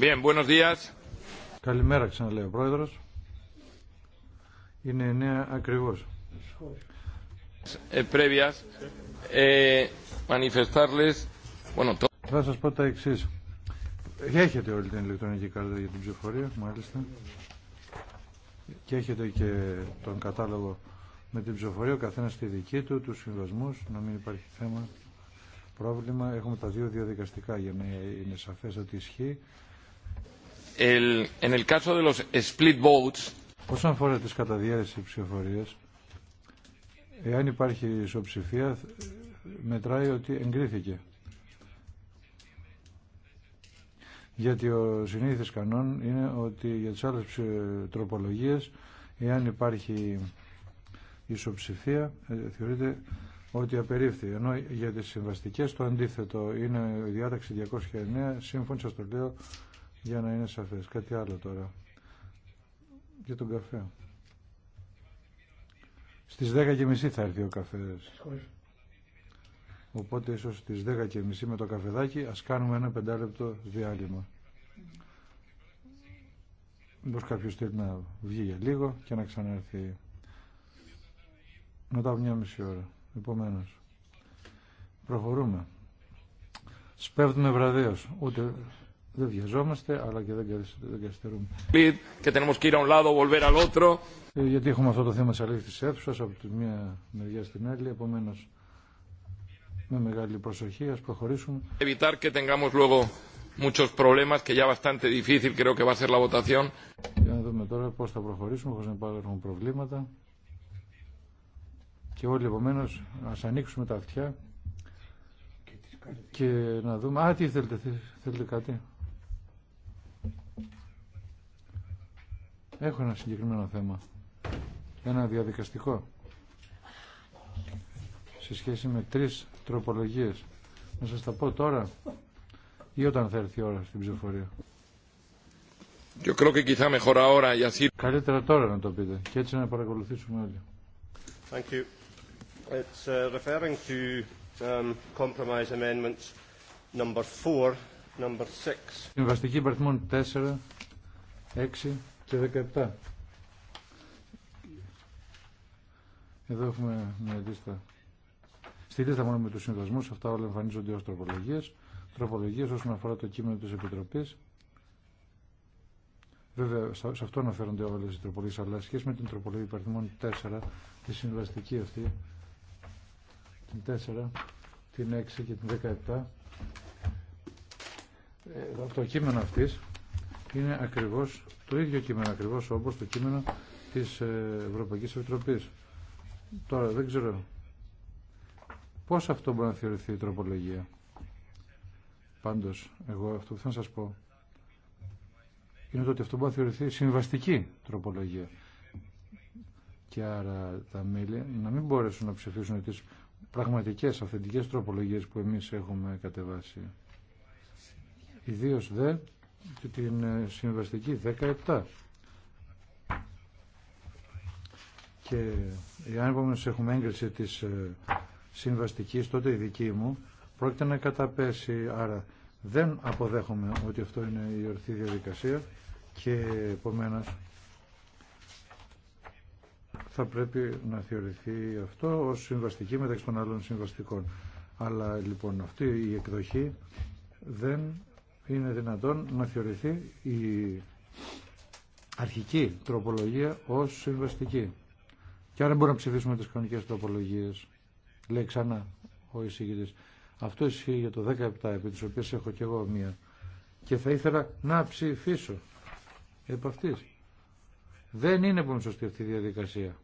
Bien, buenos días. Καλημέρα ξαναλέω ο Πρόεδρος. Είναι 9 ακριβώς. Ε, ε Θα σας πω τα εξή. Έχετε όλη την ηλεκτρονική κάρτα για την ψηφορία, μάλιστα. Και έχετε και τον κατάλογο με την ψηφοφορία, ο καθένας στη δική του, τους συμβασμούς, να μην υπάρχει θέμα πρόβλημα. Έχουμε τα δύο διαδικαστικά για να είναι σαφές ότι ισχύει en el caso de los Όσον αφορά τις καταδιέρεσεις ψηφοφορίας, εάν υπάρχει ισοψηφία, μετράει ότι εγκρίθηκε. Γιατί ο συνήθις κανόν είναι ότι για τις άλλες τροπολογίες, εάν υπάρχει ισοψηφία, ε, θεωρείται ότι απερίφθη. Ενώ για τις συμβαστικές το αντίθετο είναι η διάταξη 209, σύμφωνα σας το λέω, για να είναι σαφές. Κάτι άλλο τώρα. Για τον καφέ. Στις μισή θα έρθει ο καφές. Οπότε ίσως στις μισή με το καφεδάκι ας κάνουμε ένα πεντάλεπτο διάλειμμα. Μήπως κάποιος θέλει να βγει για λίγο και να ξαναρθεί μετά από μια μισή ώρα. Επομένως, προχωρούμε. Σπέβδουμε βραδέως, ούτε δεν βιαζόμαστε, αλλά και δεν καθυστερούμε. Ε, γιατί έχουμε αυτό το θέμα τη αλήθεια τη αίθουσα από τη μία μεριά στην άλλη, επομένω με μεγάλη προσοχή α προχωρήσουμε. Για να δούμε τώρα πώ θα προχωρήσουμε, χωρί να υπάρχουν προβλήματα. Και όλοι επομένω α ανοίξουμε τα αυτιά και να δούμε. Α, τι θέλετε, θέλετε κάτι. Έχω ένα συγκεκριμένο θέμα. Ένα διαδικαστικό. Σε σχέση με τρεις τροπολογίες. Να σας τα πω τώρα ή όταν θα έρθει η ώρα στην ψηφοφορία. Yo creo que quizá mejor ahora y así... Καλύτερα τώρα να το πείτε και έτσι να παρακολουθήσουμε όλοι. 4, uh, um, Συμβαστική υπαριθμών 4, 6, και 17. Εδώ έχουμε μια λίστα. Στη λίστα μόνο με του συνδυασμού, αυτά όλα εμφανίζονται ω τροπολογίε. Τροπολογίε όσον αφορά το κείμενο τη Επιτροπή. Βέβαια, σε αυτό αναφέρονται όλε οι τροπολογίε, αλλά σχέση με την τροπολογία υπαριθμών 4, τη συμβαστική αυτή, την 4, την 6 και την 17, ε, το κείμενο αυτής είναι ακριβώς το ίδιο κείμενο, ακριβώς όπως το κείμενο της ε, Ευρωπαϊκής Επιτροπής. Τώρα δεν ξέρω πώς αυτό μπορεί να θεωρηθεί η τροπολογία. Πάντως, εγώ αυτό που θα σας πω είναι ότι αυτό μπορεί να θεωρηθεί συμβαστική τροπολογία. Και άρα τα μέλη να μην μπορέσουν να ψηφίσουν τις πραγματικές, αυθεντικές τροπολογίες που εμείς έχουμε κατεβάσει. Ιδίως δε την ε, συμβαστική 17. Και εάν επομένως έχουμε έγκριση της ε, συμβαστικής, τότε η δική μου πρόκειται να καταπέσει. Άρα δεν αποδέχομαι ότι αυτό είναι η ορθή διαδικασία και επομένως θα πρέπει να θεωρηθεί αυτό ως συμβαστική μεταξύ των άλλων συμβαστικών. Αλλά λοιπόν αυτή η εκδοχή δεν είναι δυνατόν να θεωρηθεί η αρχική τροπολογία ως συμβαστική. Και άρα μπορούμε να ψηφίσουμε τις κανονικές τροπολογίες. Λέει ξανά ο εισηγητής. Αυτό ισχύει για το 17, επί της οποίας έχω και εγώ μία. Και θα ήθελα να ψηφίσω επ' αυτής. Δεν είναι πολύ σωστή αυτή η διαδικασία.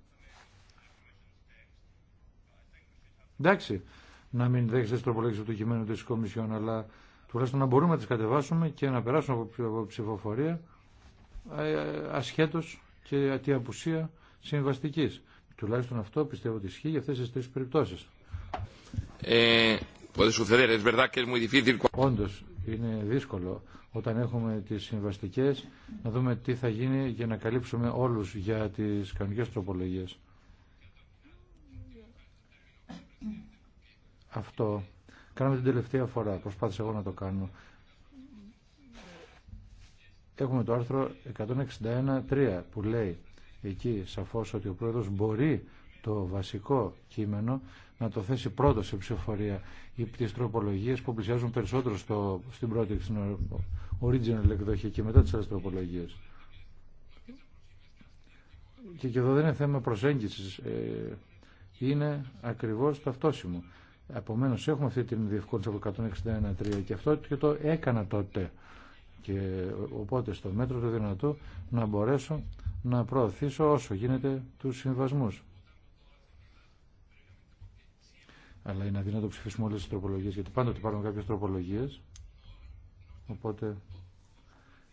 Εντάξει, να μην δέχεστε τις τροπολογίες του κειμένου της Κομισιόν, αλλά τουλάχιστον να μπορούμε να τις κατεβάσουμε και να περάσουμε από ψηφοφορία ε, ε, ασχέτως και τη απουσία συμβαστικής. Τουλάχιστον αυτό πιστεύω ότι ισχύει για αυτές τις τρεις περιπτώσεις. Ε, Όντως είναι δύσκολο όταν έχουμε τις συμβαστικές να δούμε τι θα γίνει για να καλύψουμε όλους για τις κανονικές τροπολογίες. Αυτό Κάναμε την τελευταία φορά, προσπάθησα εγώ να το κάνω. Έχουμε το άρθρο 161.3 που λέει εκεί σαφώς ότι ο πρόεδρος μπορεί το βασικό κείμενο να το θέσει πρώτο σε ψηφοφορία ή τις τροπολογίες που πλησιάζουν περισσότερο στο, στην πρώτη στην original εκδοχή και μετά τις άλλες τροπολογίες. Και, και εδώ δεν είναι θέμα προσέγγισης. Ε, είναι ακριβώς ταυτόσιμο. Επομένως έχουμε αυτή την διευκόλυνση από 161.3 και αυτό και το έκανα τότε. Και οπότε στο μέτρο του δυνατού να μπορέσω να προωθήσω όσο γίνεται τους συμβασμούς. Αλλά είναι αδύνατο ψηφίσουμε όλες τις τροπολογίες γιατί πάντοτε υπάρχουν κάποιες τροπολογίες. Οπότε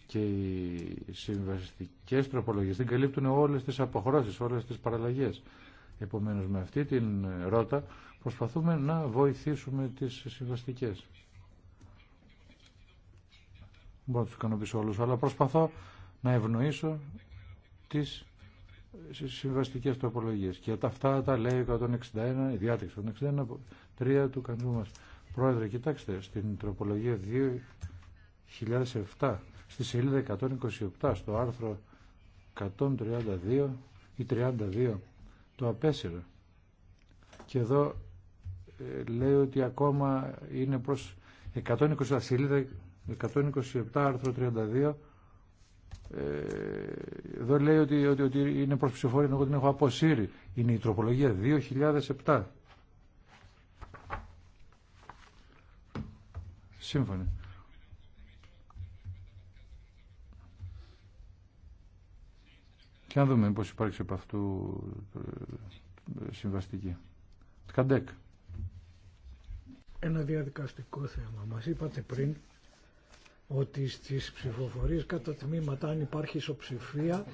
και οι συμβαστικές τροπολογίες δεν καλύπτουν όλες τις αποχρώσεις, όλες τις παραλλαγές. Επομένως με αυτή την ρότα Προσπαθούμε να βοηθήσουμε τις συμβαστικές. Μπορώ να τους ικανοποιήσω όλους, αλλά προσπαθώ να ευνοήσω τις συμβαστικές τροπολογίε. Και τα αυτά τα λέει 161, η διάταξη 161, 3 του κανονού μας. Πρόεδρε, κοιτάξτε, στην τροπολογία 2007, στη σελίδα 127, στο άρθρο 132 ή 32, το απέσυρε. Και εδώ λέει ότι ακόμα είναι προς 120 σελίδα, 127 άρθρο 32 ε, εδώ λέει ότι, ότι, ότι είναι προς ψηφόρια εγώ την έχω αποσύρει είναι η τροπολογία 2007 Σύμφωνα. και αν δούμε πως υπάρξει από αυτού ε, συμβαστική Καντέκ ένα διαδικαστικό θέμα. Μας είπατε πριν ότι στις ψηφοφορίες κατά τμήματα αν υπάρχει ισοψηφία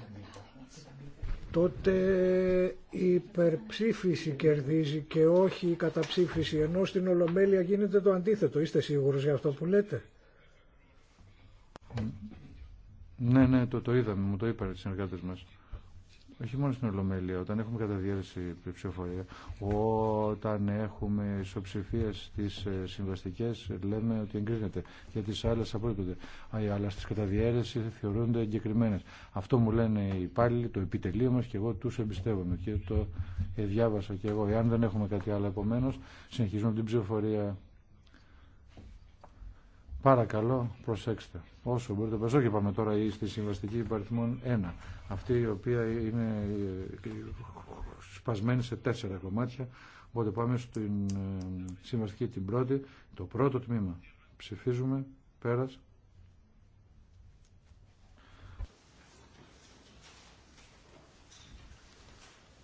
τότε η υπερψήφιση κερδίζει και όχι η καταψήφιση ενώ στην Ολομέλεια γίνεται το αντίθετο. Είστε σίγουροι για αυτό που λέτε. Ναι, ναι, το, το είδαμε, μου το είπαν οι συνεργάτες μας όχι μόνο στην Ολομέλεια, όταν έχουμε καταδιέρεση ψηφοφορία, όταν έχουμε ισοψηφίε στι ε, συμβαστικέ, λέμε ότι εγκρίνεται. Για τι άλλε απορρίπτονται. Αλλά στι καταδιέρεση θεωρούνται εγκεκριμένε. Αυτό μου λένε οι υπάλληλοι, το επιτελείο μα και εγώ του εμπιστεύομαι και το ε, διάβασα και εγώ. Εάν δεν έχουμε κάτι άλλο, επομένω, συνεχίζουμε την ψηφοφορία. Παρακαλώ, προσέξτε όσο μπορείτε περισσότερο και πάμε τώρα στη συμβαστική υπαριθμών 1 αυτή η οποία είναι ε, σπασμένη σε τέσσερα κομμάτια οπότε πάμε στην ε, συμβαστική την πρώτη το πρώτο τμήμα ψηφίζουμε πέρας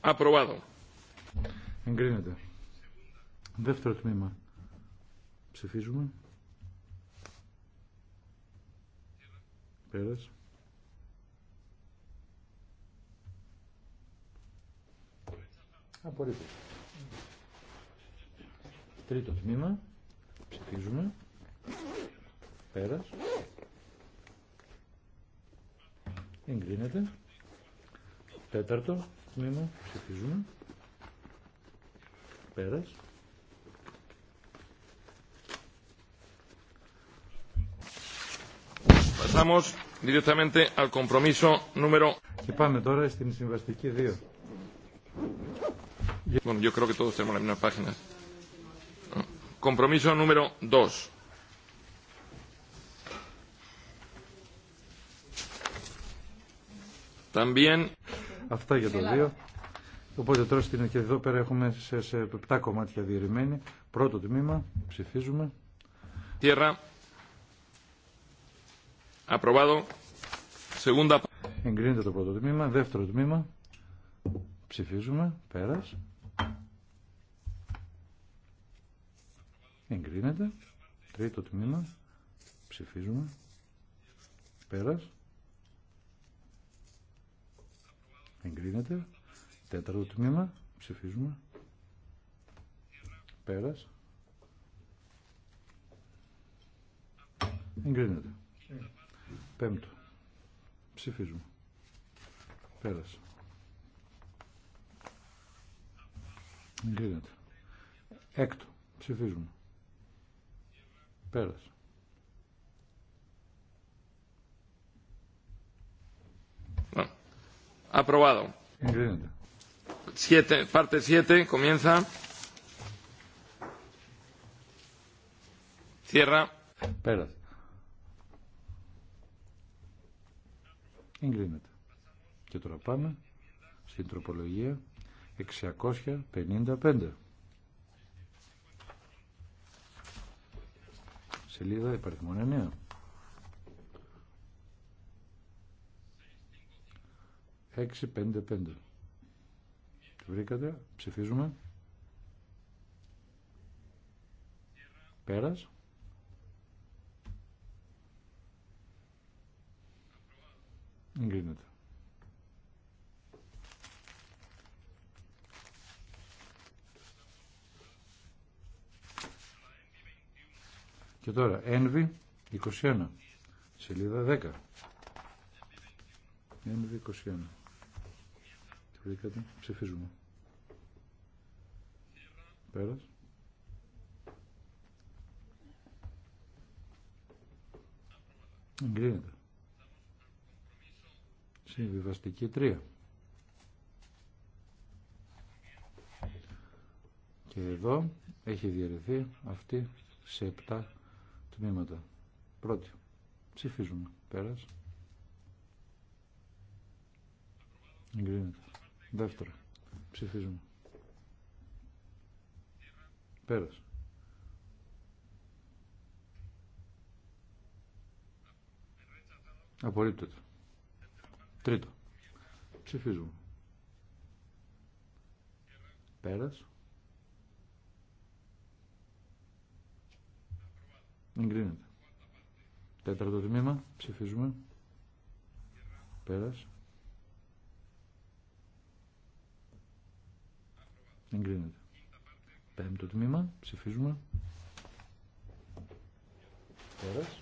Απροβάδο. Εγκρίνεται. Δεύτερο τμήμα. Ψηφίζουμε. Πέρας. Απορρίπτω. Τρίτο τμήμα. Ψηφίζουμε. Πέρας. Εγκρίνεται. Τέταρτο τμήμα. Ψηφίζουμε. Πέρας. Pasamos directamente al compromiso número. Y Και ahora τώρα στην συμβαστική 2. Bueno, yo creo que todos tenemos la misma página. Compromiso número 2. También... Αυτά για το 2. Οπότε τώρα στην και εδώ πέρα έχουμε σε, σε 7 κομμάτια διερημένη. Πρώτο τμήμα, ψηφίζουμε. Τιέρα. Εγκρίνεται το πρώτο τμήμα. Δεύτερο τμήμα. Ψηφίζουμε. Πέρας. Εγκρίνεται. Τρίτο τμήμα. Ψηφίζουμε. Πέρας. Εγκρίνεται. Τέταρτο τμήμα. Ψηφίζουμε. Πέρας. Εγκρίνεται. Πέμπτο. Ψηφίζουμε. Πέρασε. Εγκρίνεται. Έκτο. Ψηφίζουμε. Πέρασε. Απροβάδο. Εγκρίνεται. 7, parte 7, comienza. Cierra. Πέρασε. Εγκρίνεται. Και τώρα πάμε στην τροπολογία 655. Σελίδα υπαριθμών 9. 655. βρήκατε, ψηφίζουμε. Πέρας. Εγκρίνεται. Και τώρα, Envy 21, σελίδα 10. Envy 21. Τι βρήκατε, ψηφίζουμε. Πέρας. Εγκρίνεται. Συμβιβαστική τρία. Και εδώ έχει διαιρεθεί αυτή σε επτά τμήματα. Πρώτη. Ψηφίζουμε. Πέρας. Εγκρίνεται. Δεύτερο. Ψηφίζουμε. Πέρας. Απορρίπτεται. Τρίτο. Ψηφίζουμε. Πέρας. Εγκρίνεται. Τέταρτο τμήμα. Ψηφίζουμε. Πέρας. Εγκρίνεται. Πέμπτο τμήμα. Ψηφίζουμε. Πέρας.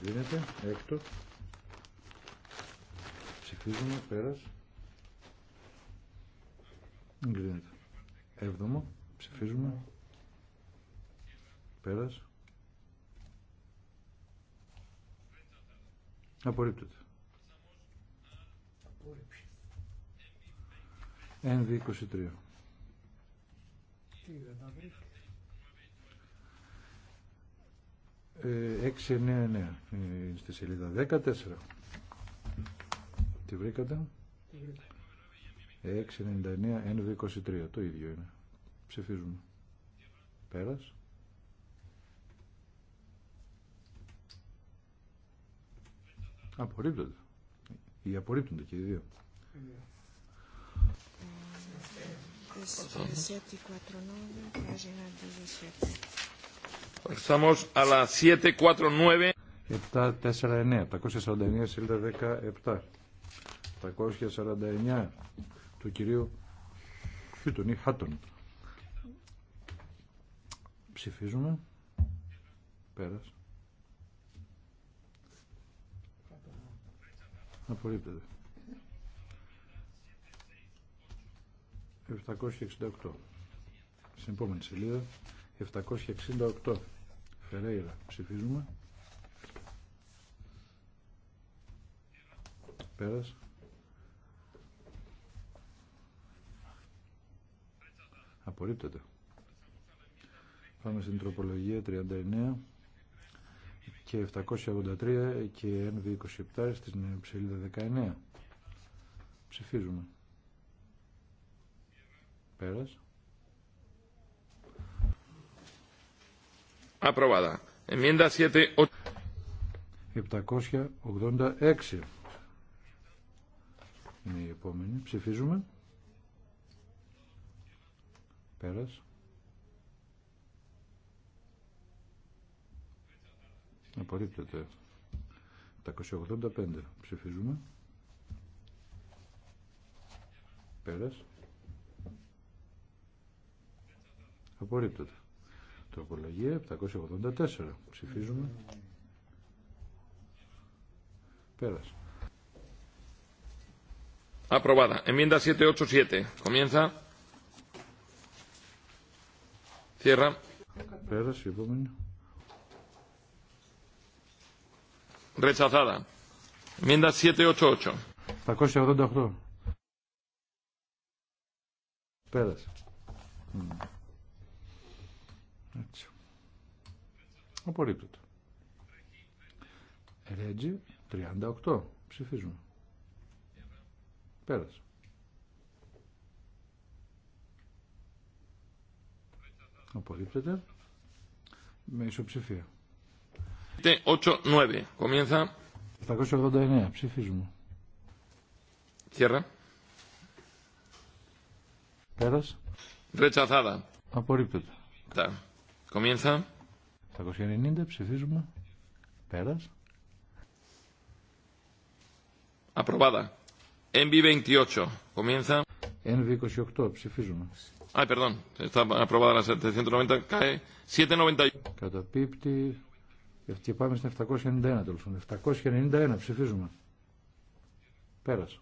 εγκρίνεται. Έκτο. Ψηφίζουμε. Πέρας. Εγκρίνεται. Έβδομο. Ψηφίζουμε. Πέρας. Απορρίπτεται. NV23. Τι δεν τα 699 στη σελίδα 14. Τη βρήκατε. 699 NV23. Το ίδιο είναι. Ψηφίζουμε. Πέρας. Απορρίπτονται. Ή απορρίπτονται και οι δύο. Estamos a la 749. 749, 749 σελίδα 17. 749 του κυρίου Χιούτον ή Χάτον. Ψηφίζουμε. πέρα. Απορρίπτεται. 768. Στην επόμενη σελίδα. 768 Φερέιρα ψηφίζουμε πέρας απορρίπτεται πάμε στην τροπολογία 39 και 783 και NV27 στην ψελίδα 19 ψηφίζουμε πέρας Aprobada. Enmienda 7. 786. Είναι η επόμενη. Ψηφίζουμε. Πέρας. Απορρίπτεται. 785. Ψηφίζουμε. Πέρας. Απορρίπτεται. Τροπολογία 784. Ψηφίζουμε. Πέρασε. Aprobada. Enmienda 787. Comienza. Cierra. Πέρασε η επόμενη. Rechazada. Enmienda 788. 788. Πέρασε. Έτσι. Απορρίπτεται. Ρέτζι 38. Ψηφίζουμε. Πέρασε. Απορρίπτεται. Με ισοψηφία. 8-9. 789. Ψηφίζουμε. Τιέρα. Πέρασε. Ρετσαθάδα. Απορρίπτεται. Τα. Comienza. 390 ψηφίζουμε. Πέρας. Aprobada. Envi 28. Comienza. Envi 28. Ψηφίζουμε. Ah, perdón. Está aprobada la 790. Cae 791. Καταπίπτει. Και πάμε στην 791 τέλο 791 ψηφίζουμε. Πέρασε.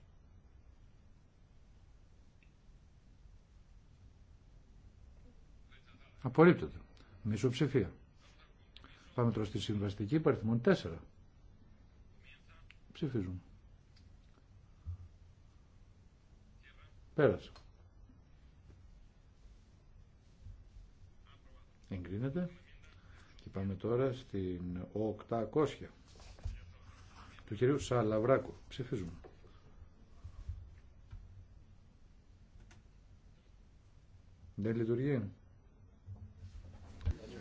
Απορρίπτεται. Μισοψηφία. Πάμε τώρα στη συμβαστική αριθμό 4. Ψηφίζουμε. Πέρασε. Εγκρίνεται. Και πάμε τώρα στην 800 του κυρίου Σαλαβράκου. Ψηφίζουμε. Δεν λειτουργεί.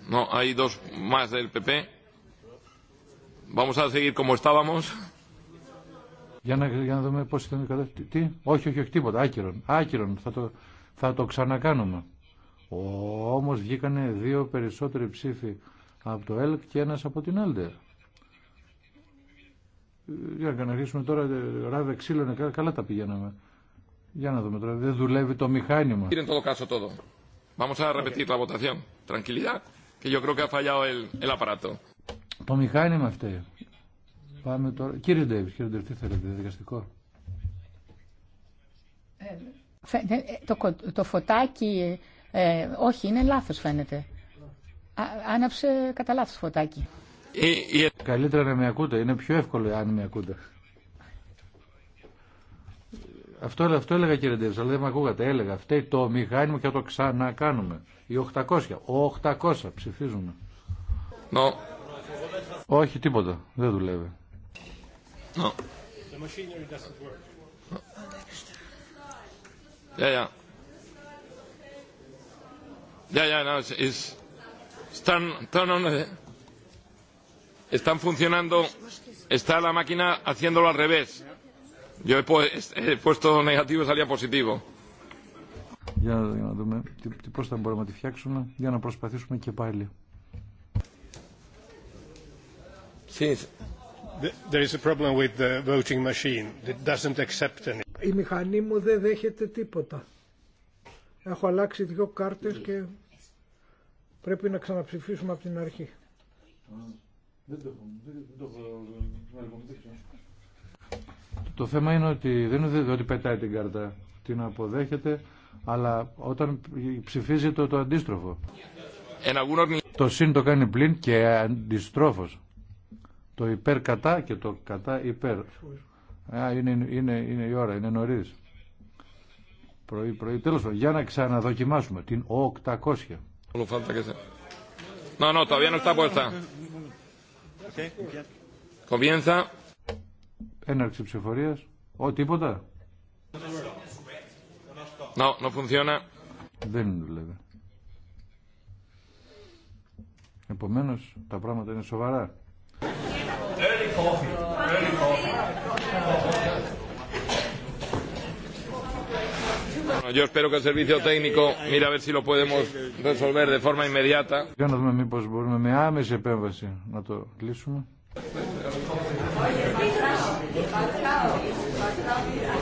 No, hay dos más del PP. Vamos a seguir como estábamos. Για να, για να δούμε πώς ήταν η κατάσταση. Τι, όχι, όχι, όχι, τίποτα. Άκυρον, άκυρον. Θα το, θα το ξανακάνουμε. Ο, όμως βγήκανε δύο περισσότεροι ψήφοι από το ΕΛΚ και ένας από την ΕΛΔΕ. Για να αρχίσουμε τώρα, ε, ράβε ξύλωνε, καλά, τα πηγαίναμε. Για να δούμε τώρα, δεν δουλεύει το μηχάνημα. Είναι το caso Vamos a repetir la votación. Tranquilidad. Και yo creo que ha Το μηχάνημα φταίει. Πάμε τώρα. Κύριε Ντέβι, κύριε Ντέβι, τι θέλετε, δικαστικό. Ε, ε, το, φωτάκι, ε, όχι, είναι λάθο, φαίνεται. άναψε κατά λάθο φωτάκι. Καλύτερα να με ακούτε, είναι πιο εύκολο αν με ακούτε. Αυτό, αυτό έλεγα κύριε Ντέβης, αλλά δεν με ακούγατε. Έλεγα, φταίει το μηχάνημα και θα το ξανακάνουμε. Οι 800, 800 ψηφίζουμε. No. Όχι, τίποτα. Δεν δουλεύει. No. The machinery doesn't work. No. Yeah, yeah. Yeah, yeah, no, it's, it's, están, están, están funcionando, está la máquina haciéndolo al revés. Yo he puesto negativo, salía positivo. Για να δούμε τι, πώς θα μπορούμε να τη φτιάξουμε, για να προσπαθήσουμε και πάλι. There is a problem with the voting machine. It doesn't accept any. Η μηχανή μου δεν δέχεται τίποτα. Έχω αλλάξει δύο κάρτες και πρέπει να ξαναψηφίσουμε από την αρχή. Δεν το έχω. Δεν το έχω. Το θέμα είναι ότι δεν είναι ότι πετάει την κάρτα, την αποδέχεται, αλλά όταν ψηφίζει το, το αντίστροφο. Το συν το κάνει πλην και αντίστροφος. Το υπέρ κατά και το κατά υπέρ. είναι, είναι, είναι η ώρα, είναι νωρί. Πρωί, πρωί. Τέλος για να ξαναδοκιμάσουμε την 800. No, no, todavía no está puesta. Comienza. Έναρξη ψηφορίας. Ό, τίποτα. No, no funciona. Δεν δουλεύει. Επομένως, τα πράγματα είναι σοβαρά. Bueno, Yo espero que el servicio técnico mira a ver si lo podemos resolver de forma inmediata. no me να δούμε me ames y άμεση no να το λύσουμε. Πάμε καλά.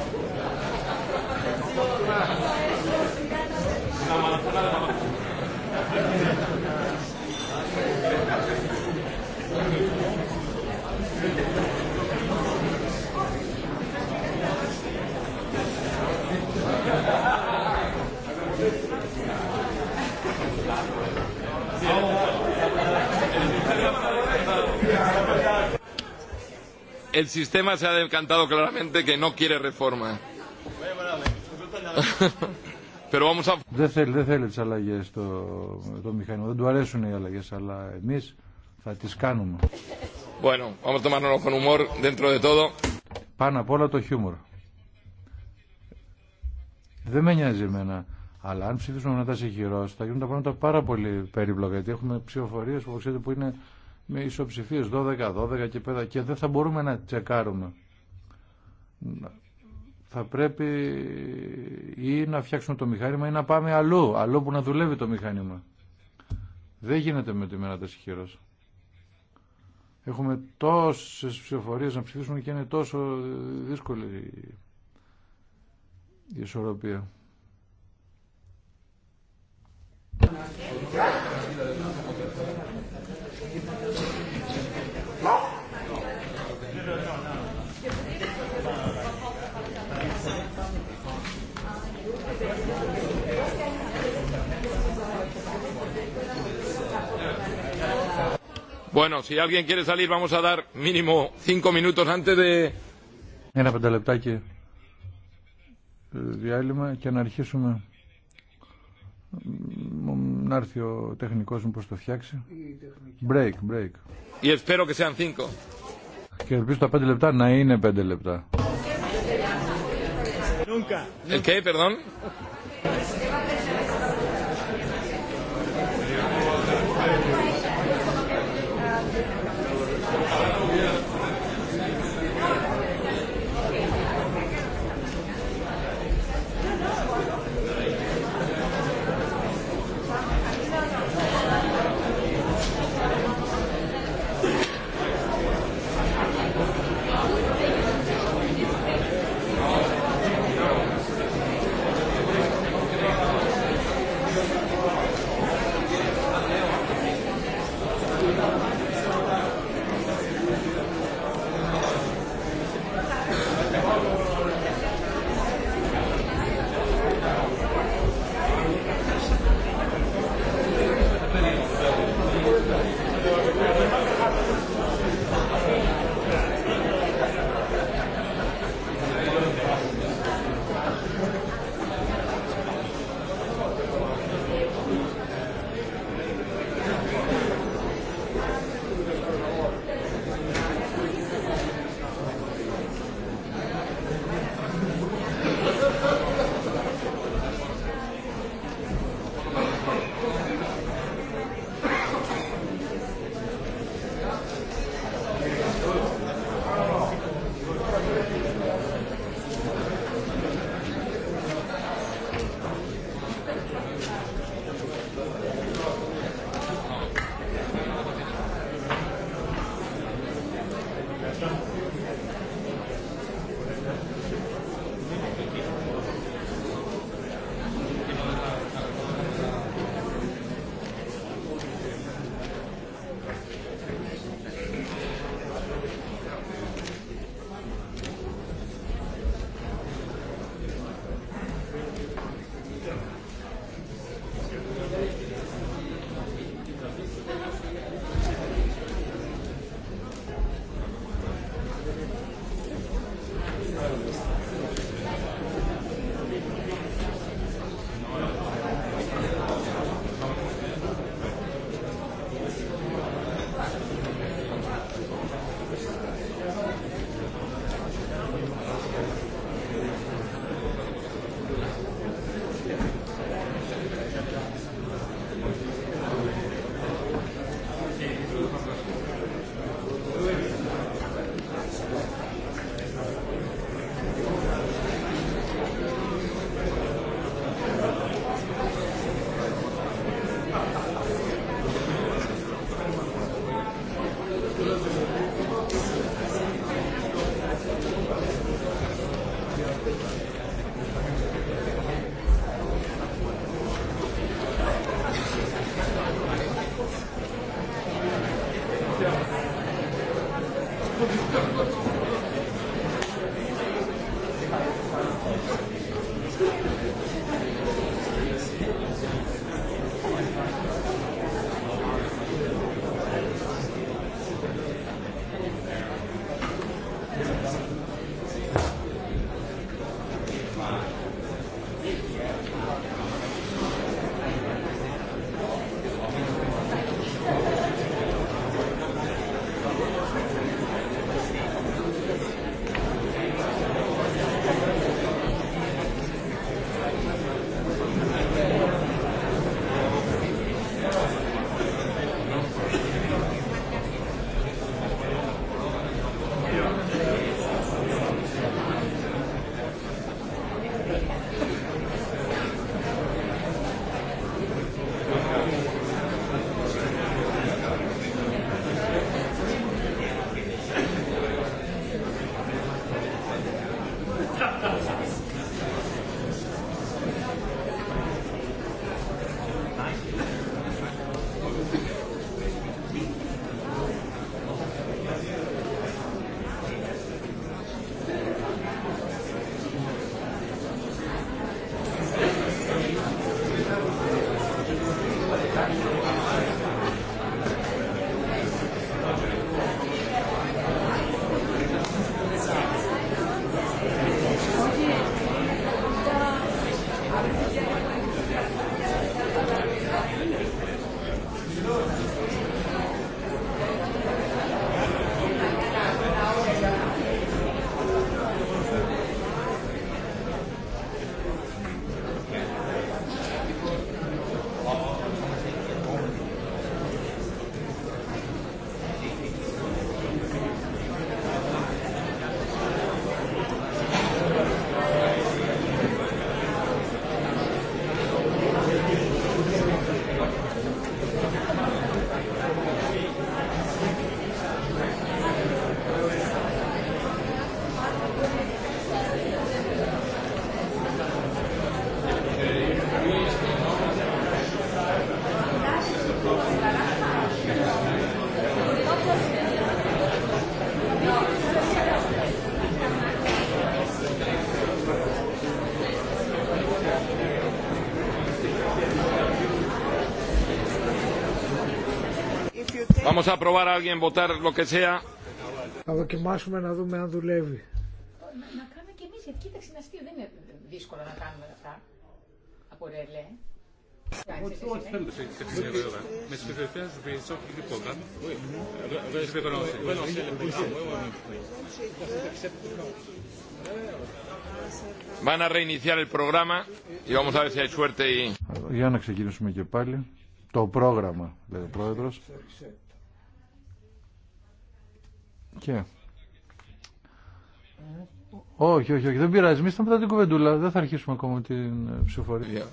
el sistema se ha decantado claramente que no quiere reforma. Pero vamos a... Δεν θέλει, δεν θέλει τις αλλαγές το, το μηχανισμό. Δεν του αρέσουν οι αλλαγές, αλλά εμείς θα τις κάνουμε. Bueno, vamos a con humor dentro de todo. Πάνω απ' όλα το χιούμορ. Δεν με νοιάζει εμένα. Αλλά αν ψηφίσουμε μετά σε χειρό, θα γίνουν τα πράγματα πάρα πολύ περίπλοκα. Γιατί έχουμε ψηφοφορίε που ξέρετε που είναι με ισοψηφίες 12, 12 και πέρα και δεν θα μπορούμε να τσεκάρουμε. Θα πρέπει ή να φτιάξουμε το μηχάνημα ή να πάμε αλλού, αλλού που να δουλεύει το μηχάνημα. Δεν γίνεται με τη μέρα της Έχουμε τόσες ψηφοφορίες να ψηφίσουμε και είναι τόσο δύσκολη η ισορροπία. Bueno, si alguien quiere salir, vamos a dar mínimo cinco minutos antes de... Ένα πενταλεπτάκι ε, διάλειμμα και να αρχίσουμε να έρθει ο τεχνικός μου πως το φτιάξει. Break, break. Y espero que sean cinco. Και ελπίζω τα πέντε λεπτά να είναι πέντε λεπτά. Nunca. Ε, El qué, perdón? Vamos a probar a alguien votar lo que sea. Θα δοκιμάσουμε να δούμε αν δουλεύει. Να, να κάνουμε κι εμείς, γιατί κοίταξε είναι αστείο, δεν είναι δύσκολο να κάνουμε αυτά. Από ρελέ. Ε. Van a reiniciar el programa y vamos a ver si hay suerte y... Για να ξεκινήσουμε και πάλι το πρόγραμμα, λέει ο πρόεδρος. Και... Όχι, όχι, όχι, δεν πειράζει. Μην μετά την κουβεντούλα. Δεν θα αρχίσουμε ακόμα την ψηφορία.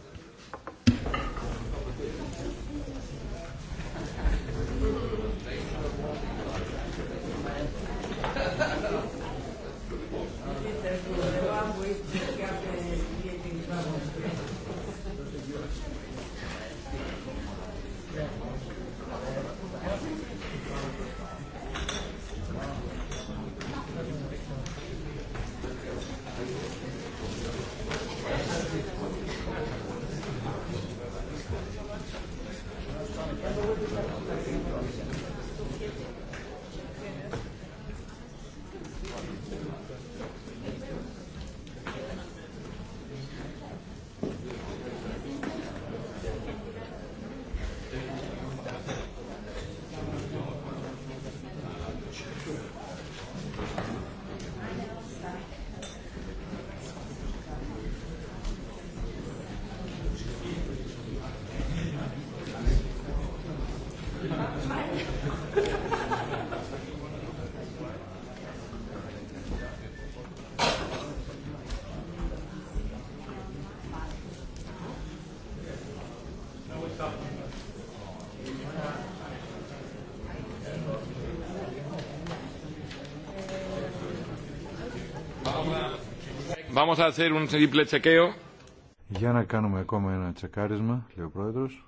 Για να κάνουμε ακόμα ένα τσεκάρισμα, λέει ο Πρόεδρος.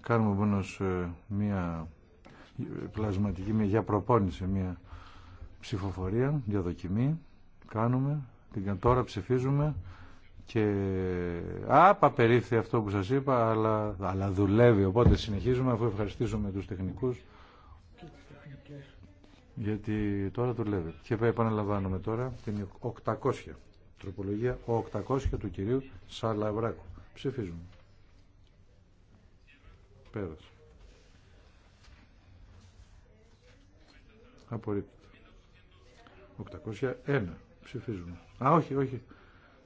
Κάνουμε μόνος ε, μία πλασματική, μία για προπόνηση, μία ψηφοφορία, για δοκιμή. Κάνουμε, τώρα ψηφίζουμε και απαπερίφθη αυτό που σας είπα, αλλά, αλλά δουλεύει. Οπότε συνεχίζουμε αφού ευχαριστήσουμε τους τεχνικούς γιατί τώρα δουλεύει. Και επαναλαμβάνουμε τώρα την 800 τροπολογία, 800 του κυρίου Σαλαβράκου. Ψηφίζουμε. Πέρασε. Απορρίπτεται. 801. Ψηφίζουμε. Α, όχι, όχι.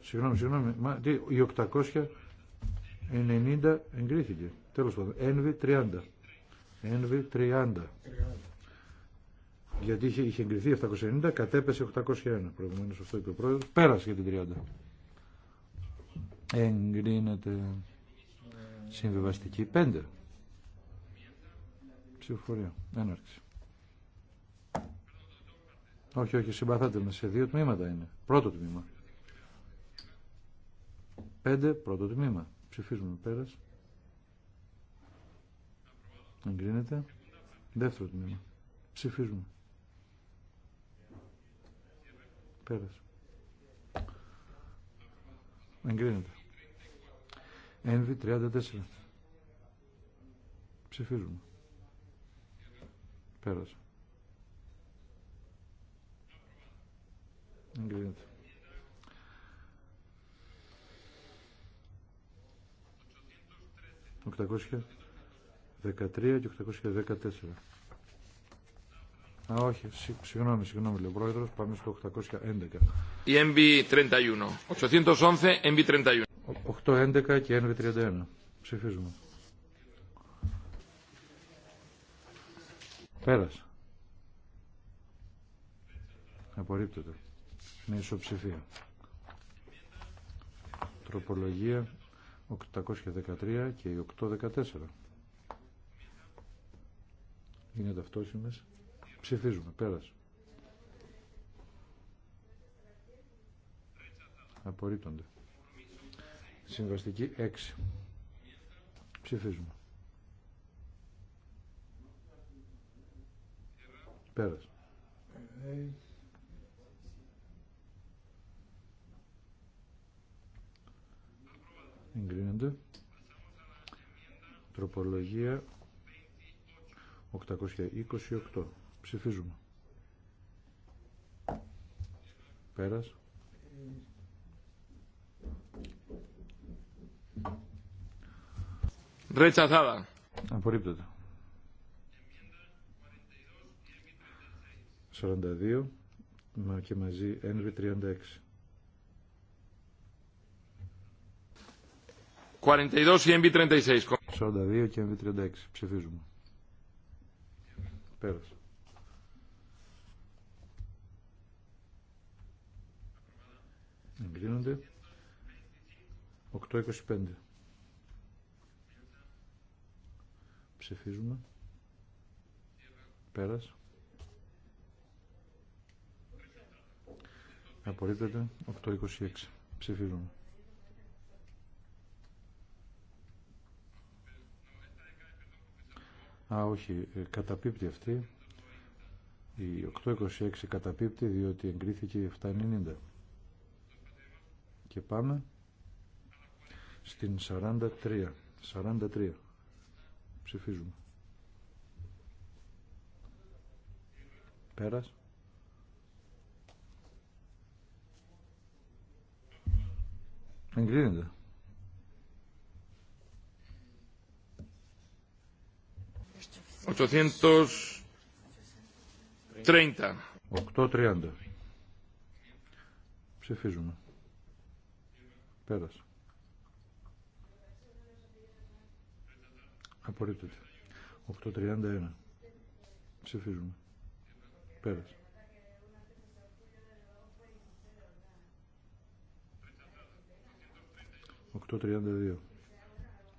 Συγγνώμη, συγγνώμη. Μα, τι, η 890 εγκρίθηκε. Τέλος πάντων. Ένβη 30. Ένβη 30. 30 γιατί είχε, είχε εγκριθεί 790, κατέπεσε 801. Προηγουμένω αυτό είπε ο Πέρασε για την 30. Εγκρίνεται συμβιβαστική 5. Ψηφοφορία. Έναρξη. Όχι, όχι, συμπαθάτε με. Σε δύο τμήματα είναι. Πρώτο τμήμα. 5. Πρώτο τμήμα. Ψηφίζουμε πέρας. Εγκρίνεται. Δεύτερο τμήμα. Ψηφίζουμε. Πέρας. Εγκρίνεται. Ένβη 34. Ψηφίζουμε. Πέρασε. Εγκρίνεται. δεκατρία και 814. Α, όχι, συγγνώμη, συγγνώμη, λέει ο πρόεδρο. πάμε στο 811. Η MB31, 811, MB31. 811 και mb 31 Ψηφίζουμε. Πέρασε. Απορρίπτεται. Είναι ισοψηφία. Τροπολογία 813 και 814. Είναι ταυτόσιμες. Ψηφίζουμε. Πέρασε. Απορρίπτονται. Συμβαστική 6. Ψηφίζουμε. Πέρασε. Εγκρίνονται. Τροπολογία 828. Ψηφίζουμε. Πέρας. Ρετσαθάδα. Απορρίπτεται. 42 και μαζί NV36. 42 και MB36. 42 και MB36. Ψηφίζουμε. Πέρασε. Εγκρίνονται. 8.25. Ψηφίζουμε. Πέρας. Απορρίπτεται. 8.26. Ψηφίζουμε. Α, όχι. Ε, καταπίπτει αυτή. Η 8.26 καταπίπτει διότι εγκρίθηκε η 7.90. Και πάμε στην 43. 43. Ψηφίζουμε. Πέρας. Εγκρίνεται. 830 Όστο Οκτώ Ψηφίζουμε. Πέρασε. Απορρίπτεται. 8.31. Ψηφίζουμε. Πέρασε. 832. τριάντα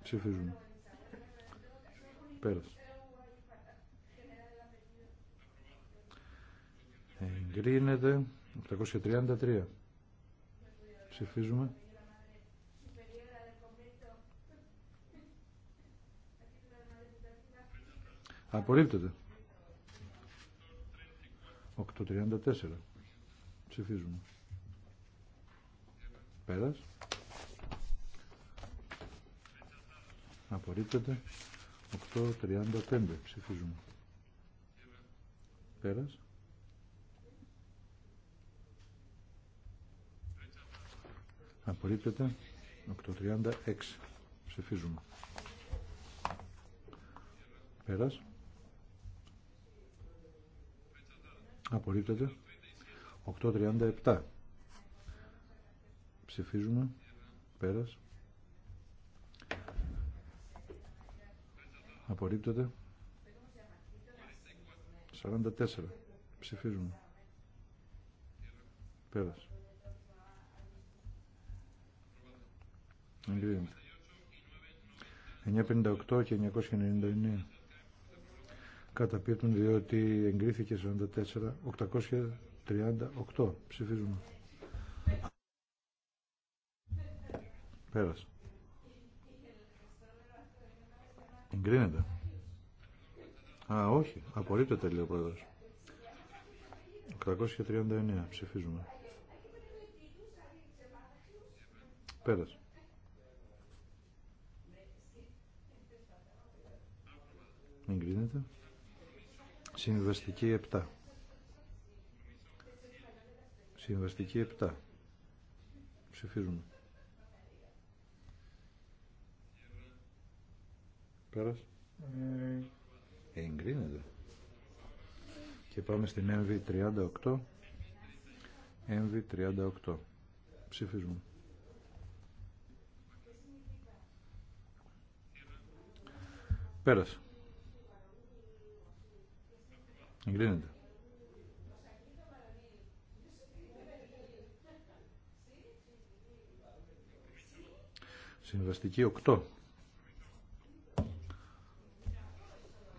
Ψηφίζουμε. Πέρας. Εγκρίνεται. 833. Ψηφίζουμε. Απορρίπτεται. 8.34. Ψηφίζουμε. Πέρας. Απορρίπτεται. 8.35. Ψηφίζουμε. Πέρας. Απορρίπτεται. 8.36. Ψηφίζουμε. Πέρας. Απορρίπτεται. 8.37. Ψηφίζουμε. Πέρας. Απορρίπτεται. 44. Ψηφίζουμε. Πέρας. Εγκρίνεται. 958 και 999 καταπίπτουν διότι εγκρίθηκε 44-838. Ψηφίζουμε. Πέρασε. Εγκρίνεται. Α, όχι. Απορρίπτεται, λέει ο πρόεδρος. 839. Ψηφίζουμε. Πέρασε. Εγκρίνεται. Συμβαστική 7. Συμβαστική 7. Ψηφίζουμε. Πέρας. Ε, εγκρίνεται. Και πάμε στην MV38. MV38. Ψηφίζουμε. Πέρασε. Εγκρίνεται. Συμβαστική 8.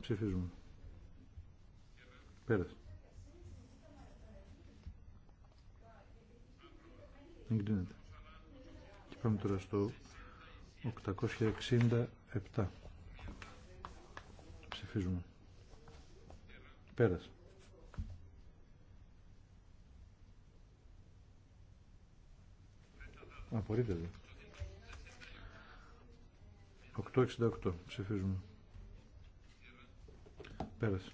Ψηφίζουμε. Πέρασε. Εγκρίνεται. Και πάμε τώρα στο 867. Ψηφίζουμε. Πέρασε. Απορρίπτεται. 868 ψηφίζουμε. Πέρασε.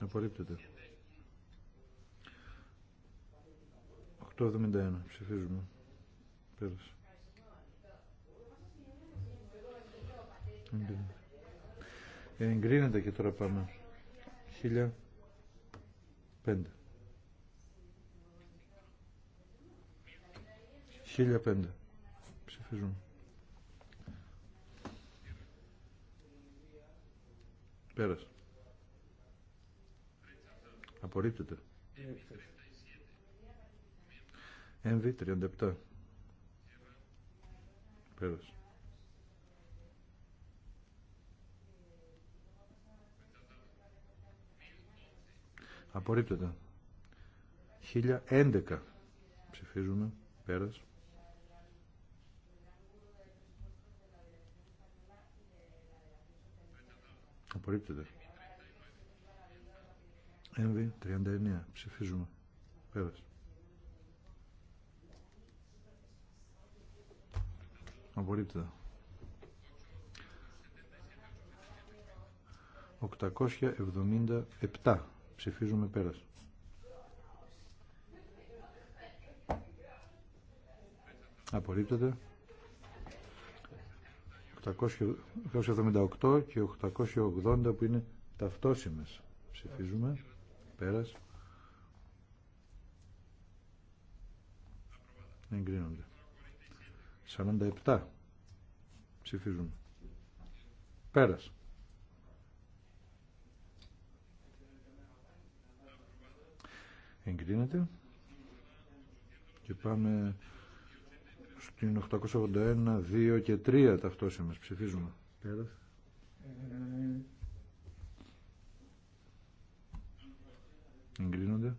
Απορρίπτεται. 871 ψηφίζουμε. Πέρασε. Ε, εγκρίνεται και τώρα πάμε. Χίλια πέντε. Ψηφίζουμε. Πέρασε. Απορρίπτεται. τριάντα 37. Πέρασε. Απορρίπτεται. 1011 ψηφίζουμε. Πέρας. Απορρίπτεται. Έμβη 39. Ψηφίζουμε. Πέρας. Απορρίπτεται. 877. Ψηφίζουμε πέρας. Απορρίπτεται. 878 και 880 που είναι ταυτόσιμες. Ψηφίζουμε. Πέρας. Εγκρίνονται. 47. Ψηφίζουμε. Πέρας. εγκρίνεται και πάμε στην 881, 2 και 3 μας. ψηφίζουμε πέρα εγκρίνονται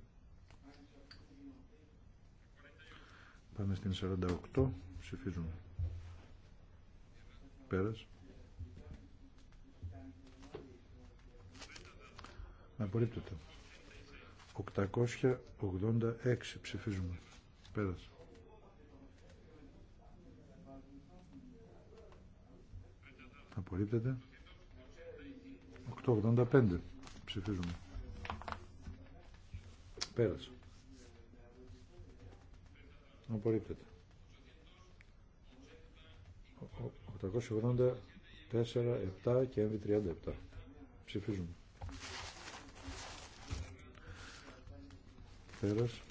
πάμε στην 48 ψηφίζουμε πέρας απορρίπτωται. 886 ψηφίζουμε. Πέρασε. Απορρίπτεται. 885 ψηφίζουμε. Πέρασε. Απορρίπτεται. 884, 7 και έμβη 37 Ψηφίζουμε. Πέρας.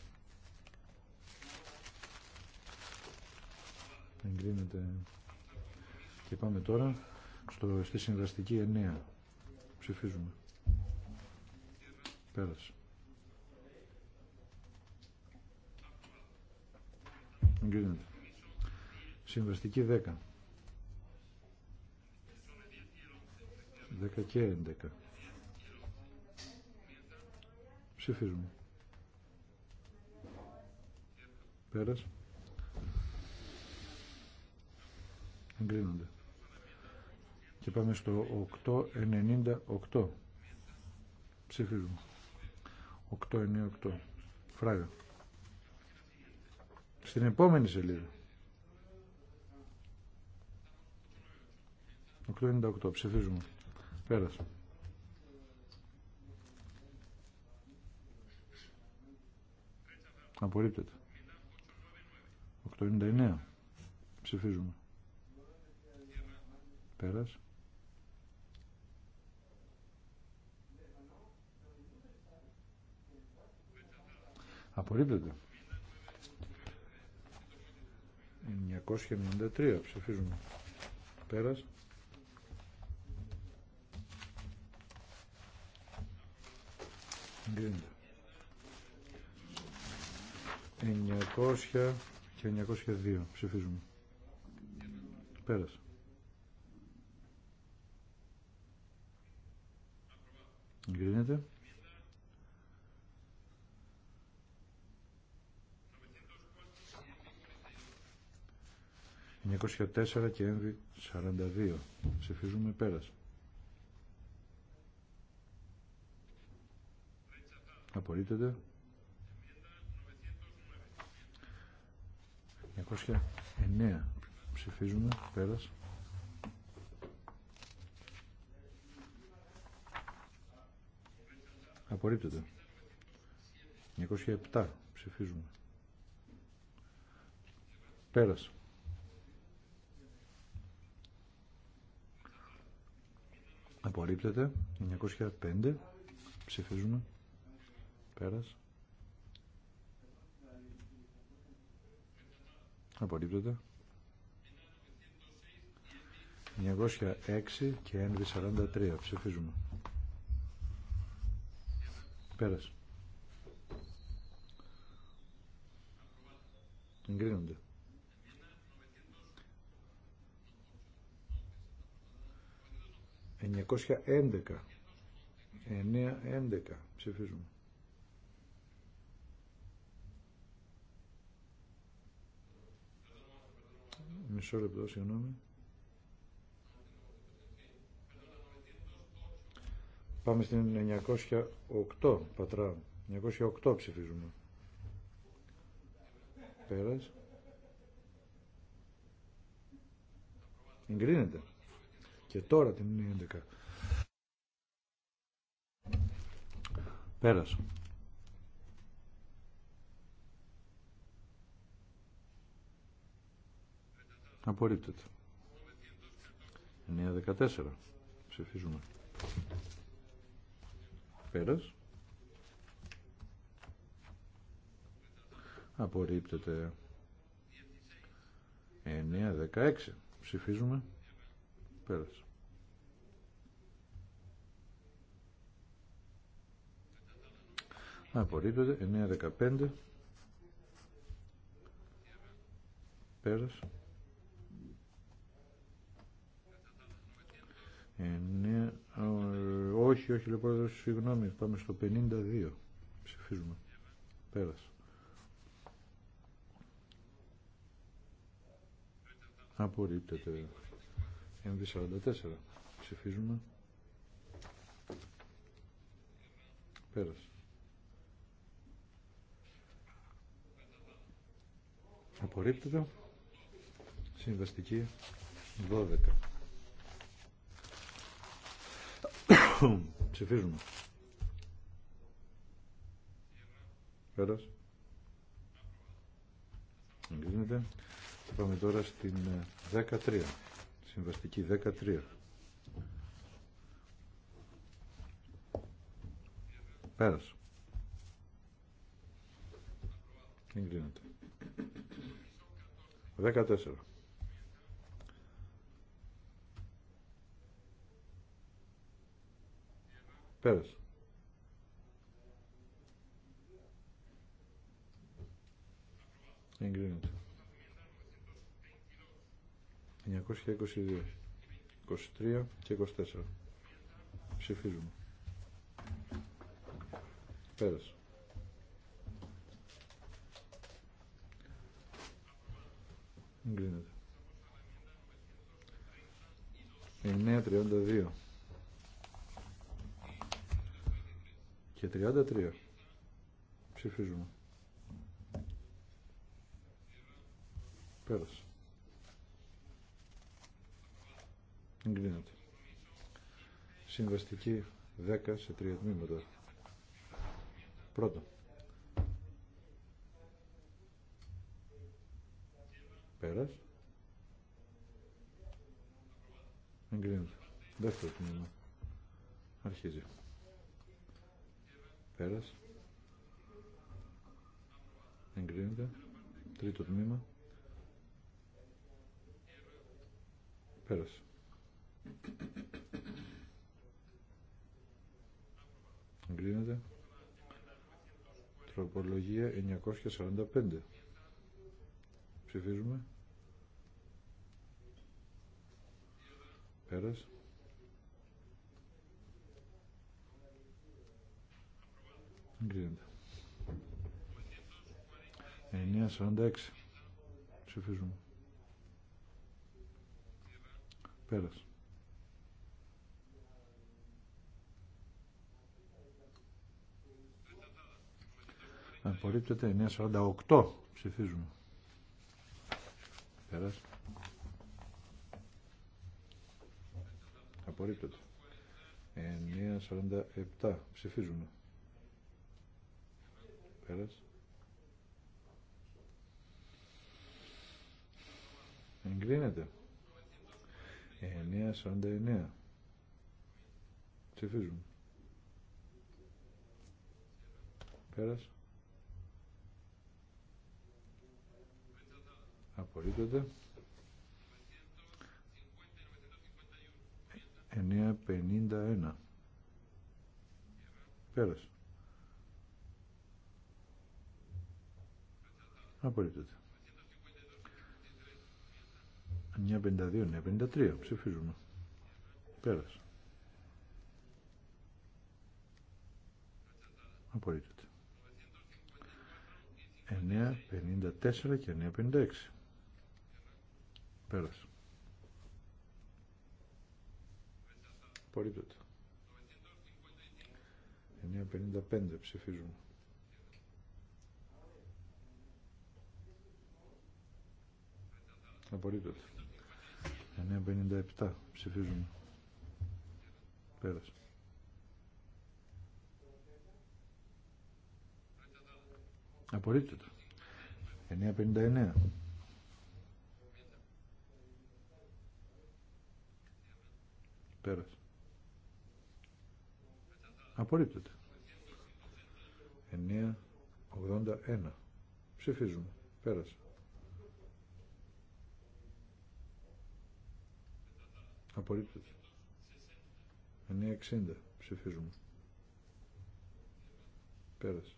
Εγκρίνεται. Και πάμε τώρα στο, στη συμβαστική 9. Ψηφίζουμε. Πέρας. Εγκρίνεται. Συμβαστική 10. 10 και 11. Ψηφίζουμε. Πέρας. Εγκρίνονται. Και πάμε στο 898. Ψηφίζουμε. 898. Φράγα. Στην επόμενη σελίδα. 898. Ψηφίζουμε. Πέρασε. Απορρίπτεται. Το 99. Ψηφίζουμε. Πέρας. Απορρίπτεται. 993 ψηφίζουμε. Πέρας. Εγκρίνεται. 900 και 902 ψηφίζουμε. Πέρασε. Εγκρίνεται. 904 και έμβη 42. Ψηφίζουμε πέρας. Απορίτετε. 909 ψηφίζουμε πέρας απορρίπτεται 907 ψηφίζουμε πέρας απορρίπτεται 905 ψηφίζουμε πέρας Απορρίπτεται. 906 και 143. 43 Ψηφίζουμε. Πέρασε. Εγκρίνονται. 911. 9-11. Ψηφίζουμε. Μισό λεπτό, συγγνώμη. Πάμε στην 908, πατρά. 908 ψηφίζουμε. Πέρας. Εγκρίνεται. Και τώρα την 11. Πέρας. Απορρίπτεται. 9-14. Ψηφίζουμε. Πέρας. Απορρίπτεται. 9-16. Ψηφίζουμε. Πέρας. Απορρίπτεται. 9-15. Πέρας. 9, όχι, όχι, λέει πρόεδρος, συγγνώμη, πάμε στο 52. Ψηφίζουμε. Πέρασε. Απορρίπτεται. MV44. Ψηφίζουμε. Πέρασε. Απορρίπτεται. Συμβαστική 12. Ψηφίζουμε. Πέρας. Εγκρίνεται. Θα πάμε τώρα στην 13. Ε, Συμβαστική 13. Πέρας. Εγκρίνεται. 14. Πέρασε. Εγκρίνεται. 922, 23 και 24. Ψηφίζουμε. Πέρασε. Εγκρίνεται. 932. και 33. Ψηφίζουμε. Πέρασε. Εγκλίνεται. Συμβαστική 10 σε τρία τμήματα. Πρώτο. Πέρασε. Εγκλίνεται. Δεύτερο τμήμα. Αρχίζει. Πέρας. Εγκρίνεται. Τρίτο τμήμα. Πέρας. Εγκρίνεται. Τροπολογία 945. Ψηφίζουμε. Πέρας. Εγκρίνεται. 9.46. Ψηφίζουμε. Πέρασε. Απορρίπτεται 9.48. Ψηφίζουμε. Πέρασε. Απορρίπτεται. 9.47. Ψηφίζουμε. Εγκρίνεται. 9.49. Ψηφίζουν. Πέρασε. Απορρίπτεται. 9.51. Πέρασε. Απορρίπτεται. 9.52, 9.53. Ψηφίζουμε. Πέρασε. Απορρίπτεται. 9.54 και 9.56. Πέρασε. Απορρίπτεται. 9.55 ψηφίζουμε. Απορρίπτεται. 9.57 ψηφίζουμε. Πέρασε. Απορρίπτεται. 9.59. Πέρασε. Απορρίπτεται. 9.81. Ψηφίζουμε. Πέρασε. Απορρίπτεται. 9.60 ψηφίζουμε. Πέρασε.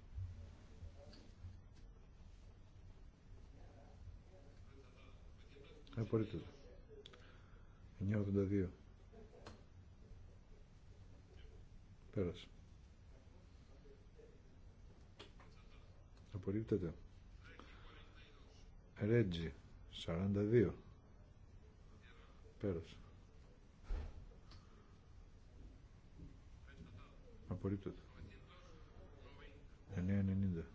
Απορρίπτεται. 9.82. Πέρασε. Απορρίπτεται. Ρέτζι. 42. Πέρασε. 9.90.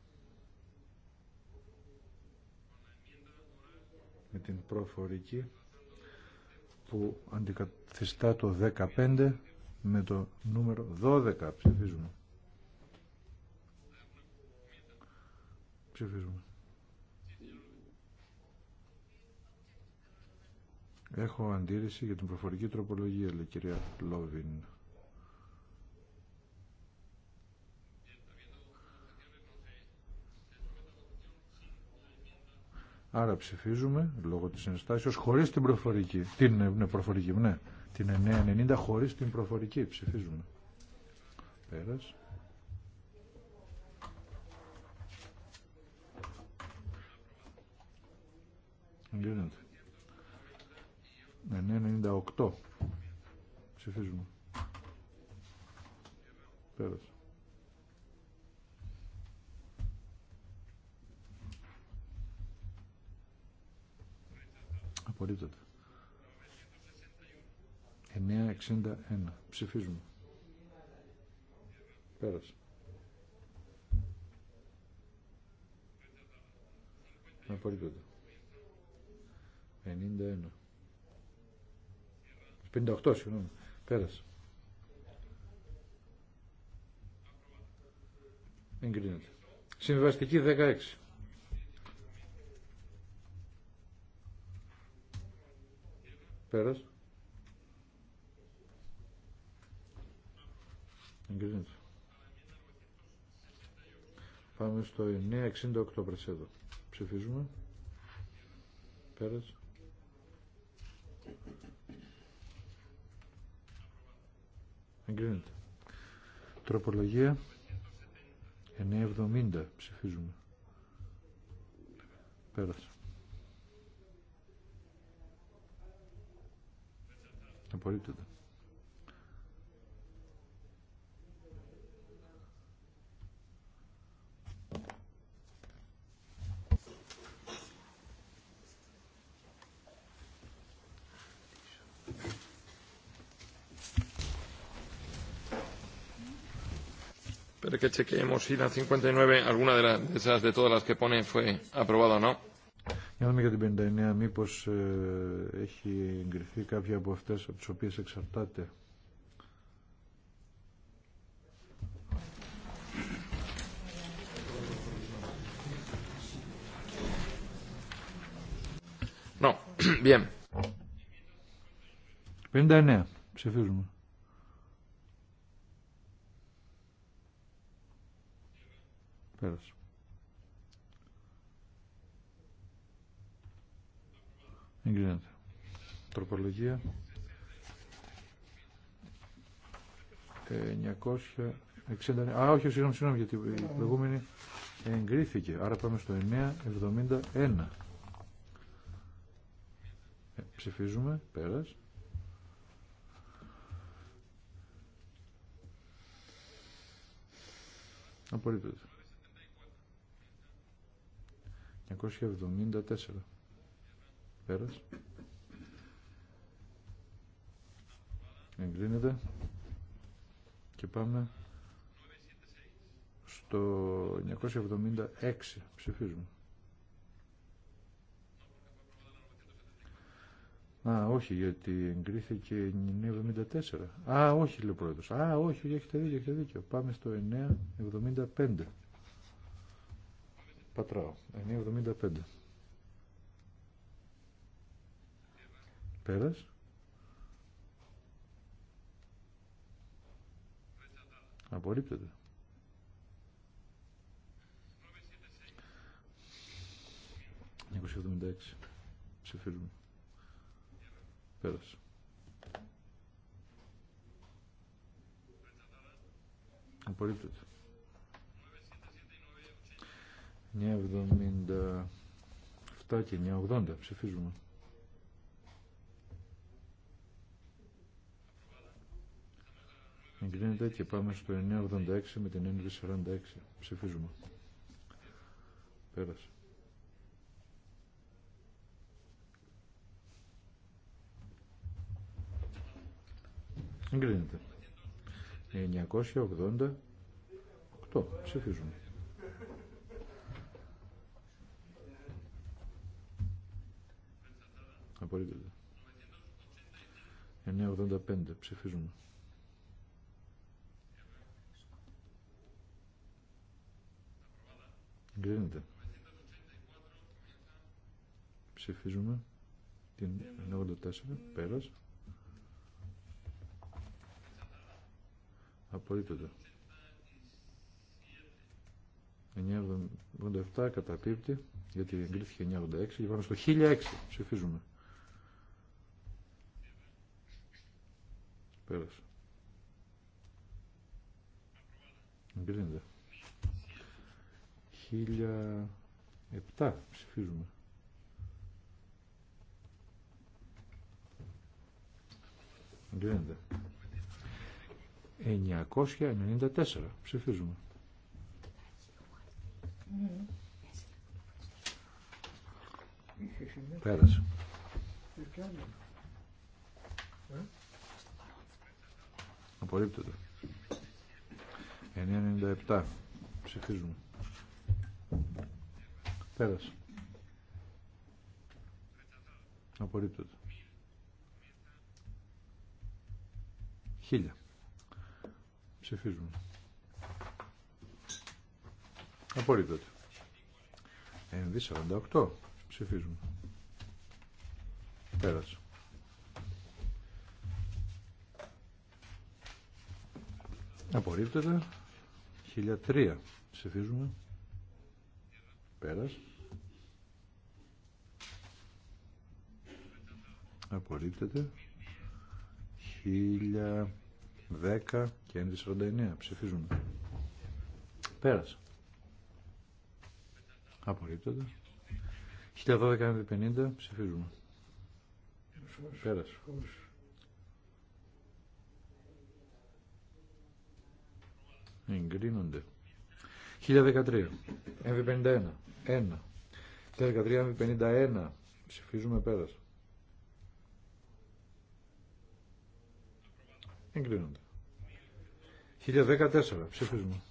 Με την προφορική που αντικαθιστά το 15 με το νούμερο 12. Ψηφίζουμε. Ψηφίζουμε. Έχω αντίρρηση για την προφορική τροπολογία, λέει κυρία Λόβιν. Άρα ψηφίζουμε λόγω της ενστάσεως χωρίς την προφορική. Την ε, ναι, προφορική, ναι. Την 990 χωρίς την προφορική ψηφίζουμε. Πέρας. Γίνεται. 998 ψηφίζουμε. Πέρας. Απολύτωτα. 961. Ψηφίζουμε. Πέρασε. Απολύτωτα. 91. 58, συγγνώμη. Πέρασε. Εγκρίνεται. Συμβαστική 16. Πέρας. Εγκρίνεται. Πάμε στο 968 πρεσέδο. Ψηφίζουμε. Πέρας. Εγκρίνεται. Τροπολογία 970 ψηφίζουμε. Πέρασε. Απορρίπτεται. Pero que chequeemos si la 59, alguna de, las, de esas de todas las que pone fue aprobada o no. Για να δούμε για την 59, μήπως ε, έχει εγκριθεί κάποια από αυτές από τις οποίες εξαρτάται. No. 59. Ψηφίζουμε. Πέρασε. Εγκρίνεται. Τροπολογία. 960... Α, όχι, συγγνώμη, συγγνώμη, γιατί η προηγούμενη εγκρίθηκε. Άρα πάμε στο 971. Ε, ψηφίζουμε, πέρας. Απορρίπτεται. 974. Πέρας. Εγκρίνεται. Και πάμε στο 976. Ψηφίζουμε. Α, όχι, γιατί εγκρίθηκε 974. Α, όχι, λέει ο πρόεδρος. Α, όχι, έχετε δίκιο, έχετε δίκιο. Πάμε στο 975. Πατράω. 975. Πέρες. Απορρίπτεται. Σε... 276. Ψηφίζουμε. Πέρασε. Απορρίπτεται. 977 και 980. Ψηφίζουμε. Εγκρίνεται και πάμε στο 986 με την 946. 46. Ψηφίζουμε. Πέρασε. Εγκρίνεται. 988. Ψηφίζουμε. Απορρίπτεται. 985. Ψηφίζουμε. Εγκρίνεται. Ψηφίζουμε την 84. Πέρας. Απορρίπτεται. 987 καταπίπτει, γιατί εγκρίθηκε 986 και πάμε στο 1006 ψηφίζουμε. Πέρας. Εγκρίνεται. 2007 ψηφίζουμε. Γίνεται. 994 ψηφίζουμε. Πέρασε. Απορρίπτεται. 997 ψηφίζουμε. Πέρασε. Απορρίπτωτο. Χίλια. Ψηφίζουμε. Απορρίπτωτο. Ενδύ 48. Ψηφίζουμε. Πέρασε. Χίλια 1003. Ψηφίζουμε. Πέρας. Απορρίπτεται. 1010 και 49. Ψηφίζουμε. Πέρας. Απορρίπτεται. 1012 Ψηφίζουμε. Πέρας. Εγκρίνονται. 1013. MV51. 1. Ψηφίζουμε πέρας. Εγκρίνονται. 1014. Ψηφίζουμε.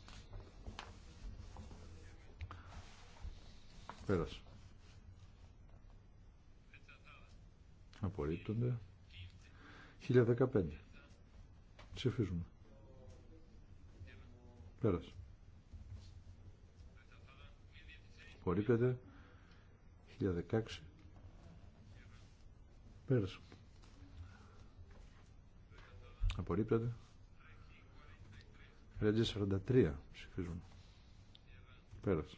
Πέρασε. Απορρίπτονται. 1015. Ψηφίζουμε. Πέρασε. Απορρίπτεται. 1016. Πέρασε. Απορρίπτεται. Ρέτζε 43 ψηφίζουν. Πέρασε.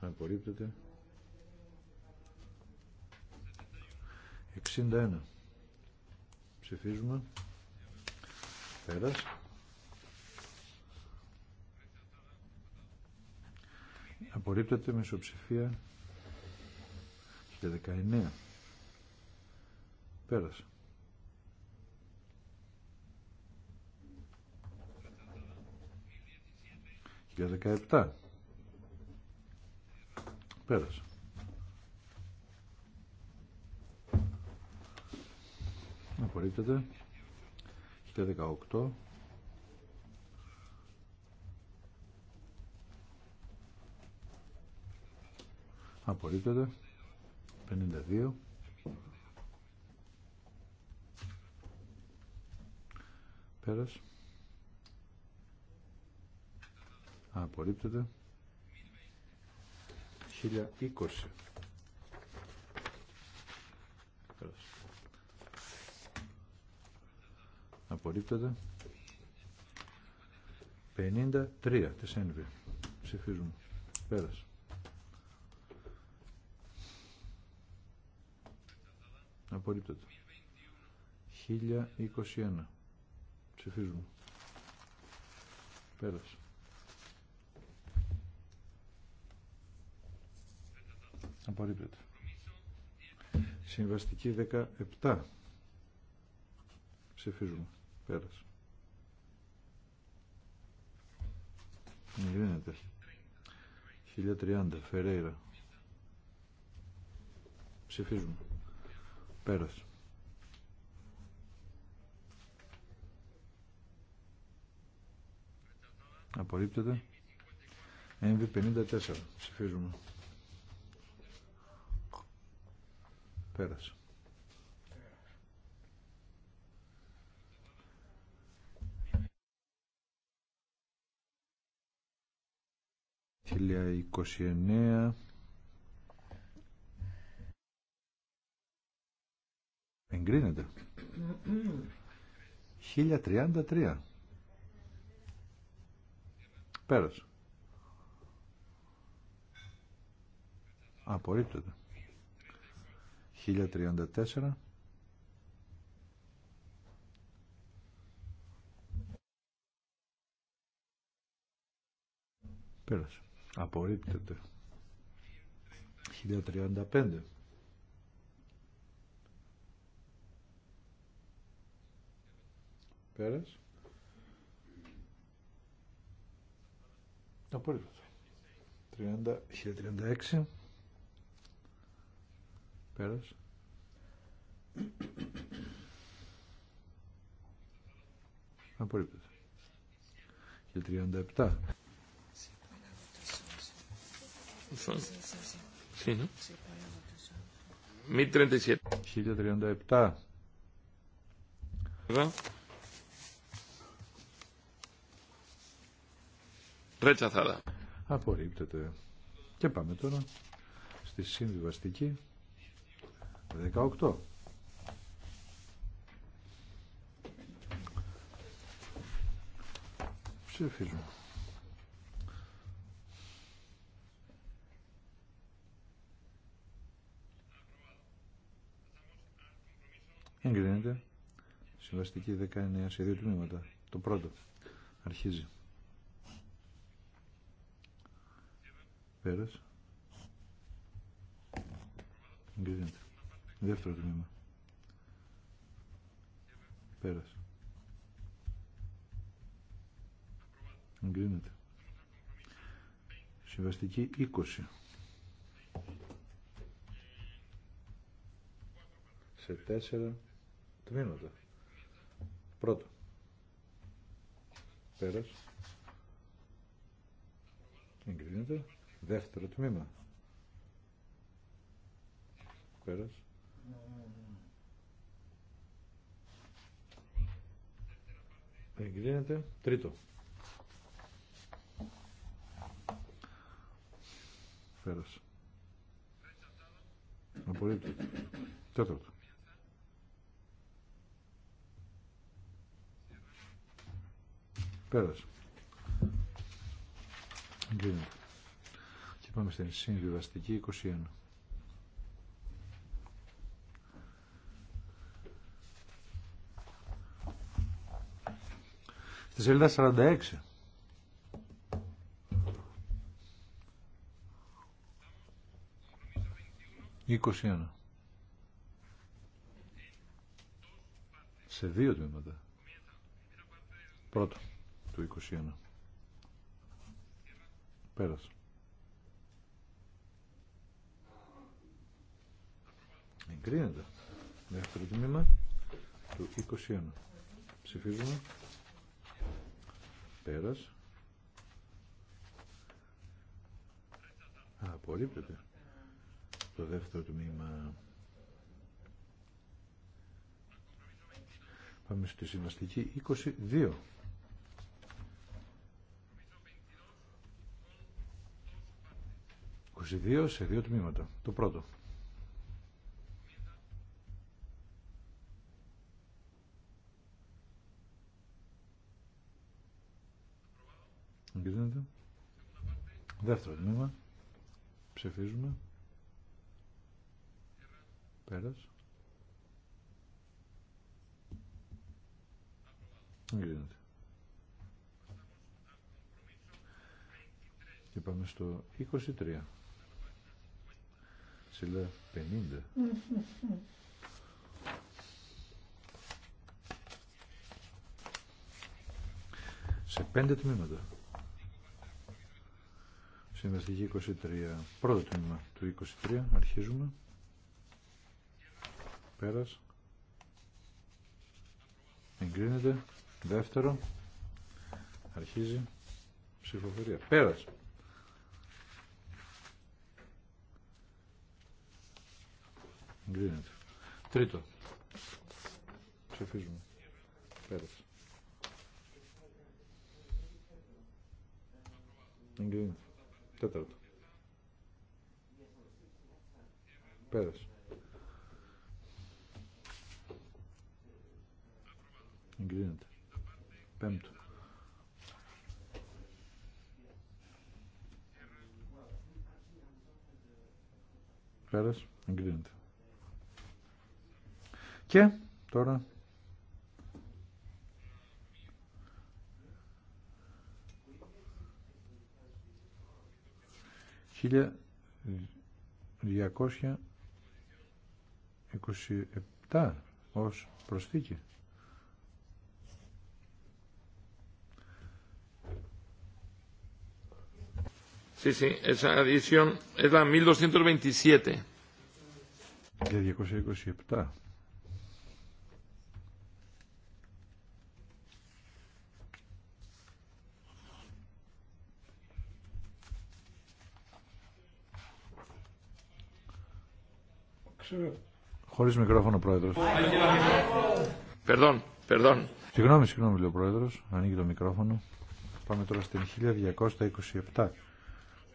Απορρίπτεται. 61. Ψηφίζουμε. Πέρασε. Απορρίπτεται με ισοψηφία 19. Πέρασε. Για 17. Πέρασε. Απορρίπτεται. 2018. Απορρίπτεται. 52. Πέρας. Απορρίπτεται. 1020. Απορρίπτεται. 53 της ένβη. Ψηφίζουμε. Πέρας. Απορρίπτεται. 1021. Ψηφίζουμε. Πέρασε. Απορρίπτεται. Συμβαστική 17. Ψηφίζουμε. Πέρασε. Εγκρίνεται. 1030. Φερέιρα. Ψηφίζουμε. Πέρασε. Απορρίπτεται. MV54. Ψηφίζουμε. Πέρασε. Τηλεία 29. Εγκρίνεται. 1033. Πέρασε. Απορρίπτεται. 1034. Πέρασε. Απορρίπτεται. 1035. Πέρας. Απόλυτο. 30, 1036. Πέρας. Απόλυτο. 1037. Sí, ¿no? 1037. 1037. ¿Verdad? θάλα. Απορρίπτεται. Και πάμε τώρα στη συμβιβαστική 18. Ψηφίζουμε. Εγκρίνεται. Συμβαστική 19 σε δύο τμήματα. Το πρώτο αρχίζει. Πέρας. Εγκρίνεται. Δεύτερο τμήμα. Πέρας. Εγκρίνεται. Συμβαστική 20. σε τέσσερα τμήματα. Πρώτο. Πέρας. Εγκρίνεται. Δεύτερο τμήμα. Πέρας. Εγκρίνεται. Τρίτο. Πέρας. Απολύτω. Τέταρτο. Πέρας. Εγκρίνεται πάμε στην συμβιβαστική 21. Στη σελίδα 46. 21. Σε δύο τμήματα. Πρώτο του 21. Πέρασε. Εγκρίνεται. Δεύτερο τμήμα του 21. Ψηφίζουμε. Πέρας. Α, απορρίπτεται. Το δεύτερο τμήμα. Πάμε στη συμβαστική 22. σε δύο τμήματα. Το πρώτο. Εγκρίνεται. Δεύτερο τμήμα. Ψηφίζουμε. Πέρας. Εγκρίνεται. Και πάμε στο 23. Σελίδα 50. Σε πέντε τμήματα. Συμβαστική 23. Πρώτο τμήμα του 23. Αρχίζουμε. Πέρας. Εγκρίνεται. Δεύτερο. Αρχίζει. Ψηφοφορία. Πέρας. Εγκρίνεται. Τρίτο. Ψηφίζουμε. Πέρας. Εγκρίνεται τέταρτο. Πέρασε. Εγκρίνεται. Πέμπτο. Πέρασε. Εγκρίνεται. Και τώρα 1227 ως προσθήκη. Sí, sí, esa adición es la 1227. 227. Χωρίς μικρόφωνο, Πρόεδρος. Περδόν, περδόν. Συγγνώμη, συγγνώμη, λέει ο Πρόεδρος. Ανοίγει το μικρόφωνο. Πάμε τώρα στην 1227,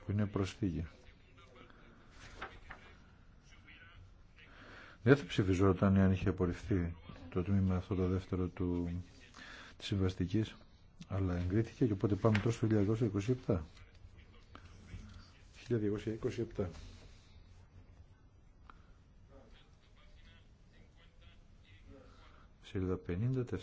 που είναι προσφύγη. Δεν θα ψηφιζόταν αν είχε απορριφθεί το τμήμα αυτό το δεύτερο του, της συμβαστικής, αλλά εγκρίθηκε και οπότε πάμε τώρα στο 1227. 1227. σελίδα 54.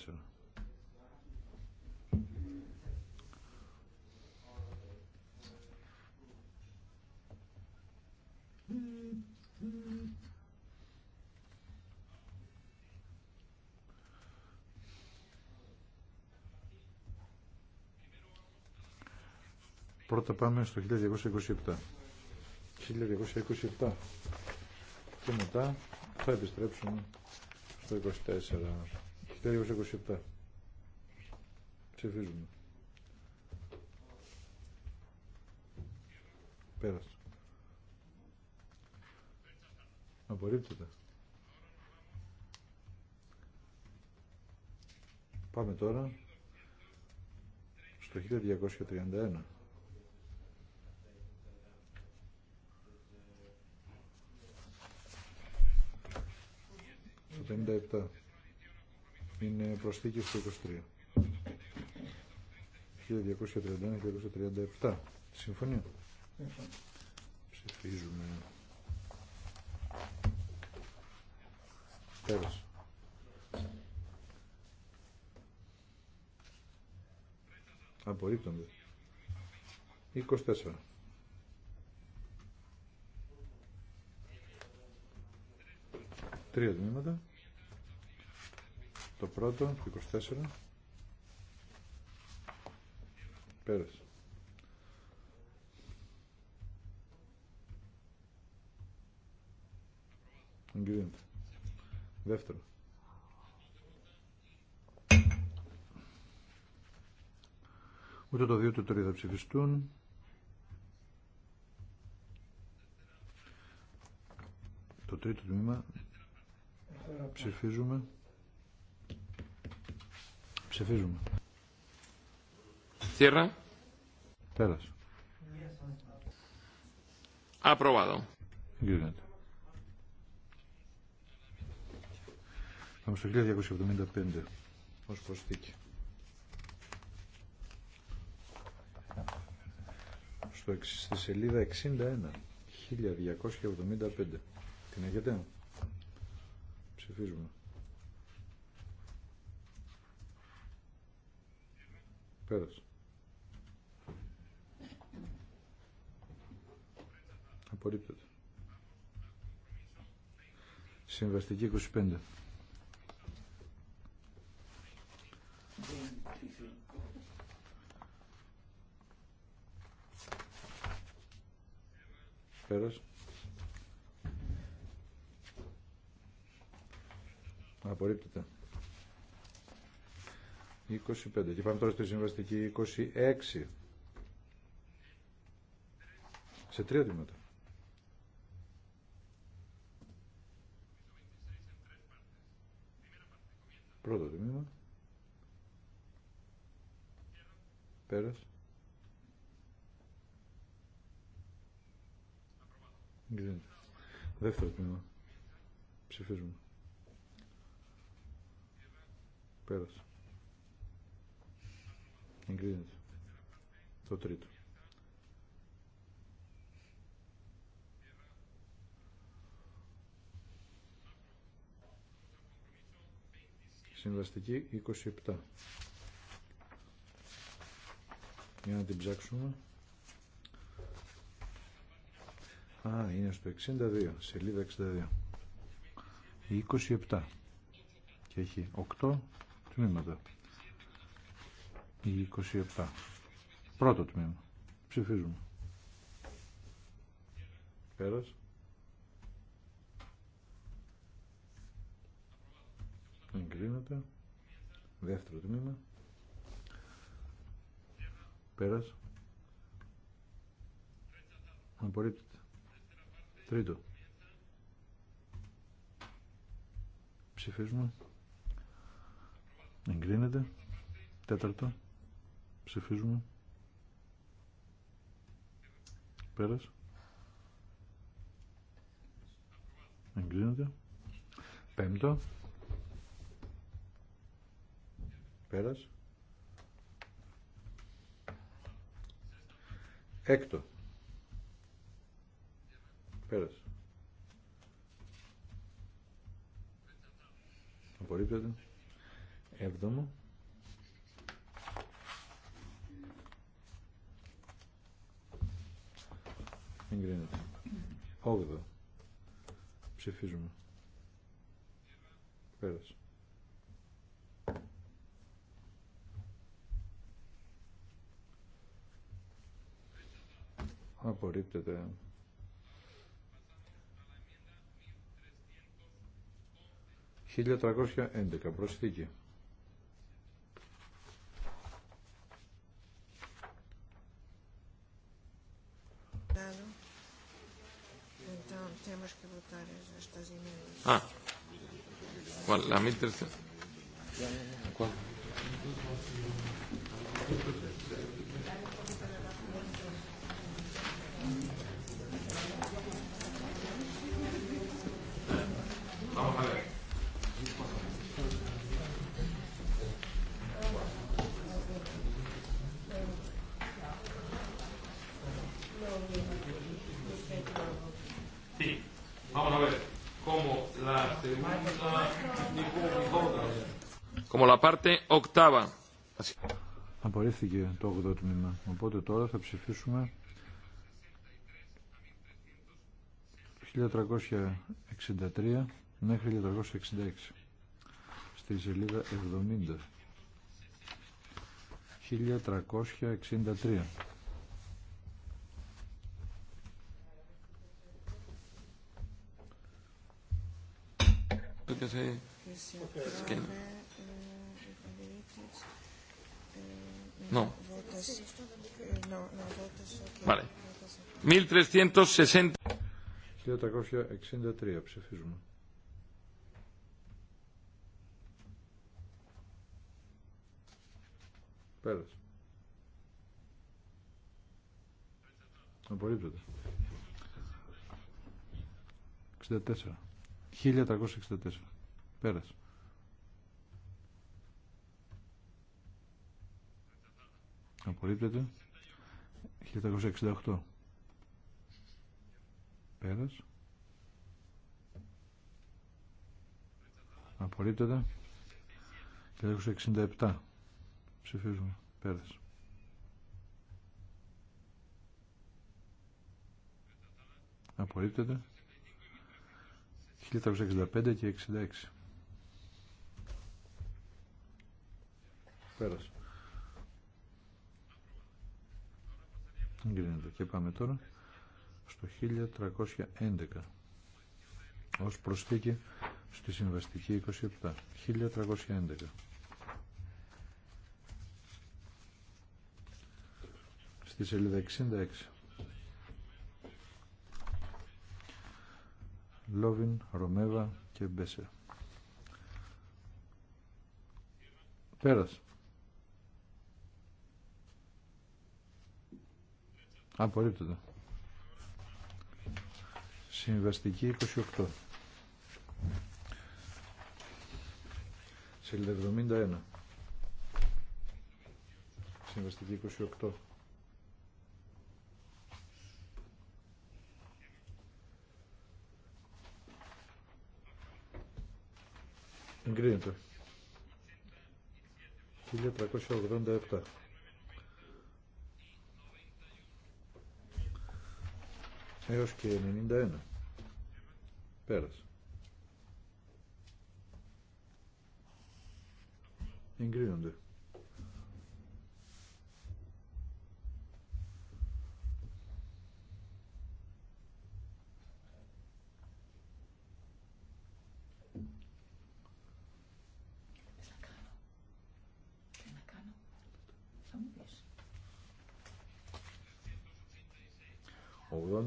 Πρώτα πάμε στο 1227. 1227. Και μετά θα επιστρέψουμε το 24. το 27. Ψηφίζουμε. Πέρασε. Απορρίπτεται. Πάμε τώρα στο 1231. 57 είναι προσθήκη στο 23. 1231-1237. Συμφωνία. Ψηφίζουμε. Πέρασε. Απορρίπτονται. 24. Τρία τμήματα. Το πρώτο, το 24. Πέρασε. Εγκρίνεται. Δεύτερο. Ούτε το 2 το 3 θα ψηφιστούν. Το τρίτο τμήμα ψηφίζουμε. Ψηφίζουμε. Cierra. Πέρασε. Απρόβατο. Γίνεται. Πάμε στο 1275 ως προσθήκη. Στο, στη σελίδα 61. 1275. Την έχετε. Ψηφίζουμε. Πέρασε. Απορρίπτεται. Συμβαστική 25. Πέρας. Απορρίπτεται. 25. Και πάμε τώρα στη συμβαστική 26. Σε τρία τμήματα. Πρώτο τμήμα. Πέρας. Δεύτερο τμήμα. Ψηφίζουμε. Πέρασε εγκρίνεται. Το τρίτο. Συμβαστική 27. Για να την ψάξουμε. Α, είναι στο 62, σελίδα 62. 27. Και έχει 8 τμήματα. Η 27. Πρώτο τμήμα. Ψηφίζουμε. Πέρας. Εγκρίνεται. Δεύτερο τμήμα. Πέρας. Απορρίπτεται. Τρίτο. Ψηφίζουμε. Εγκρίνεται. Τέταρτο. Ψηφίζουμε. Πέρασε. Εγκρίνεται. Πέμπτο. Πέρασε. Έκτο. Πέρασε. Απορρίπτεται. Έβδομο. Εγκρίνεται. 8. Ψηφίζουμε. Πέρασε. Απορρίπτεται. 1311 προσθήκη. tenemos que votar estas Ah. ¿Cuál? ¿La 1300? ¿Cuál? Απορρίφθηκε το 8ο τμήμα. Οπότε τώρα θα ψηφίσουμε 1363 μέχρι 1366 στη σελίδα 70. 1363. Okay. No. Vale. 1360. 1363 ψηφίζουμε. Πέρασε. Απορρίπτεται. 64. 1364. Πέρασε. Απορρίπτεται. 1368. Πέρας. Απορρίπτεται. 1367. Ψηφίζουμε. Πέρας. Απορρίπτεται. 1365 και 66. Πέρας. γίνεται Και πάμε τώρα στο 1311 ως προσθήκη στη συμβαστική 27. 1311. Στη σελίδα 66. Λόβιν, Ρωμέβα και Μπέσε Πέρασε. Απορρίπτωτα. Συμβαστική 28. Σελίδα 71. Συμβαστική 28. Εγκρίνεται. 1387. έως και 91. Πέρασε. Εγκρίνονται.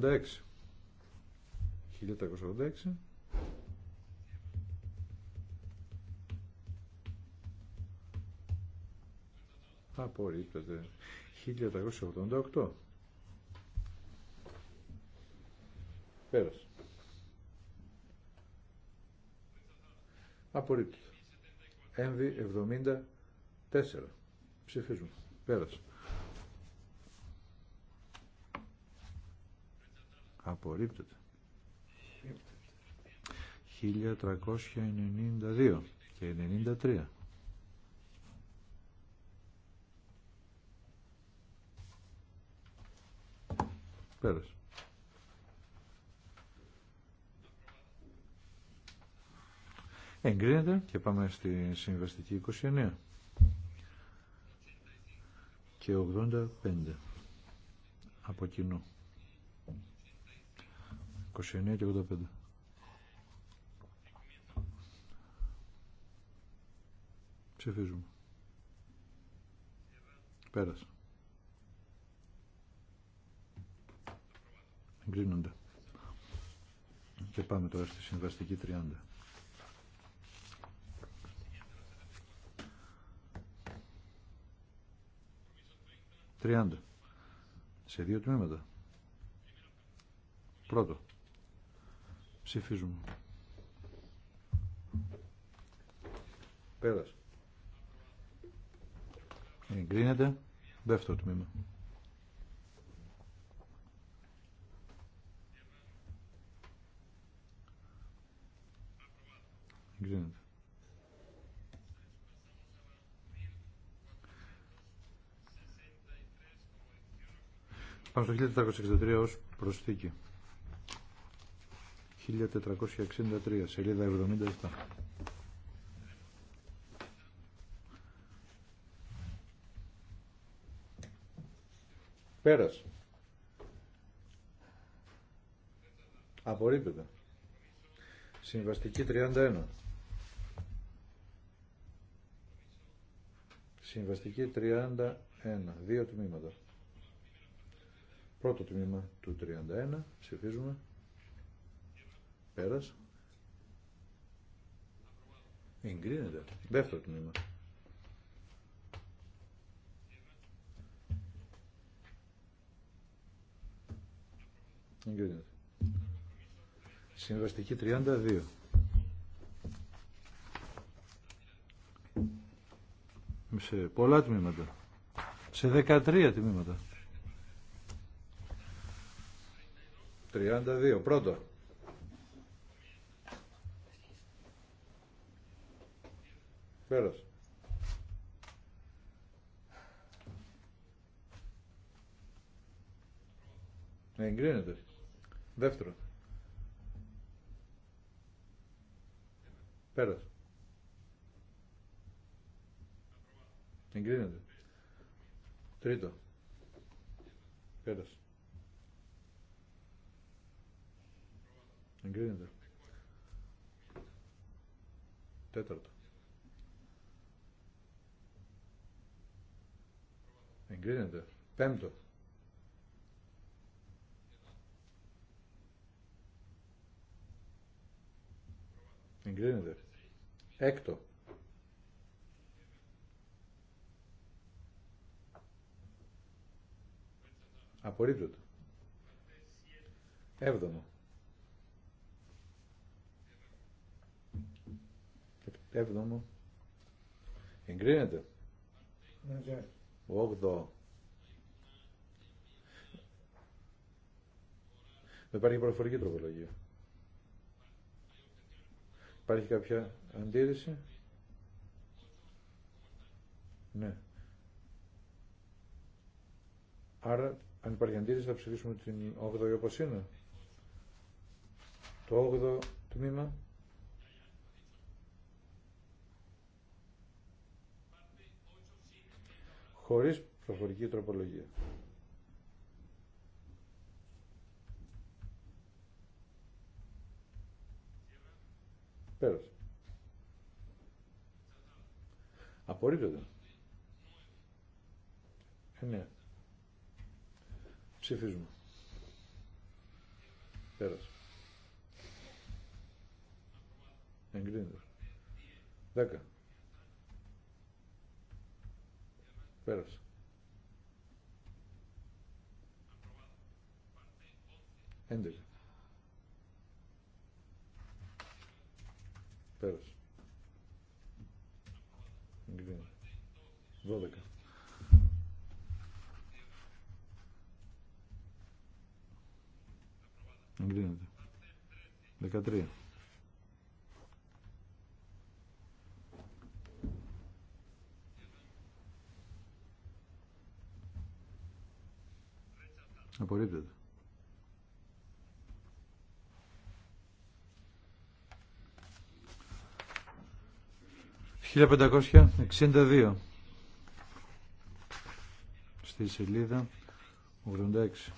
1386. Απορρίπτεται. 1388. Πέρασε. Απορρίπτεται. Ένδυ 74. Ψηφίζουμε. Πέρασε. απορρίπτεται 1392 και 93 Πέρασε. Εγκρίνεται και πάμε στη συμβαστική 29 και 85 από κοινού. 29 και 85. Ψηφίζουμε. Πέρασε. Εγκρίνονται. Και πάμε τώρα στη συμβαστική 30. 30. Σε δύο τμήματα. Πρώτο. Ψηφίζουμε. Πέρασε. Εγκρίνεται. Δεύτερο τμήμα. Εγκρίνεται. Πάμε στο 1463 ως προσθήκη. 1463, σελίδα 77. Πέρασε. Απορρίπτεται. Συμβαστική 31. Συμβαστική 31. Δύο τμήματα. Πρώτο τμήμα του 31. Ψηφίζουμε. Πέρας. Εγκρίνεται. Δεύτερο τμήμα. Εγκρίνεται. Συμβαστική 32. Σε πολλά τμήματα. Σε 13 τμήματα. 32. Πρώτο. Πέρας. Ναι, εγκρίνεται. Δεύτερο. Πέρας. Εγκρίνεται. Τρίτο. Πέρας. Εγκρίνεται. Τέταρτο. Εγκρίνεται. Πέμπτο. Εγκρίνεται. Έκτο. Απορρίπτωτο. Έβδομο. Έβδομο. Εγκρίνεται. Ναι, ναι. 8. Δεν υπάρχει προφορική τροπολογία. Υπάρχει κάποια αντίρρηση. Ναι. Άρα, αν υπάρχει αντίρρηση, θα ψηφίσουμε την 8η όπως είναι. Το 8ο τμήμα. χωρίς προφορική τροπολογία. Πέρασε. Απορρίπτεται. Ε, ναι. Ψηφίζουμε. Πέρασε. Εγκρίνεται. Δέκα. Πέρασε. Έντεκα. Πέρασε. Εγκρίνει. Δώδεκα. Εγκρίνεται. Δεκατρία. ...1562 στη σελίδα 86.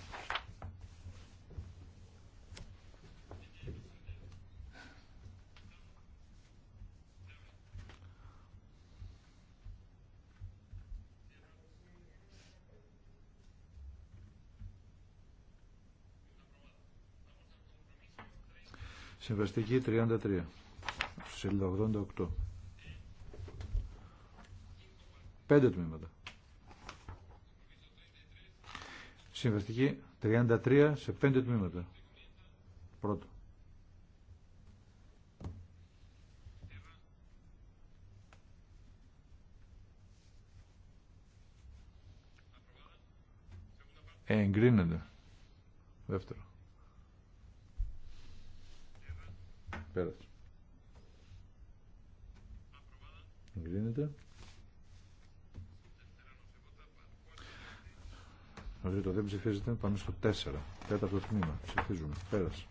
Συμβαστική 33. Σελίδα 88. Πέντε τμήματα. Συμβαστική 33 σε πέντε τμήματα. Πρώτο. Ε, εγκρίνεται. Δεύτερο. Πέρασε. Εγκρίνεται. Νομίζω το δεν ψηφίζεται. Πάμε στο 4. Τέταρτο τμήμα. Ψηφίζουμε. Πέρας.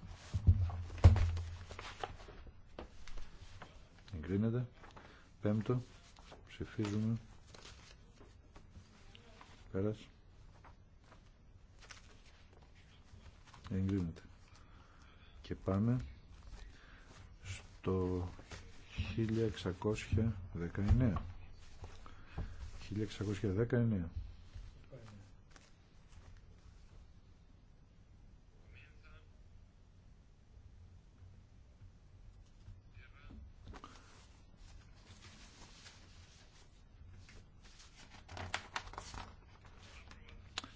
Εγκρίνεται. Πέμπτο. Ψηφίζουμε. Πέρας. Εγκρίνεται. Και πάμε το 1619. 1619.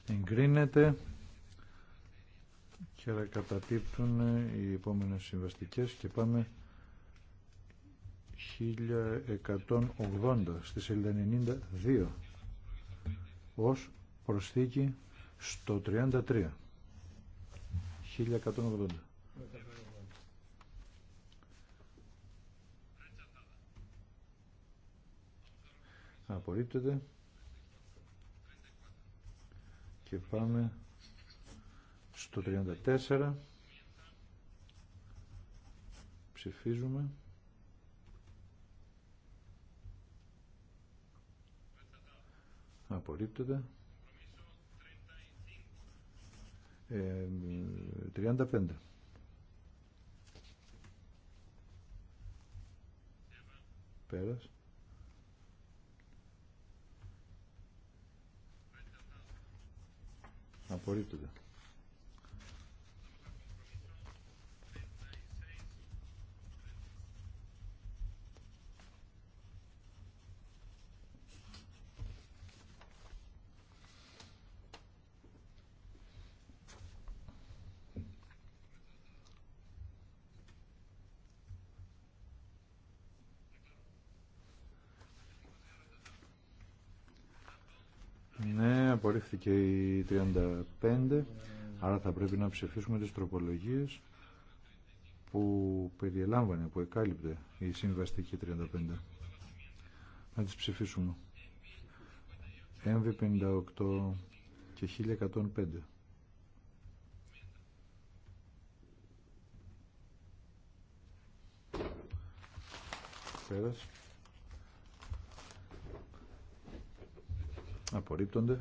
Εγκρίνεται και κατατύπτουν οι επόμενες συμβαστικές και πάμε 1180 στη σελίδα 92 ως προσθήκη στο 33 1180 απορρίπτεται και πάμε στο 34 ψηφίζουμε απορρίπτεται. 35. Ε, Πέρας. Απορρίπτεται. και η 35, άρα θα πρέπει να ψηφίσουμε τις τροπολογίες που περιελάμβανε, που εκάλυπτε η συμβαστική 35. Να τις ψηφίσουμε. MV58 και 1105. Πέρας. Απορρίπτονται.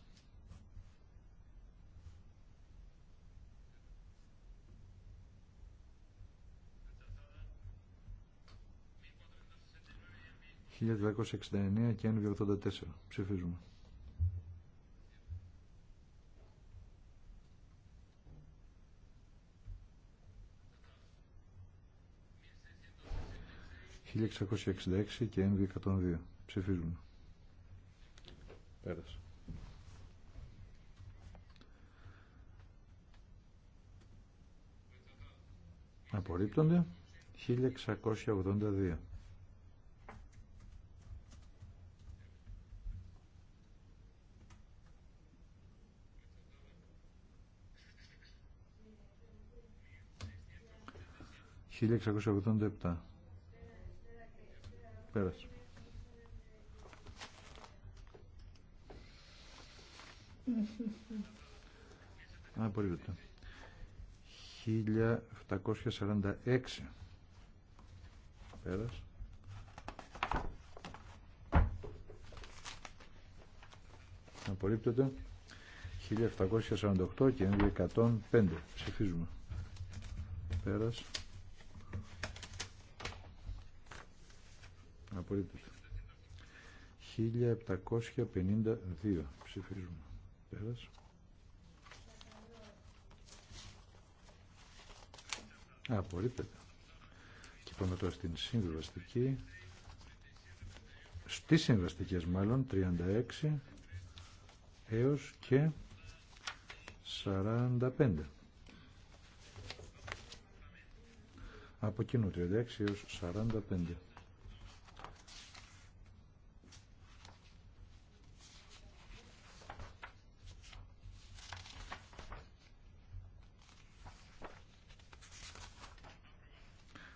1269 και 1284. 84 Ψηφίζουμε. ...1666 και NV102. Ψηφίζουμε. Πέρασε. Απορρίπτονται 1682. 1687. Πέρασε. Απορρίπτεται. 1746. Πέρασε. Απορρίπτεται. 1748 και 105. Ψηφίζουμε. Πέρασε. απορρίπτεται. 1752 ψηφίζουμε. Πέρασε. απορρίπτεται. Και πάμε τώρα στην συμβιβαστική. Στις συμβαστικές μάλλον 36 έως και 45. Από κοινού 36 έως 45.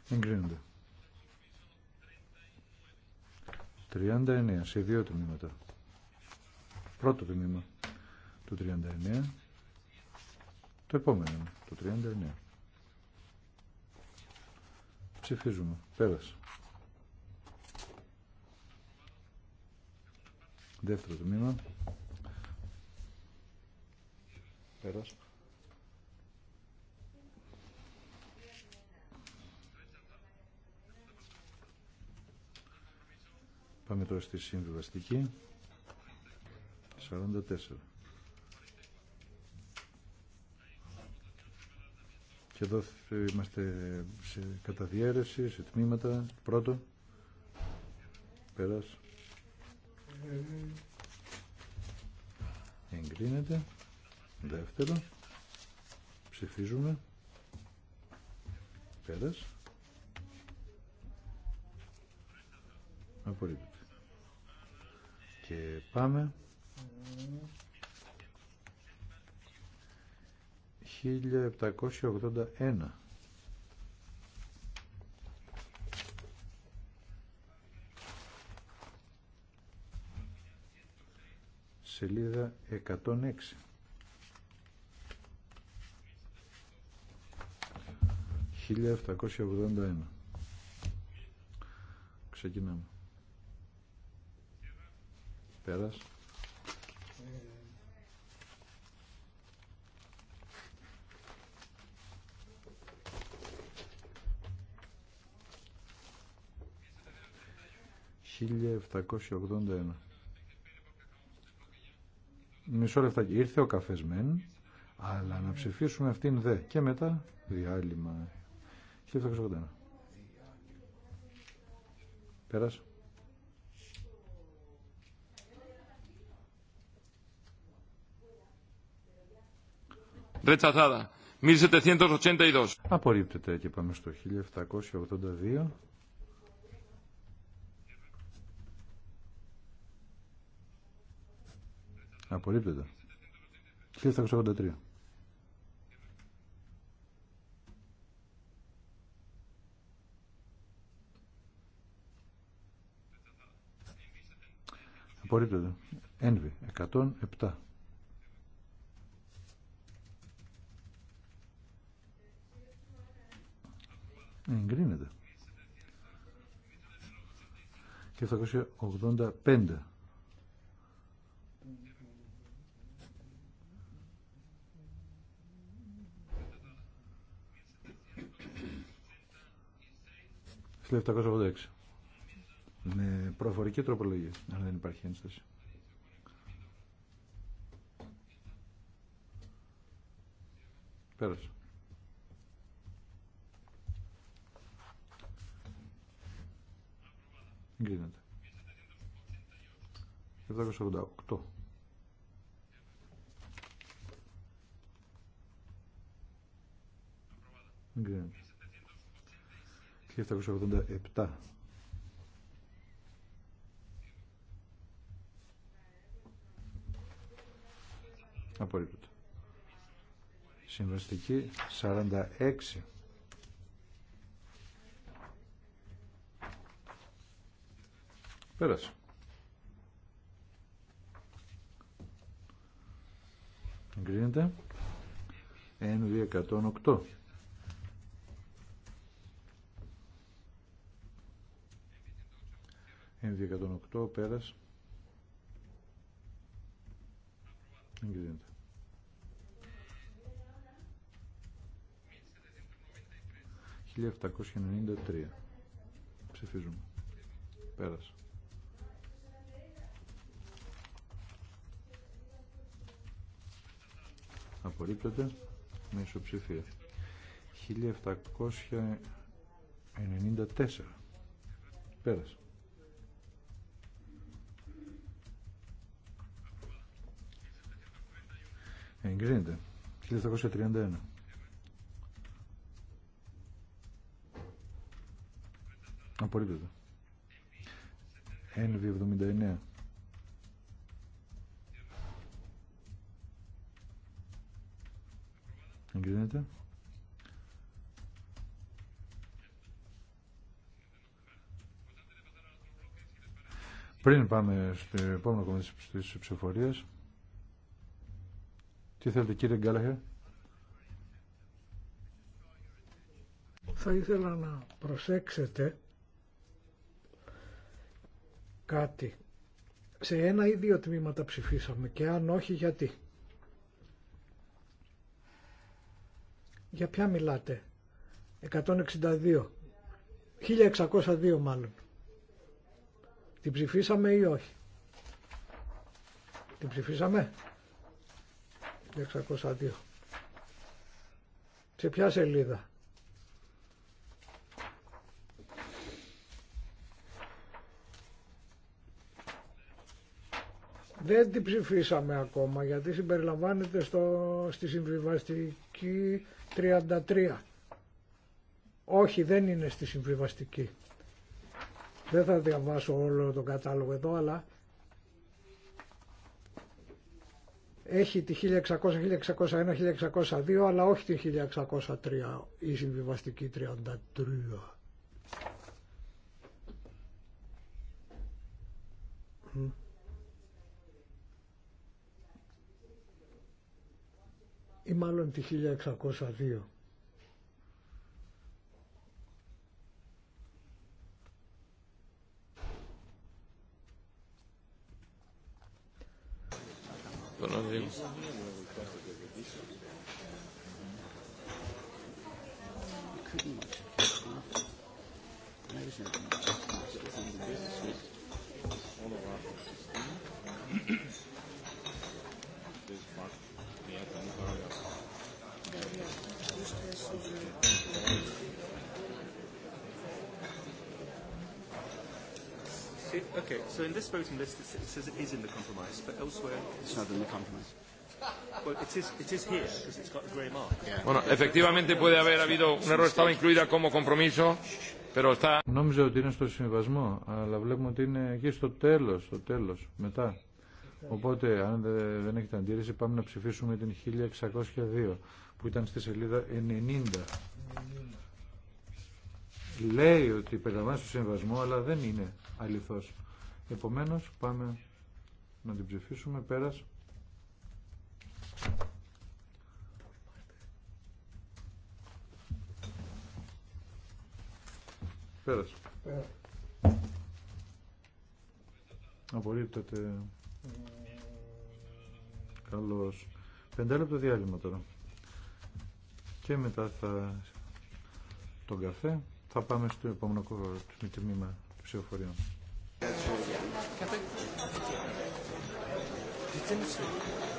Εγκρίνονται. 39 σε δύο τμήματα. Πρώτο τμήμα του 39. Το επόμενο του 39. Ψηφίζουμε. Πέρασε. Δεύτερο τμήμα. Πέρασε. Πάμε τώρα στη συμβιβαστική. 44. Και εδώ είμαστε σε καταδιέρεση, σε τμήματα. Πρώτο. Πέρας. Εγκρίνεται. Δεύτερο. Ψηφίζουμε. Πέρας. Απορρίπτω και πάμε. 1781. Σελίδα 106. 1781. Ξεκινάμε. Πέρας. ...1781. Μισό λεφτάκι. Ήρθε ο καφές μεν, αλλά να ψηφίσουμε αυτήν δε. Και μετά διάλειμμα. 1781. Πέρασε. Ρετσαθάδα. 1782. Απορρίπτεται και πάμε στο 1782. Απορρίπτεται. 1783. Απορρίπτεται. Ένβη. 107. Εγκρίνεται. Και 785. Στι 786. Με προφορική τροπολογία, αν δεν υπάρχει ένσταση. Πέρασε. Εγκρίνεται. 788. Εγκρίνεται. Και 787. Απορρίπτωτα. Συμβαστική 46. Πέρασε. Εγκρίνεται. NV108. NV108 πέρασε. Εγκρίνεται. 1793. Ψηφίζουμε. Πέρασε. απορρίπτεται με ισοψηφία 1794 πέρασε εγκρίνεται 1731 απορρίπτεται NV79 Πριν πάμε στο επόμενο κομμάτι της ψηφοφορίας, τι θέλετε κύριε Γκάλαχερ. Θα ήθελα να προσέξετε κάτι. Σε ένα ή δύο τμήματα ψηφίσαμε και αν όχι γιατί. Για ποια μιλάτε. 162. 1602 μάλλον. Την ψηφίσαμε ή όχι. Την ψηφίσαμε. 1602. Σε ποια σελίδα. Δεν την ψηφίσαμε ακόμα γιατί συμπεριλαμβάνεται στο, στη συμβιβαστική 33. Όχι, δεν είναι στη συμβιβαστική. Δεν θα διαβάσω όλο τον κατάλογο εδώ, αλλά έχει τη 1600, 1601, 1602, αλλά όχι τη 1603, η συμβιβαστική 33. ή μάλλον τη 1602. Νόμιζα ότι είναι στο συμβασμό, αλλά βλέπουμε ότι είναι εκεί στο τέλο, στο τέλο, μετά. Οπότε, αν δεν έχετε αντίρρηση, πάμε να ψηφίσουμε την 1602, που ήταν στη σελίδα 90. Λέει ότι περιλαμβάνει στο συμβασμό, αλλά δεν είναι αληθό. Επομένως πάμε να την ψηφίσουμε πέρας. Πέρας. Πέρα. Απορρίπτεται. Mm. Καλώς. Πεντάλεπτο διάλειμμα τώρα. Και μετά θα τον καφέ θα πάμε στο επόμενο τμήμα του ψηφοφορίου. Thank you.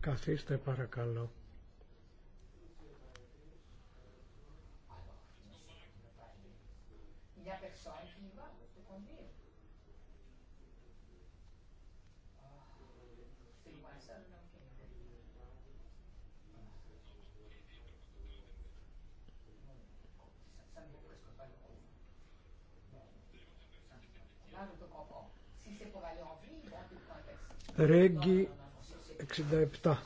Καθίστε παρακαλώ. Ρέγγι 67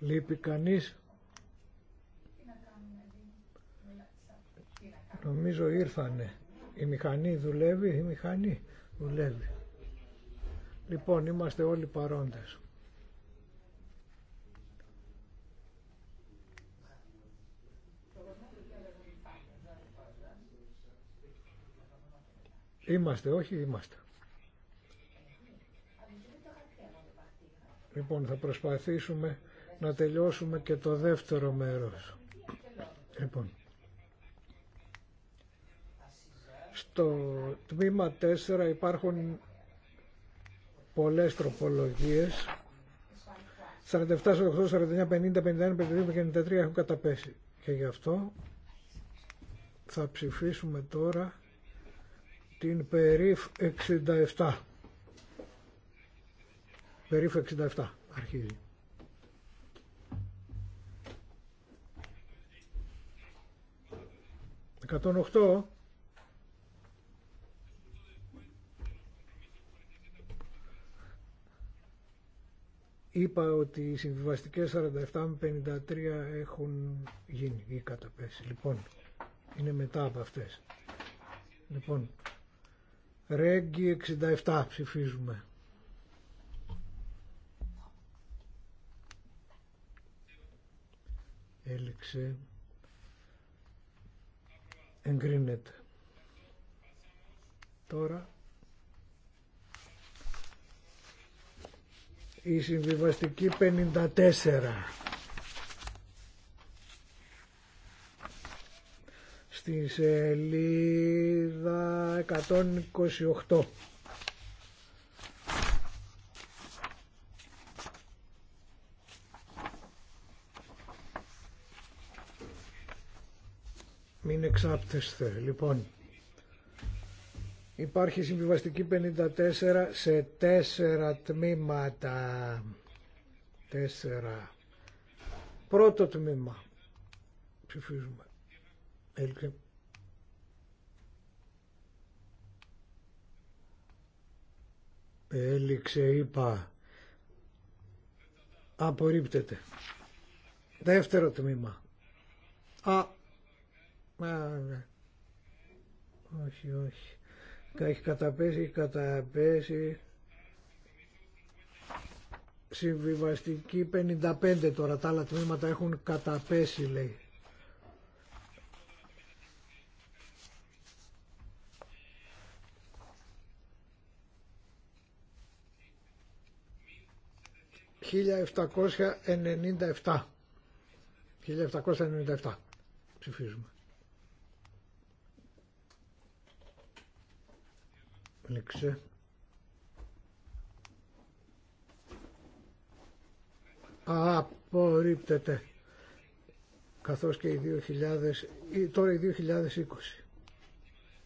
Λείπει κανείς. Νομίζω ήρθανε. Η μηχανή δουλεύει, η μηχανή δουλεύει. Λοιπόν, είμαστε όλοι παρόντες. Είμαστε, όχι είμαστε. Λοιπόν, θα προσπαθήσουμε να τελειώσουμε και το δεύτερο μέρος. Λοιπόν. Στο τμήμα 4 υπάρχουν πολλές τροπολογίες. 47, 48, 49, 50, 51, 52 και 93 έχουν καταπέσει. Και γι' αυτό θα ψηφίσουμε τώρα την περίφ 67. Περίφ 67 αρχίζει. 108 Είπα ότι οι συμβιβαστικές 47 με 53 έχουν γίνει ή καταπέσει. Λοιπόν, είναι μετά από αυτές. Λοιπόν, Ρέγγι 67 ψηφίζουμε. Έληξε. Εγκρίνεται. Τώρα Η συμβιβαστική 54. Στη σελίδα 128. Μην εξάπτεστε, λοιπόν. Υπάρχει συμβιβαστική 54 σε τέσσερα τμήματα. Τέσσερα. Πρώτο τμήμα. Ψηφίζουμε. Έλξε. Έληξε, είπα. Απορρίπτεται. Δεύτερο τμήμα. Α. Α ναι. Όχι, όχι. Έχει καταπέσει, έχει καταπέσει. Συμβιβαστική 55 τώρα, τα άλλα τμήματα έχουν καταπέσει λέει. ...1797. 1797 ψηφίζουμε. Απορρίπτεται. Καθώς και οι 2000, τώρα οι 2020.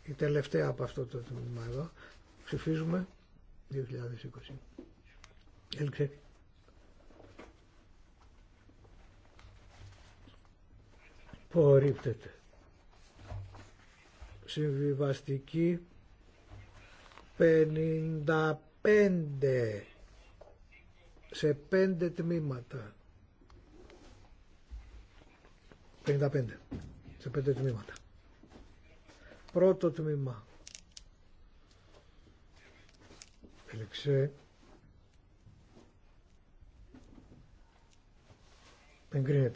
Η τελευταία από αυτό το τμήμα εδώ. Ψηφίζουμε 2020. Έλξε. Απορρίπτεται. Συμβιβαστική 55 σε 5 τμήματα. 55 σε 5 τμήματα. Πρώτο τμήμα. Έλεξε. 55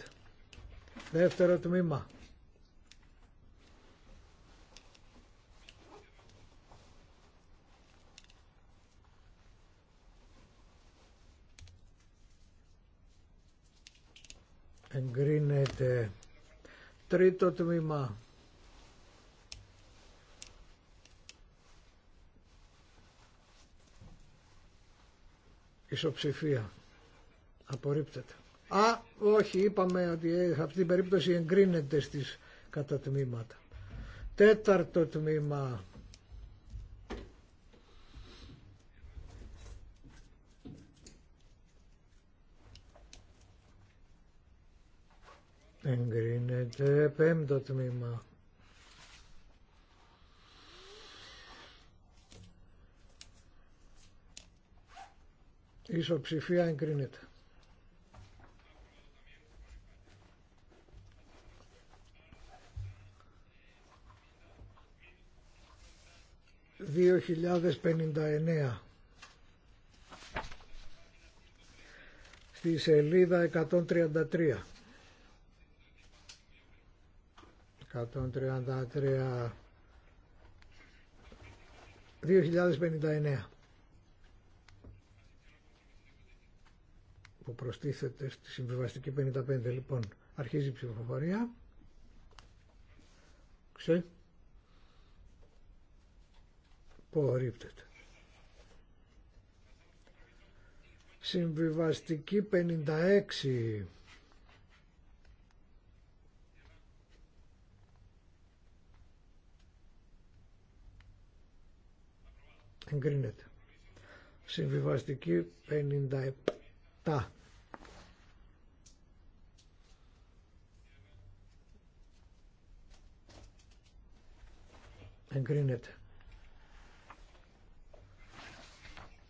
Δεύτερο τμήμα. εγκρίνεται τρίτο τμήμα ισοψηφία απορρίπτεται α όχι είπαμε ότι ε, αυτή την περίπτωση εγκρίνεται στις κατατμήματα τέταρτο τμήμα εγκρίνεται πέμπτο τμήμα ισοψηφία εγκρίνεται δύο χιλιάδες πενήντα στη σελίδα 133. 133 2059 που προστίθεται στη συμβιβαστική 55 λοιπόν αρχίζει η ψηφοφορία ξε Πορύπτεται. συμβιβαστική 56 εγκρίνεται. Συμβιβαστική 57. Εγκρίνεται.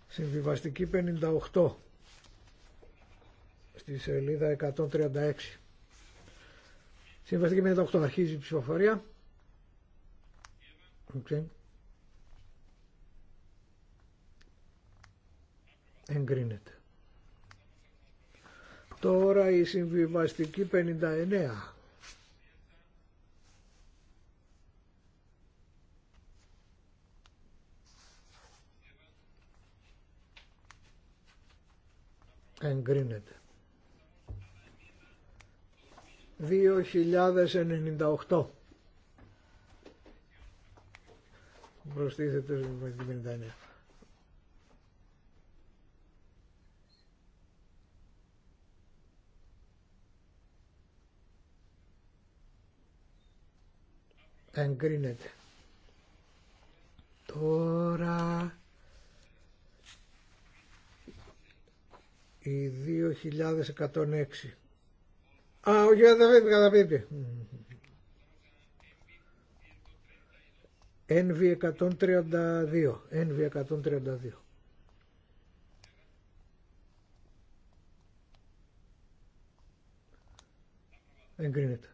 Συμβιβαστική 58 στη σελίδα 136. Συμβιβαστική 58 αρχίζει η ψηφοφορία. Okay. εγκρίνεται. Τώρα η συμβιβαστική 59. εγκρίνεται. 2098 προστίθεται στην 59. εγκρίνεται. Τώρα η 2106. Α, όχι, καταπίπτει, καταπίπτει. NV 132. NV 132. Εγκρίνεται.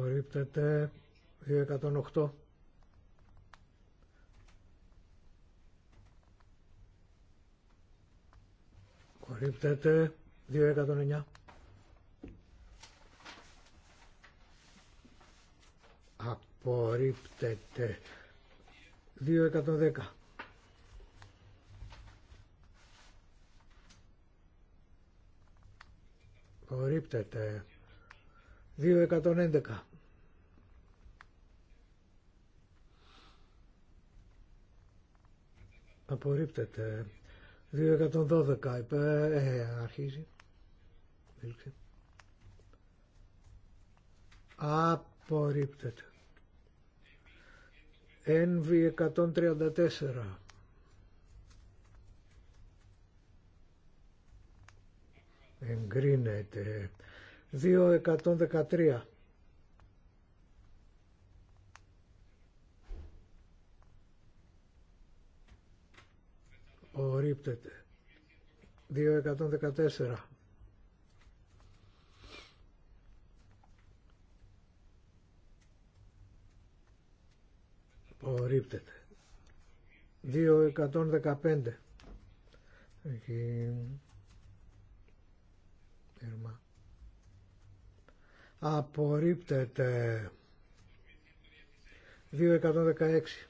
Απορρίπτεται 208. Απορρίπτεται 209. Απορρίπτεται 210. Απορρίπτεται 211. απορρίπτεται 212 ε, αρχίζει απορρίπτεται NV 134 εγκρίνεται 213 Απορρίπτεται. 214. Απορρίπτεται. 215. Εκεί. ερμά Απορρίπτεται. 216.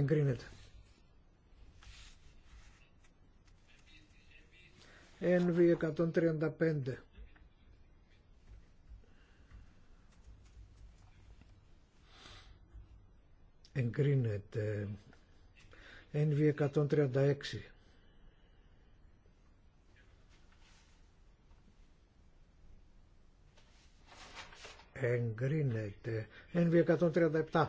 εγκρίνεται. NV 135 εγκρίνεται NV 136 εγκρίνεται NV 137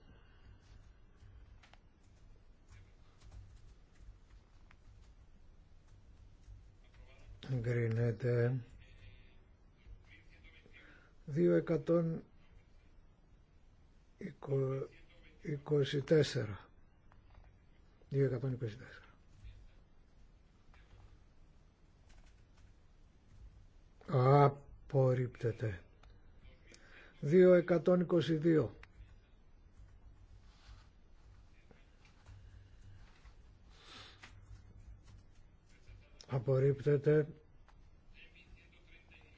Συγκρινέται 224 224 απορρίπτεται 222 απορρίπτεται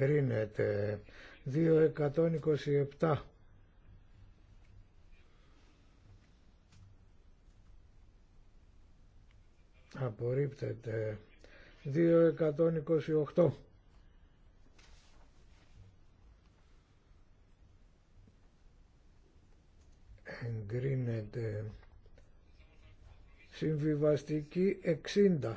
εγκρίνεται. 227. Απορρίπτεται. 228. Εγκρίνεται. Συμβιβαστική 60.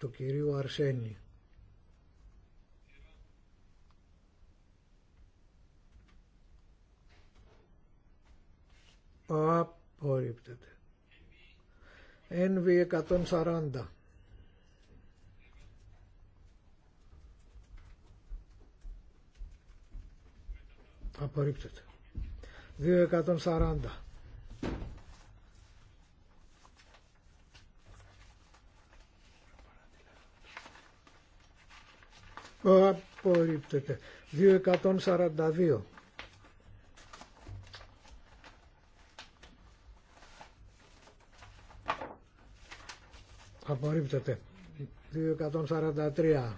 του κυρίου Αρσένη. Απορρίπτεται. NV 140. Απορρίπτεται. 240. απορρίπτεται 242 απορρίπτεται 243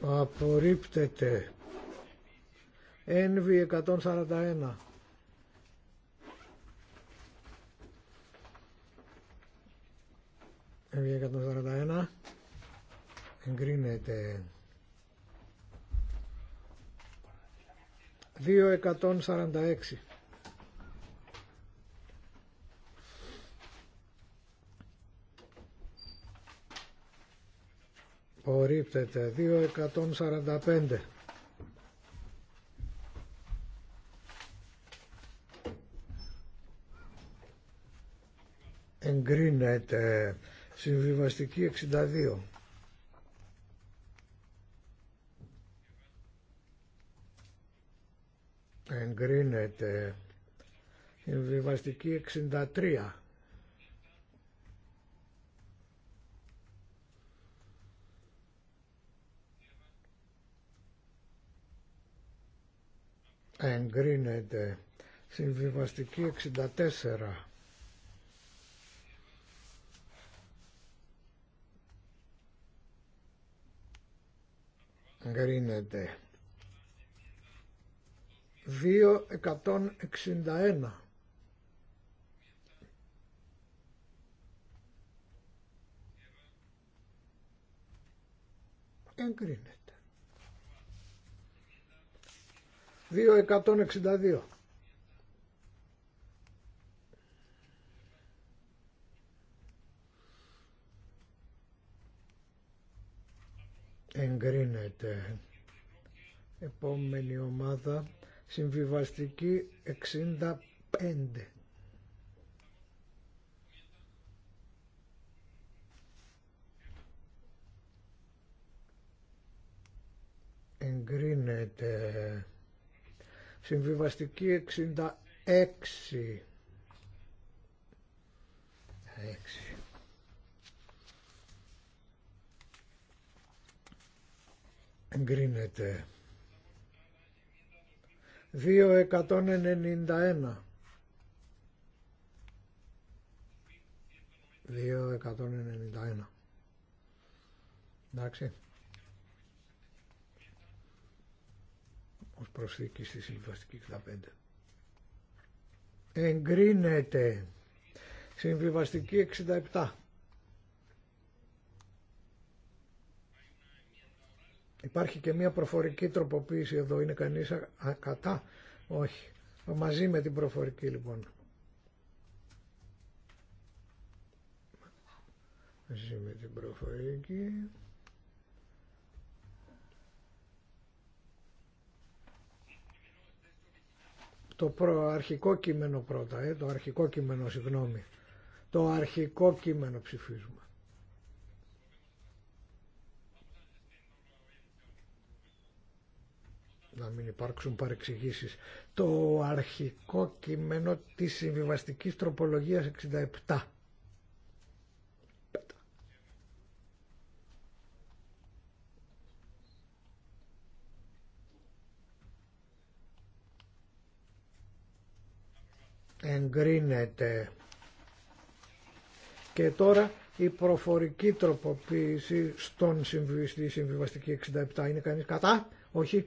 απορρίπτεται NV εγκρίνεται 2.146. Πορύπτεται 2.145. εγκρίνεται συμβιβαστική 62 εγκρίνεται συμβιβαστική 63 εγκρίνεται συμβιβαστική 64 εγκρίνεται Δύο 2.161 εγκρίνεται 2.162 εγκρίνεται επόμενη ομάδα Συμβιβαστική 65. Εγκρίνεται. Συμβιβαστική 66. 6. Εγκρίνεται. 2.191 2.191 εντάξει ως προσθήκη στη συμβιβαστική 65 εγκρίνεται συμβιβαστική 67 Υπάρχει και μια προφορική τροποποίηση εδώ. Είναι κανείς ακατά, Όχι. Μαζί με την προφορική λοιπόν. Μαζί με την προφορική. Το αρχικό κείμενο πρώτα, ε, το αρχικό κείμενο, συγγνώμη. Το αρχικό κείμενο ψηφίζουμε. να μην υπάρξουν παρεξηγήσεις. Το αρχικό κείμενο της συμβιβαστικής τροπολογίας 67. εγκρίνεται. Και τώρα η προφορική τροποποίηση στον στη συμβιβαστική 67 είναι κανείς κατά, όχι,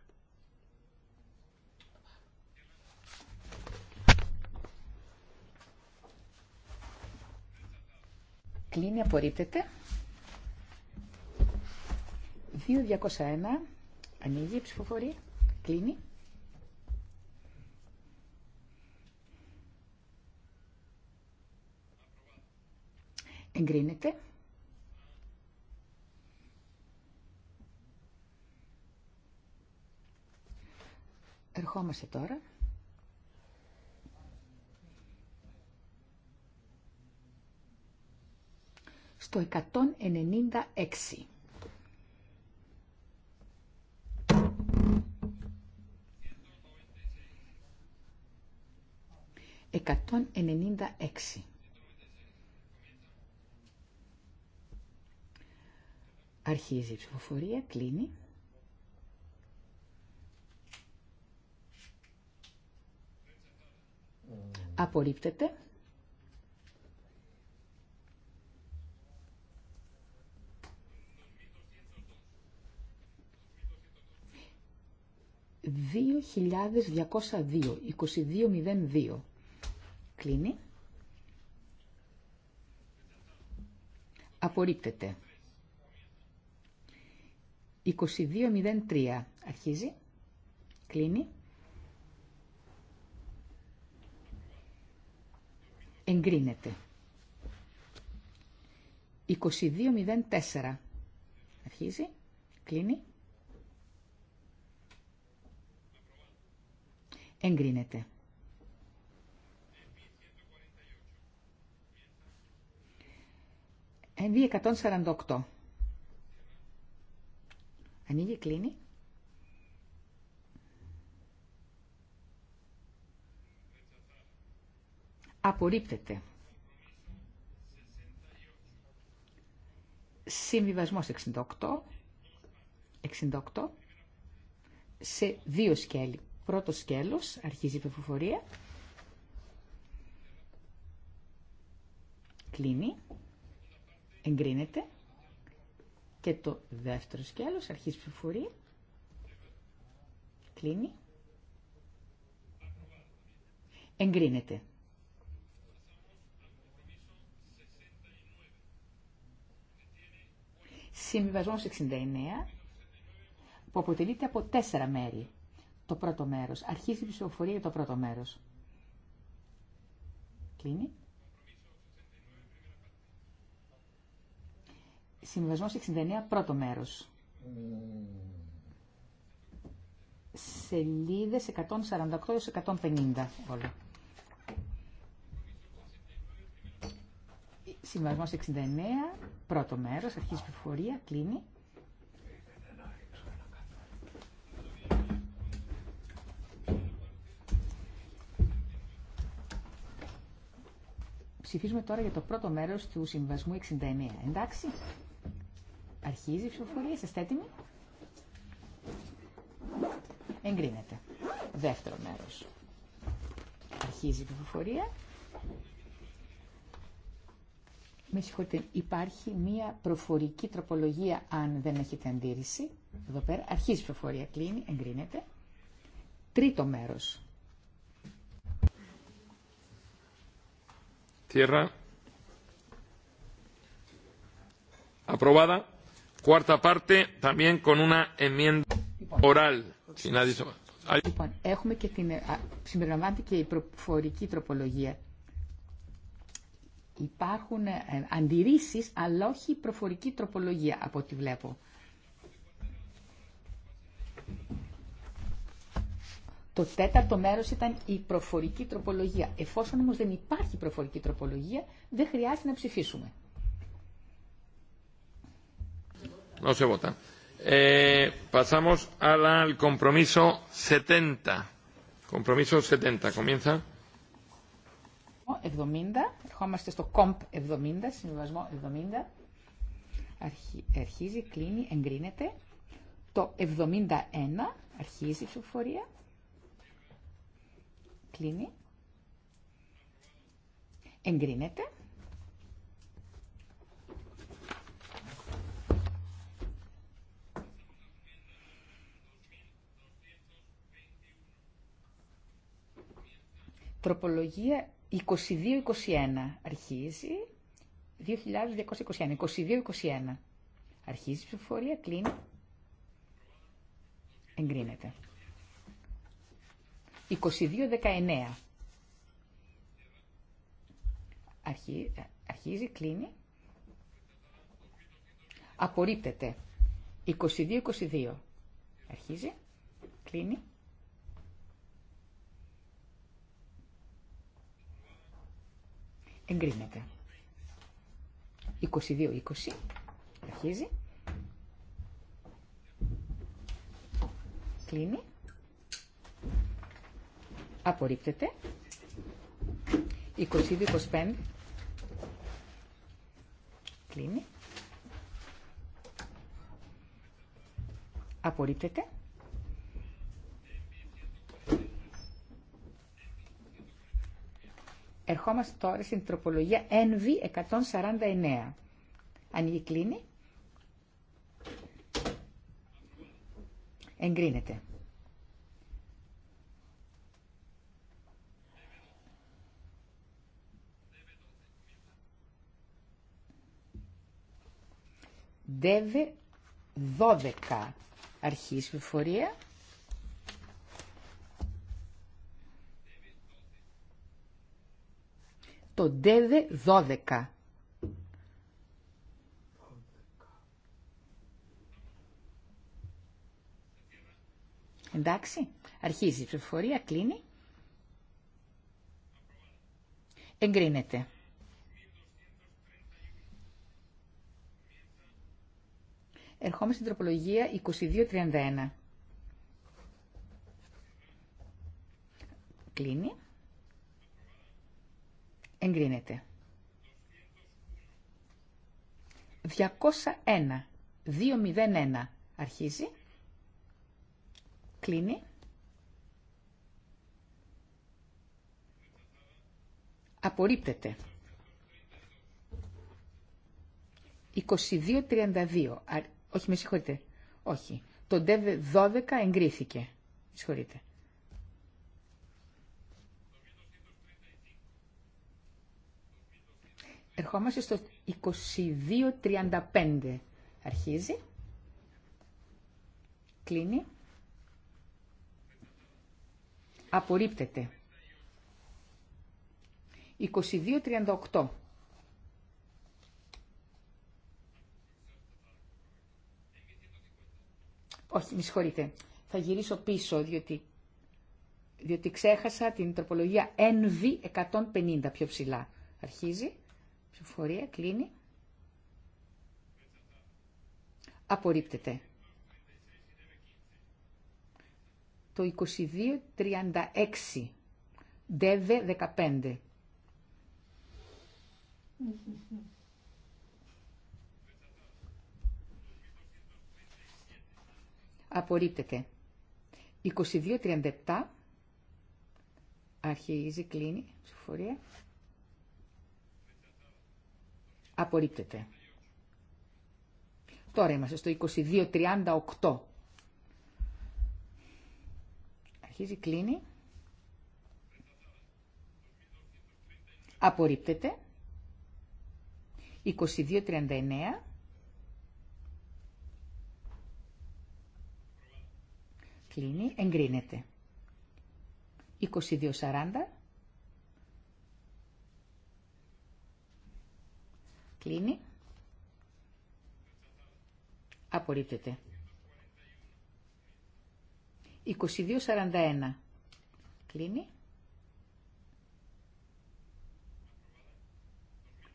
Κλείνει, απορρίπτεται. 2.201. Ανοίγει η ψηφοφορία. Κλείνει. Εγκρίνεται. Ερχόμαστε τώρα στο 196. Εκατόν ενενήντα έξι. Αρχίζει η ψηφοφορία, κλείνει. Απορρίπτεται. 2202, 2202. Κλείνει. Απορρίπτεται. 2203. Αρχίζει. Κλείνει. Εγκρίνεται. 2204. Αρχίζει. Κλείνει. εγκρίνεται. Ενδύει 148. Ανοίγει, κλείνει. Απορρίπτεται. Συμβιβασμός 68. 68 σε δύο σκέλη. Πρώτο σκέλος, αρχίζει η ψηφοφορία. Κλείνει. Εγκρίνεται. Και το δεύτερο σκέλος, αρχίζει η ψηφοφορία. Κλείνει. Εγκρίνεται. Συμβιβασμός 69 που αποτελείται από τέσσερα μέρη το πρώτο μέρος. Αρχίζει η ψηφοφορία για το πρώτο μέρος. Κλείνει. Συμβασμό 69, πρώτο μέρος. μέρο. 148 150 όλα. Συμβασμό 69, πρώτο μέρος, αρχίζει η ψηφοφορία, κλείνει. ψηφίζουμε τώρα για το πρώτο μέρος του Συμβασμού 69. Εντάξει. Αρχίζει η ψηφοφορία. Είστε έτοιμοι. Εγκρίνεται. Δεύτερο μέρος. Αρχίζει η ψηφοφορία. Με συγχωρείτε, υπάρχει μία προφορική τροπολογία αν δεν έχετε αντίρρηση. Εδώ πέρα αρχίζει η ψηφοφορία, κλείνει, εγκρίνεται. Τρίτο μέρος. Tierra. Aprobada. Cuarta parte, también con una enmienda λοιπόν. oral. Si nadie se... Λοιπόν, έχουμε και την... Ε, συμπεριλαμβάνεται και η προφορική τροπολογία. Υπάρχουν ε, ε, αντιρρήσεις, αλλά όχι προφορική τροπολογία, από ό,τι βλέπω. Το τέταρτο μέρος ήταν η προφορική τροπολογία. Εφόσον όμως δεν υπάρχει προφορική τροπολογία, δεν χρειάζεται να ψηφίσουμε. No se vota. Eh, pasamos al compromiso 70. Compromiso 70. Comienza. 70. Ερχόμαστε στο COMP 70, συμβιβασμό 70. Αρχι, αρχίζει, κλείνει, εγκρίνεται. Το 71 αρχίζει η ψηφοφορία κλείνει. Εγκρίνεται. Τροπολογία 22-21 αρχίζει. 2221. 22-21. Αρχίζει η ψηφοφορία, κλείνει. Εγκρίνεται. 22-19 αρχίζει, κλείνει. Απορρίπτεται. 22-22. Αρχίζει, κλείνει. Εγκρίνεται. 22-20. Αρχίζει. Κλείνει. Απορρίπτεται. 22-25. Κλείνει. Απορρίπτεται. Ερχόμαστε τώρα στην τροπολογία NV149. Ανοίγει κλείνει. Εγκρίνεται. Δεύε 12 αρχή ψηφοφορία. Το ΔΕΒΕ 12. Εντάξει, αρχίζει η ψηφοφορία, κλείνει. Εγκρίνεται. Ερχόμαστε στην τροπολογία 2231. Κλείνει. Εγκρίνεται. 201. 201. Αρχίζει. Κλείνει. Απορρίπτεται. 2232. Όχι, με συγχωρείτε. Όχι. Το DEV 12 εγκρίθηκε. Με συγχωρείτε. Ερχόμαστε στο 22.35. Αρχίζει. Κλείνει. Απορρίπτεται. 22.38. Όχι, με συγχωρείτε. Θα γυρίσω πίσω, διότι, διότι ξέχασα την τροπολογία NV150 πιο ψηλά. Αρχίζει. Ψηφοφορία, κλείνει. Απορρίπτεται. Το 2236. ΔΕΒΕ 15. Απορρίπτεται. 22.37. Αρχίζει, κλείνει, Ψηφορία. Απορρίπτεται. Τώρα είμαστε στο 22.38. Αρχίζει, κλείνει. Απορρίπτεται. 22.39. κλείνει, εγκρίνεται. 22.40 κλείνει, απορρίπτεται. 22.41 κλείνει,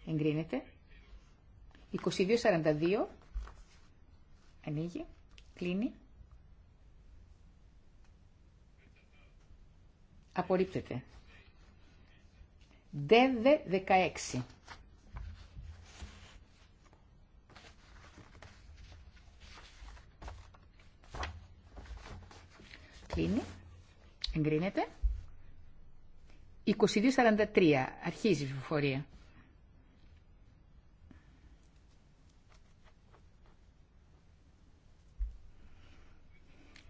εγκρίνεται. 22.42 ανοίγει, κλείνει. Απορρίπτεται. ΔΕΒΕ 16. Κλείνει. Εγκρίνεται. 22.43. Αρχίζει η ψηφοφορία.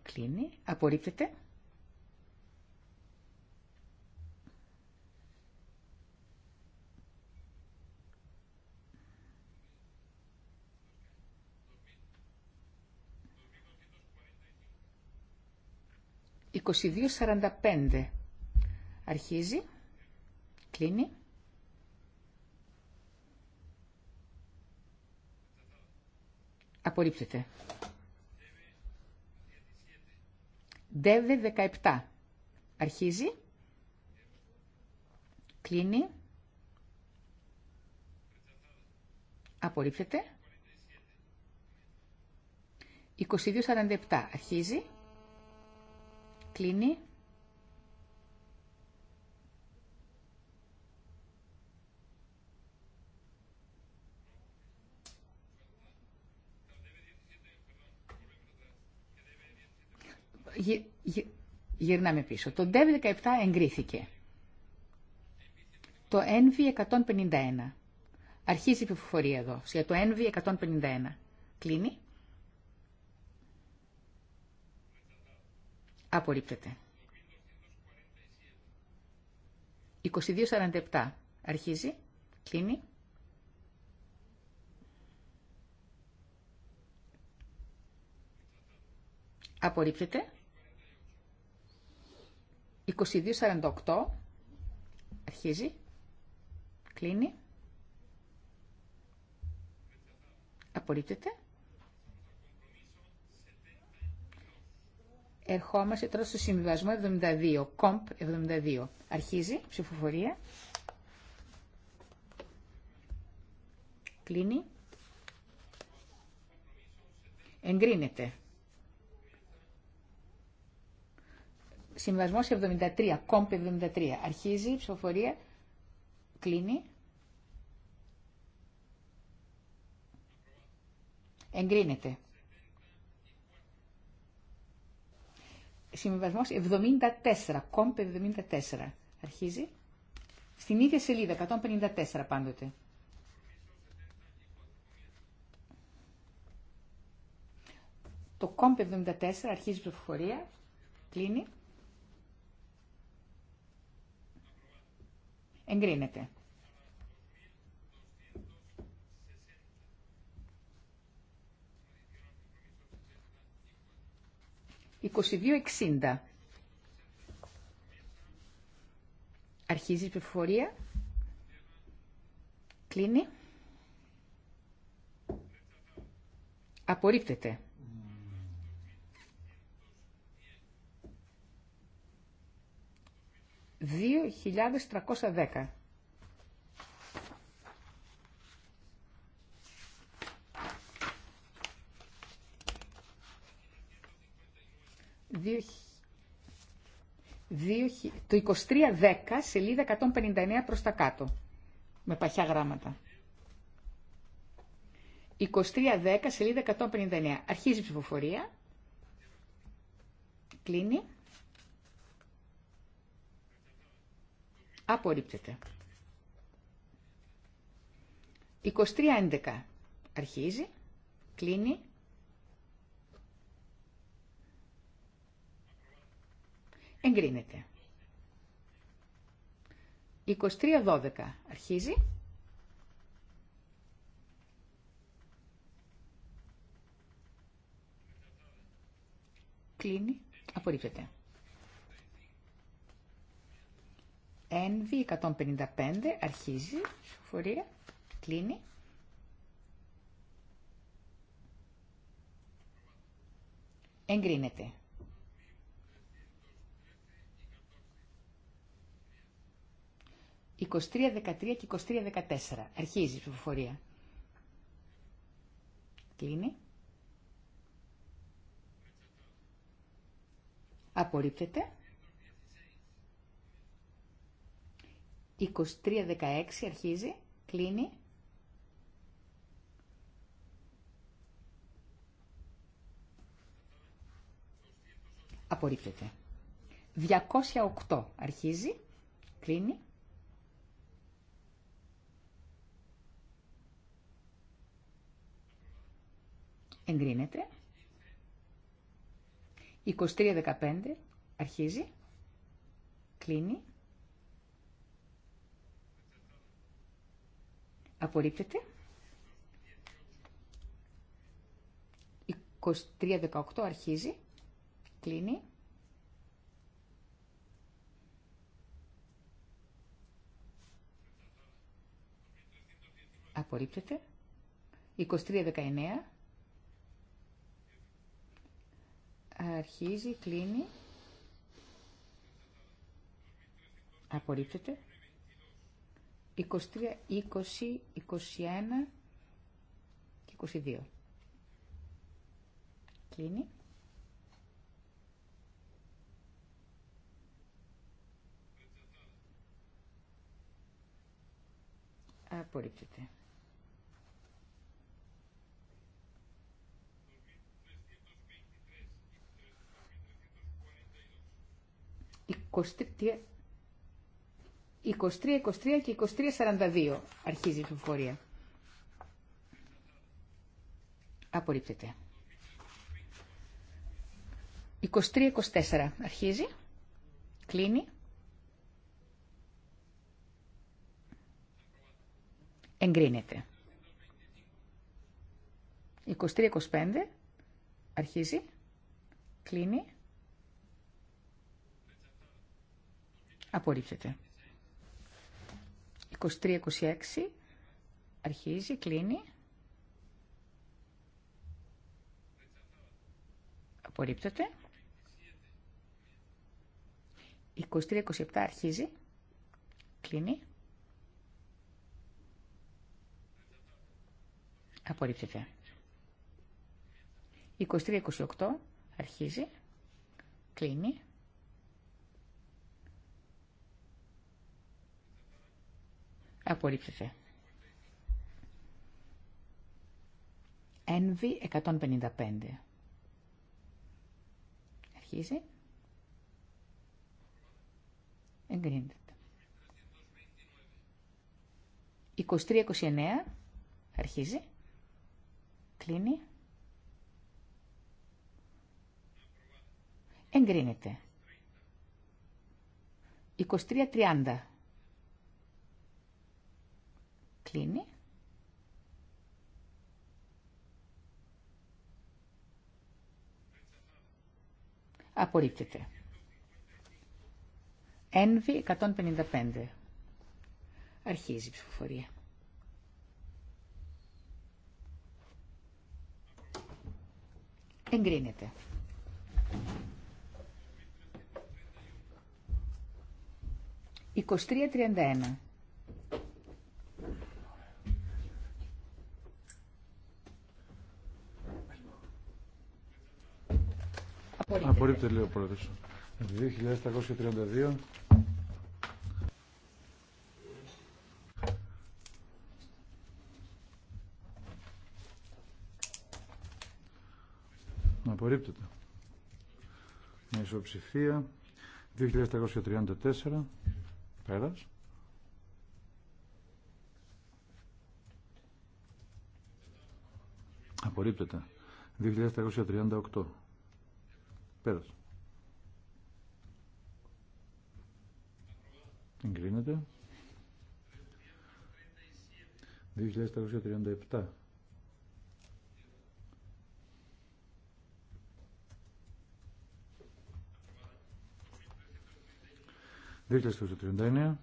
Κλείνει. Απορρίπτεται. 22.45. Αρχίζει. Κλείνει. Απορρίπτεται. Δεύε 17. Αρχίζει. Κλείνει. Απορρίπτεται. 22.47. Αρχίζει. Κλείνει. Γυ, γυρνάμε πίσω. Το DEV 17 εγκρίθηκε. Το Ένβι 151. Αρχίζει η ψηφοφορία εδώ. Για το Ένβι 151. Κλείνει. Απορρίπτεται. 22.47. Αρχίζει. Κλείνει. Απορρίπτεται. 22.48. Αρχίζει. Κλείνει. Απορρίπτεται. Ερχόμαστε τώρα στο συμβιβασμό 72, κομπ 72. Αρχίζει ψηφοφορία. Κλείνει. Εγκρίνεται. Συμβασμός 73, κομπ 73. Αρχίζει η ψηφοφορία. Κλείνει. Εγκρίνεται. συμβιβασμό 74, κόμπε 74. Αρχίζει. Στην ίδια σελίδα, 154 πάντοτε. Το κόμπε 74 αρχίζει η ψηφοφορία, κλείνει. Εγκρίνεται. 2260. Αρχίζει η πληροφορία. Κλείνει. Απορρίπτεται. 2.310. το 2310 σελίδα 159 προς τα κάτω με παχιά γράμματα 2310 σελίδα 159 αρχίζει η ψηφοφορία κλείνει απορρίπτεται 2311 αρχίζει κλείνει εγκρίνεται. 23.12 αρχίζει. Κλείνει. Απορρίπτεται. Ένβη 155 αρχίζει. φορια Κλείνει. Εγκρίνεται. 23-13 και 23-14. Αρχίζει η ψηφοφορία. Κλείνει. Απορρίπτεται. 23-16 αρχίζει. Κλείνει. Απορρίπτεται. 208 αρχίζει. Κλείνει. εγκρίνεται. 23.15 αρχίζει, κλείνει, απορρίπτεται. 23.18 αρχίζει, κλείνει. Απορρίπτεται. 23.19 Αρχίζει, κλείνει. Απορρίπτεται. 23, 20, 21 και 22. Κλείνει. Απορρίπτεται. 23, 23 και 23-42 αρχίζει η ψηφοφορία. Απορρίπτεται. 23-24 αρχίζει. Κλείνει. Εγκρίνεται. 23-25 αρχίζει. Κλείνει. Απορρίπτεται. 23-26 αρχίζει, κλείνει. Απορρίπτεται. 23-27 αρχίζει, κλείνει. Απορρίπτεται. 23-28 αρχίζει, κλείνει. Απορρίπτεται. Envy 155. Αρχίζει. Εγκρίνεται. 23-29. Αρχίζει. Κλείνει. Εγκρίνεται. 23-30. Κλείνει. Απορρίπτεται. Ένβη 155. Αρχίζει η ψηφοφορία. Εγκρίνεται. Εγκρίνεται. 2331. Απορρίπτεται λέει ο πρόεδρος. 2.732. Απορρίπτεται. Με ισοψηφία. 2734, Πέρας. Απορρίπτεται. 2.338. Πέρασε. Εγκρίνεται. 2.337. Δίκαια στο 39.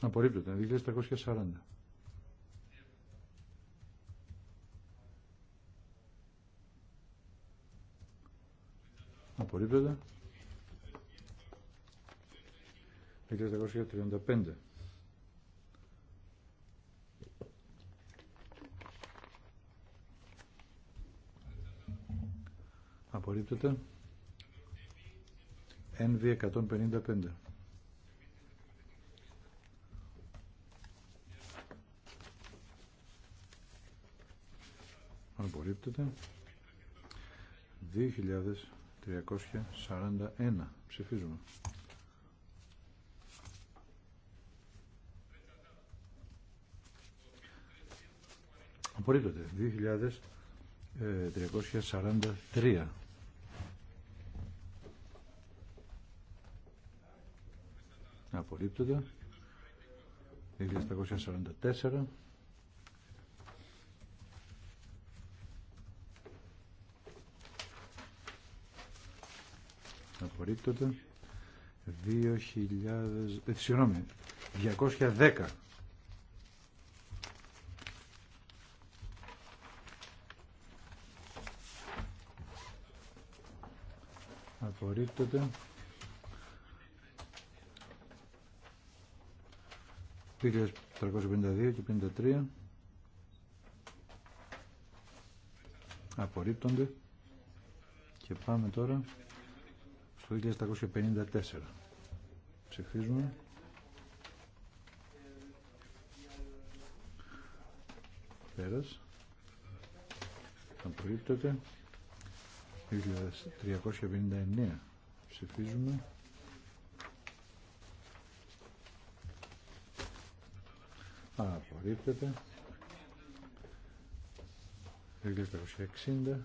Απορρίπτεται. 2.340. Απορρίπτεται. 1.435. Απορρίπτεται. NV 155. Απορρίπτεται. 2000. 341. Ψηφίζουμε. Απορρίπτεται. 2343. Απορρίπτεται. 1744. απορρίπτονται. 2.000... Ε, συγγνώμη, 210. Απορρίπτονται... Πύλες 352 και 53. Απορρίπτονται. Και πάμε τώρα το 1754. Ψηφίζουμε. Πέρας. Απορρίπτεται. 1359. Ψηφίζουμε. Απορρίπτεται. 1760.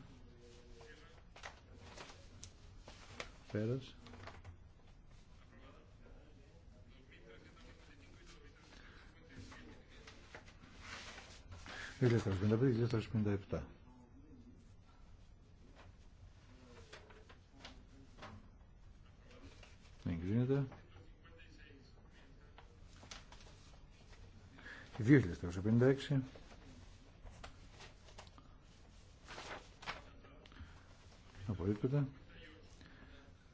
Πέρας. Εγκρίνεται. 2.356 απορρίπτεται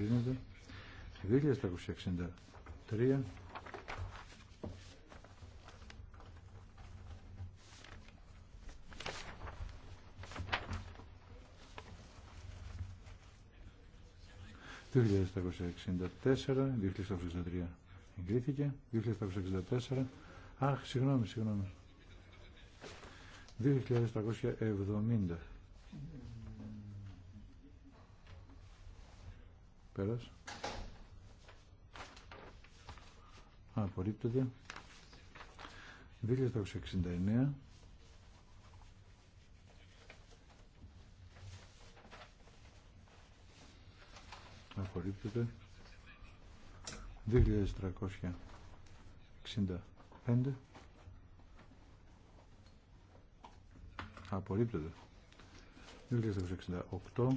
εγκρίνεται 2363 2.764, 2.763 εγκρίθηκε, 2.764, αχ, συγγνώμη, συγγνώμη, 2.370 Πέρας. Α, απορρίπτεται. 2369. Απορρίπτεται. 2365. Απορρίπτεται. 2368.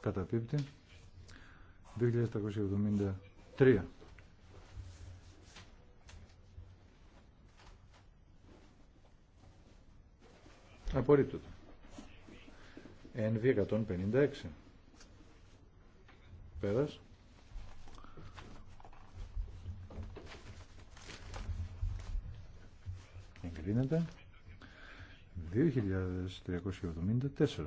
καταπίπτει 2773 απορρίπτωτο NV 156 πέρας εγκρίνεται 2374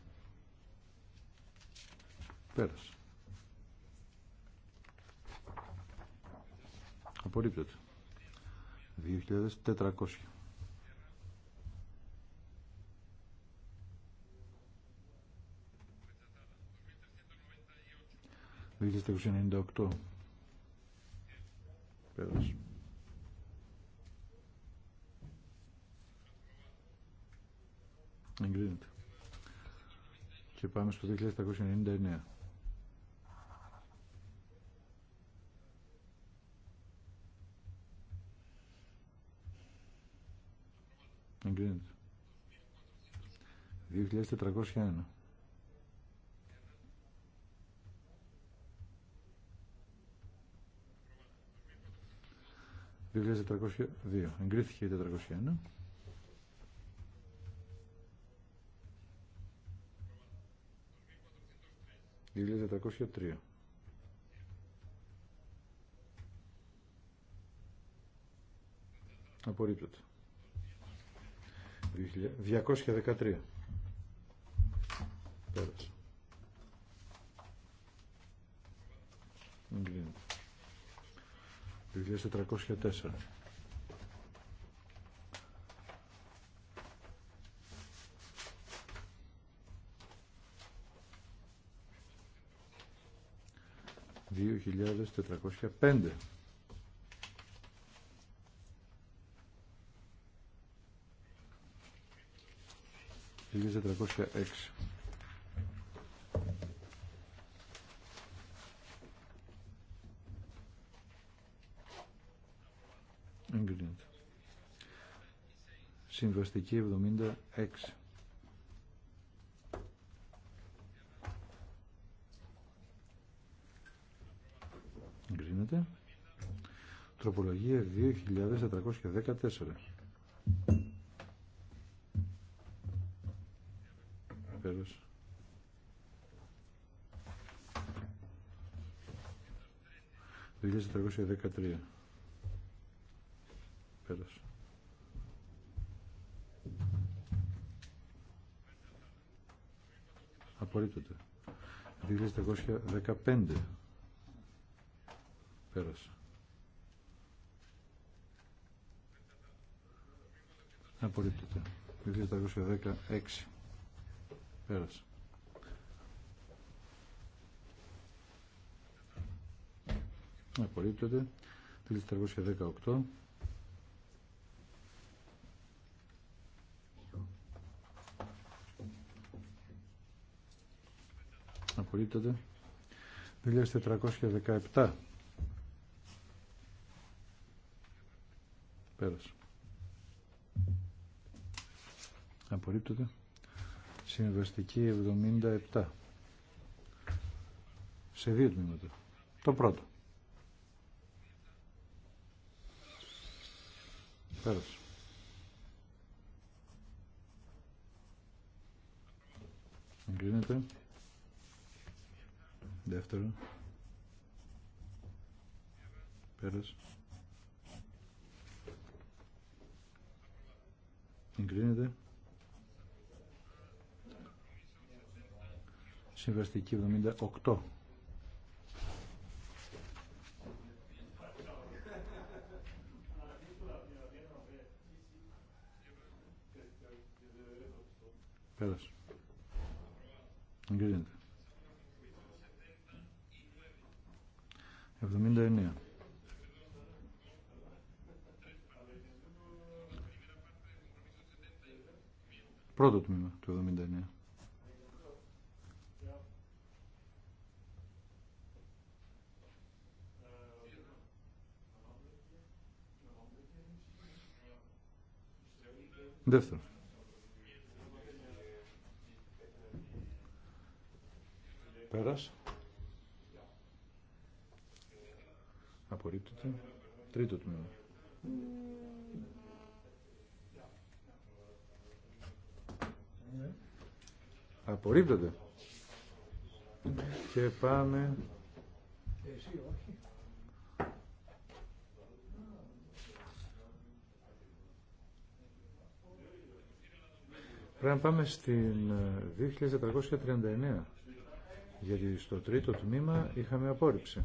Πέρασε. Απορρίπτεται. 2.400. Το οκτώ. πέρασε. Εγκρίνεται. Και πάμε στο 2799. εγκρίνεται. 2401. Βιβλία 402. Εγκρίθηκε η 401. Βιβλία 403. Απορρίπτεται. 213. Πέρασε. Εγκρίνεται. 2404. Δύο 1406 Εγκρίνεται. Συμβαστική 76. Εγκρίνεται. Τροπολογία 2414. 313. Πέρασε. Απορρίπτεται. 2315. Πέρασε. Απορρίπτεται. 2316. Πέρασε. απορρίπτεται 1418. απορρίπτεται 1417 πέρασε απορρίπτεται συμβαστική 77 σε δύο τμήματα το πρώτο Πέρασε. Εγκρίνεται. Δεύτερο. Πέρασε. Εγκρίνεται. Συμβαστική 78. Πέρασε. Εγκρίνεται. 79. Πρώτο τμήμα του 79. Δεύτερο. Πέρας. Απορρίπτεται. Τρίτο τμήμα. Απορρίπτεται. Και πάμε... Εσύ όχι. Πρέπει να πάμε στην 2439. Ε, γιατί στο τρίτο τμήμα είχαμε απόρριψη.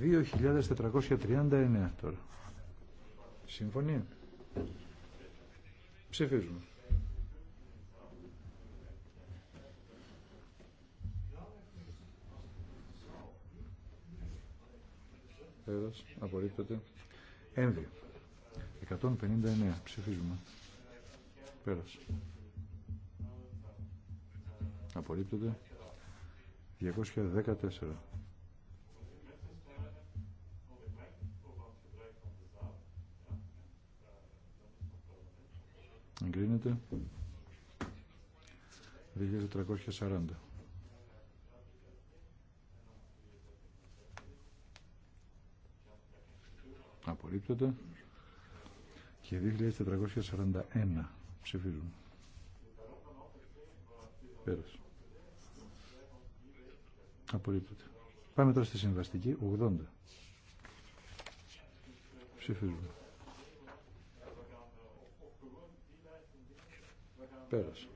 2.439 τώρα. Συμφωνεί. Ψηφίζουμε. Πέρας, απορρίπτεται. Έμβη. 159. Ψηφίζουμε. Πέρας. Απορρίπτεται. 214. Εγκρίνεται. 2.440. Απορρίπτεται. Και 2.441 ψηφίζουν. Πέρασε. Απορρίπτεται. Πάμε τώρα στη συμβαστική 80. Ψηφίζουμε. Πέρασε.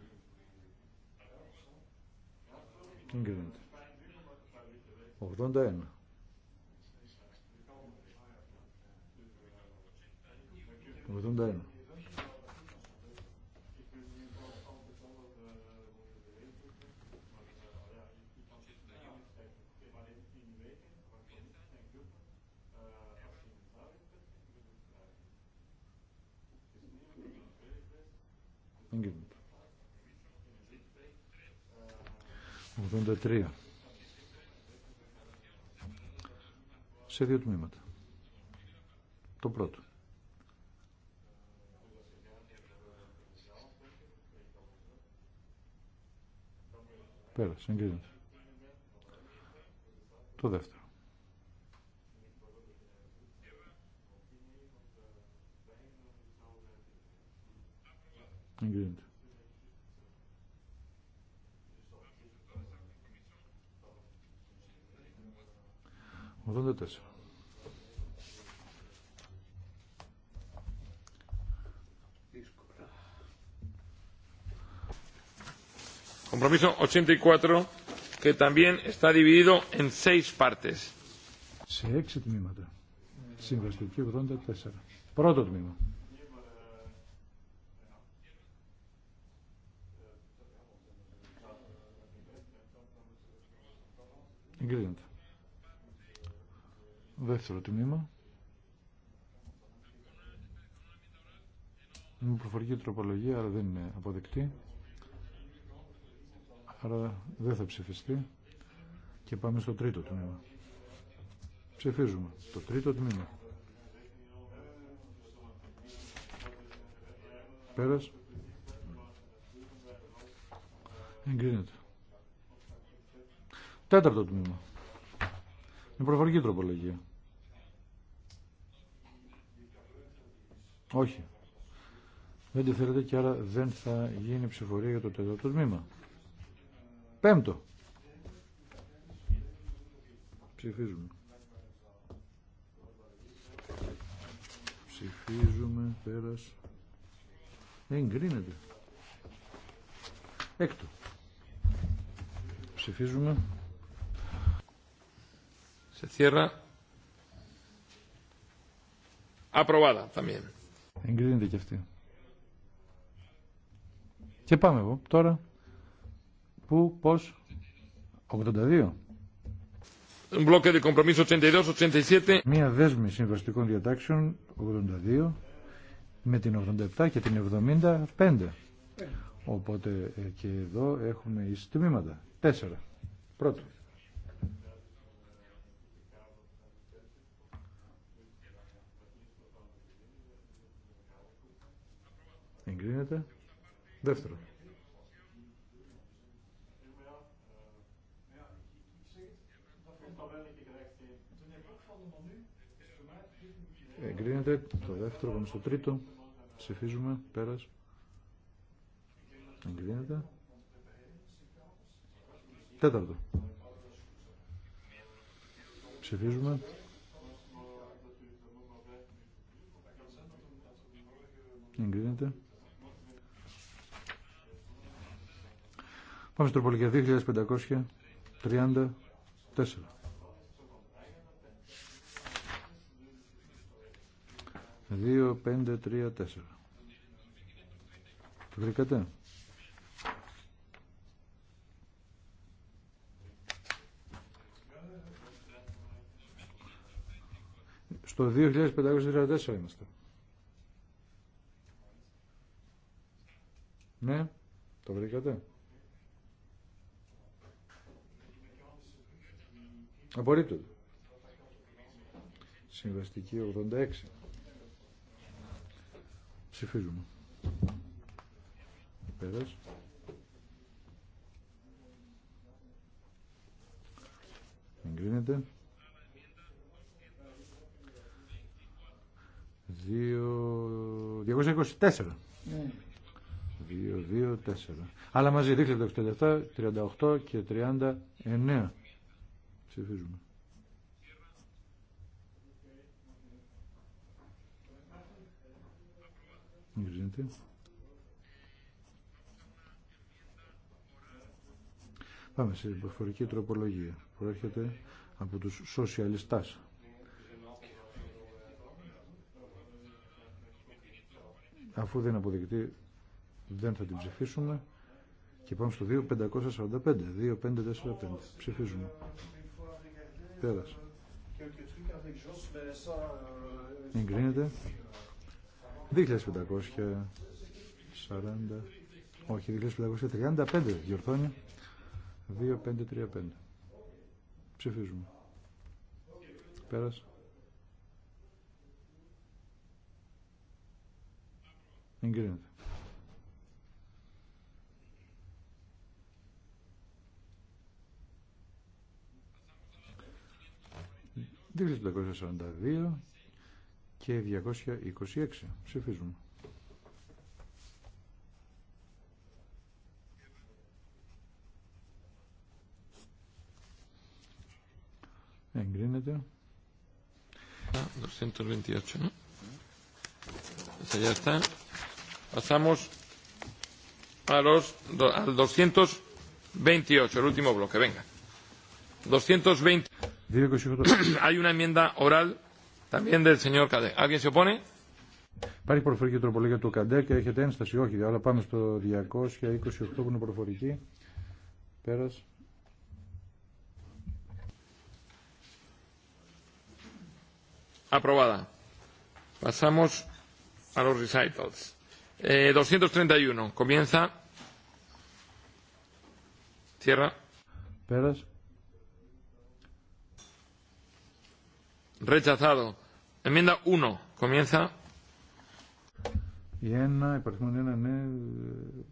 Εγκρίνεται. 81. Οδόντα εγκρίνεται. 83. Σε δύο τμήματα. Το πρώτο. Πέρασε, εγκρίνεται. Το δεύτερο. Εγκρίνεται. τέσσερα. 84 que también está dividido Σε έξι τμήματα. Συμβαστική 84. Πρώτο τμήμα. Εγκρίνεται. Δεύτερο τμήμα. Είναι προφορική τροπολογία, αλλά δεν είναι αποδεκτή. Άρα δεν θα ψηφιστεί. Και πάμε στο τρίτο τμήμα. Ψηφίζουμε το τρίτο τμήμα. Πέρας. Εγκρίνεται. Τέταρτο τμήμα. Με προφορική τροπολογία. Όχι. Δεν τη θέλετε και άρα δεν θα γίνει ψηφορία για το τέταρτο τμήμα. Πέμπτο. Ψηφίζουμε. Ψηφίζουμε, πέρας. Εγκρίνεται. Έκτο. Ψηφίζουμε. Se cierra. Aprobada también. Εγκρίνεται και αυτή. Και πάμε εγώ τώρα. Πού, πω 82. Μία δέσμη συμβαστικών διατάξεων 82 με την 87 και την 75. Οπότε ε, και εδώ έχουμε ει τμήματα. Τέσσερα. Πρώτο. Εγκρίνεται. Δεύτερο. Εγκρίνεται το δεύτερο, πάμε στο τρίτο. Ψηφίζουμε, πέρας. Εγκρίνεται. Τέταρτο. Ψηφίζουμε. Εγκρίνεται. Πάμε στο τροπολογία 2534. Δύο, πέντε, τρία, τέσσερα. Το βρήκατε. Στο 2534 είμαστε. Ναι, το βρήκατε. Απορρίπτω. Συμβαστική 86. Ψηφίζουμε. Πέρας. Εγκρίνεται. 2... 224. Ναι. 2, 2, 4. Αλλά μαζί δείχνετε 67, 38 και 39. Ψηφίζουμε. Πάμε σε προφορική τροπολογία που έρχεται από τους σοσιαλιστάς. Αφού δεν αποδεικτεί δεν θα την ψηφίσουμε και πάμε στο 2545. 2545. Ψηφίζουμε. Πέρας. Εγκρίνεται. 2540. Όχι, 2535 διορθώνει. 2535. Ψηφίζουμε. Πέρασε. Εγκρίνεται. 2.542 και 226. Ψηφίζουμε. Εγκρίνεται. 228. Ya está. Pasamos a los, al 228, el último bloque. Venga. 228. Hay una enmienda oral también del señor Cadet. ¿Alguien se opone? Υπάρχει προφορική τροπολογία του ΚΑΝΤΕ και έχετε ένσταση. Όχι, αλλά πάμε στο 228 που είναι προφορική. Πέρας. Απροβάδα. Πασάμος a los recitals. Eh, 231. Comienza. Cierra. Πέρας. Rechazado. Enmienda 1. Comienza. Η 1, υπαριθμόν 1, ναι,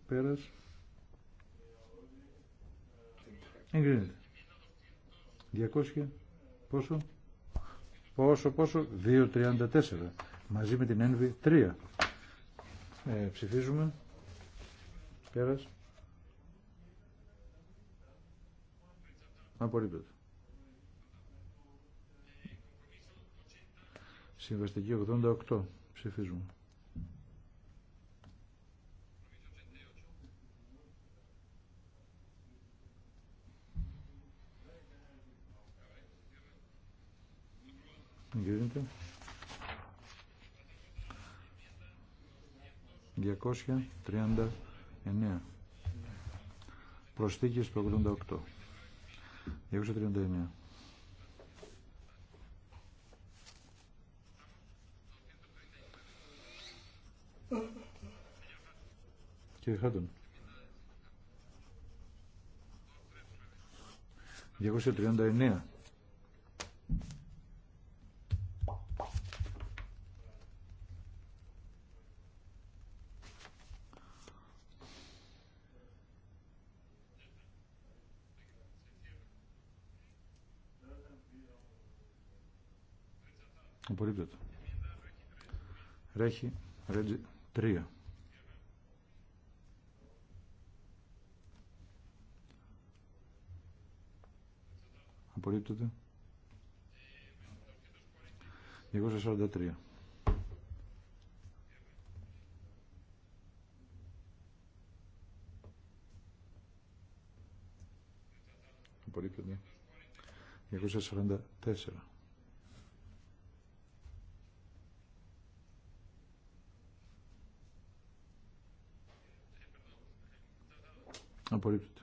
πέρας. Εγκρίνεται. 200, πόσο, πόσο, πόσο, 2.34, μαζί με την ένβη 3. Ε, ψηφίζουμε, πέρας. Απορρίπτεται. Συμβαστική 88. Ψηφίζουμε. Γίνεται. 239. Προσθήκη στο 88. 239. Κύριε Χάντον. 239. Απορρίπτωτο. Ρέχει, ρέτζι, τρία. απορρίπτεται. 243. Απορρίπτεται. 244. Απορρίπτεται.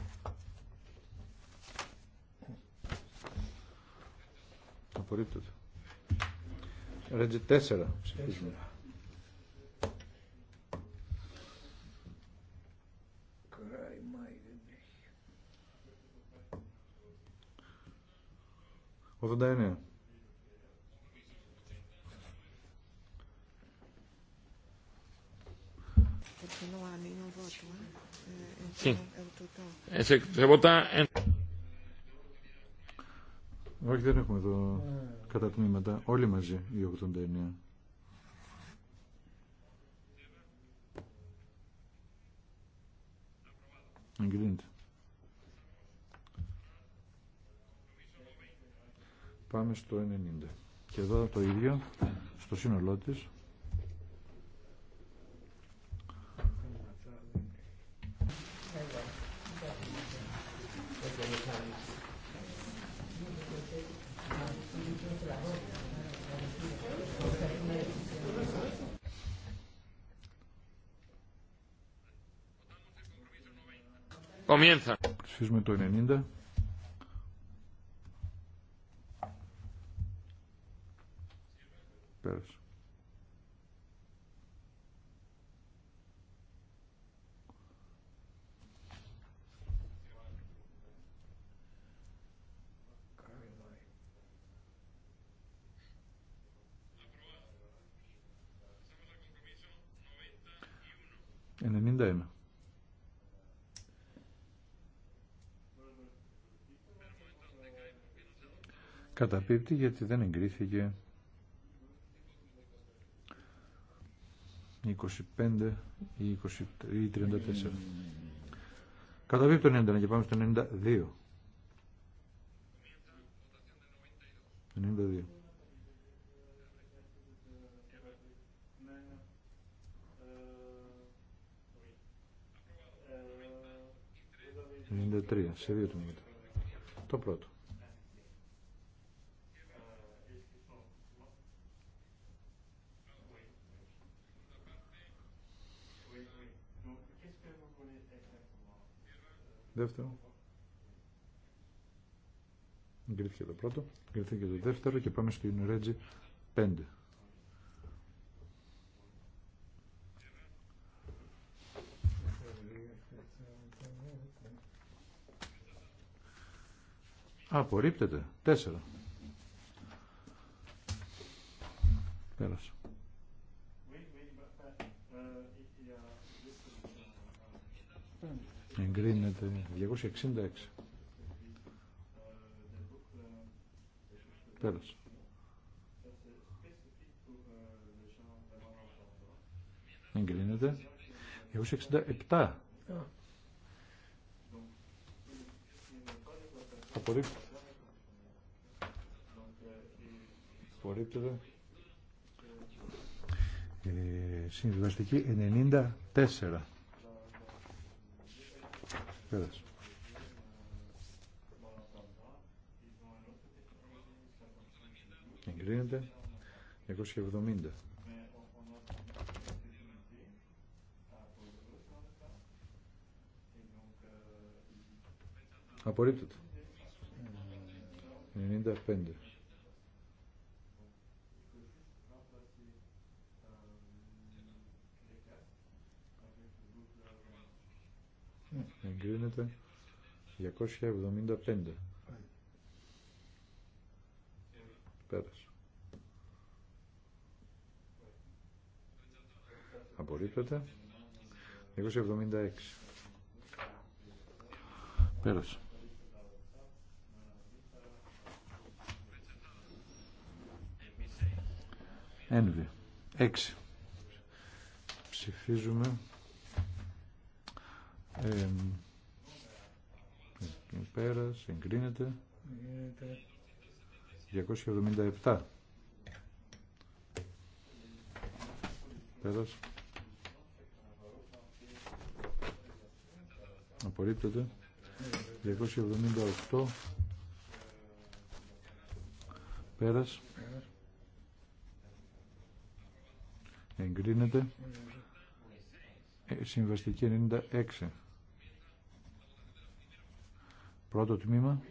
απορρίπτωτο. Ρέτζε τέσσερα. ψηφίζουμε. Οδόντα εννέα. ¿eh? Eh, όχι, δεν έχουμε εδώ κατά τμήματα. Όλοι μαζί οι 89. Εγκρίνεται. Πάμε στο 90. Και εδώ το ίδιο, στο σύνολό της. Comienza. Ψηφίζουμε το 90. Πέρασε. καταπίπτει γιατί δεν εγκρίθηκε 25 ή 34. Καταπίπτει το 91 και πάμε στο 92. 92. σε δύο τμήματα. Το πρώτο. δεύτερο. Εγκρίθηκε το πρώτο, εγκρίθηκε το δεύτερο και πάμε στο Ρέτζι 5. Απορρίπτεται. Τέσσερα. Πέρασε. Εγκρίνεται 266. Πέρασε. Εγκρίνεται 267. Απορρίπτεται. Απορρίπτεται. Ε, συμβιβαστική 94. Πέρας. Εγκρίνεται. 270. Απορρίπτεται. 95. εγκρίνεται 275 πέρασε απορρίπτεται 276 πέρασε Ένβη. 6. Ψηφίζουμε ε, πέρας, εγκρίνεται. 277. Πέρας. Απορρίπτεται. 278. Πέρας. Εγκρίνεται. Ε, συμβαστική 96. Πρώτο τμήμα.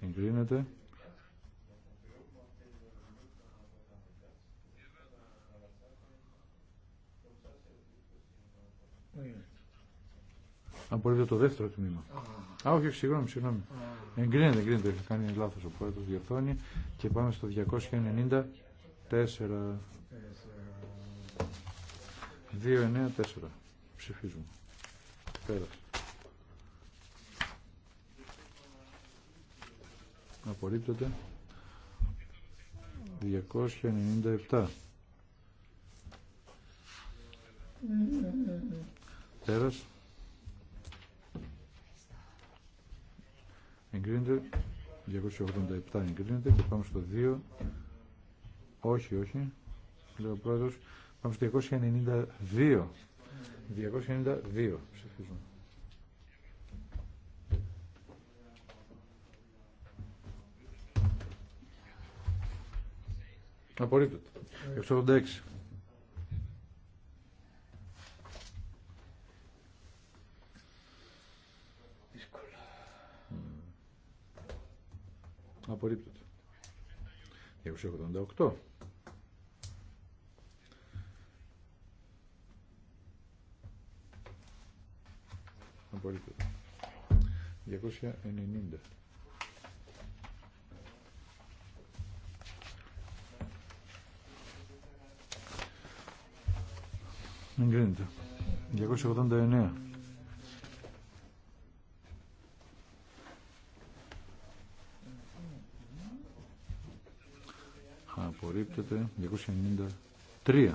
Εγκρίνεται. Αν μπορείτε το δεύτερο τμήμα. Α, όχι, συγγνώμη, συγγνώμη. Εγκρίνεται, εγκρίνεται. Έχει κάνει λάθο ο πρόεδρο, διορθώνει. Και πάμε στο 294. 2-9-4. Ψηφίζουμε. Πέρασε. Απορρίπτεται. 297. Πέρασε. Εγκρίνεται. 287 εγκρίνεται και πάμε στο 2. Όχι, όχι. Λέω πρόεδρος. Πάμε στο 292. 292 ψηφίζουμε. Απορρίπτεται. 686. Δύσκολα. Απορρίπτεται. 288. Απορρίπτεται. 290. Εγκρίνεται. 289. Απορρίπτεται. 293.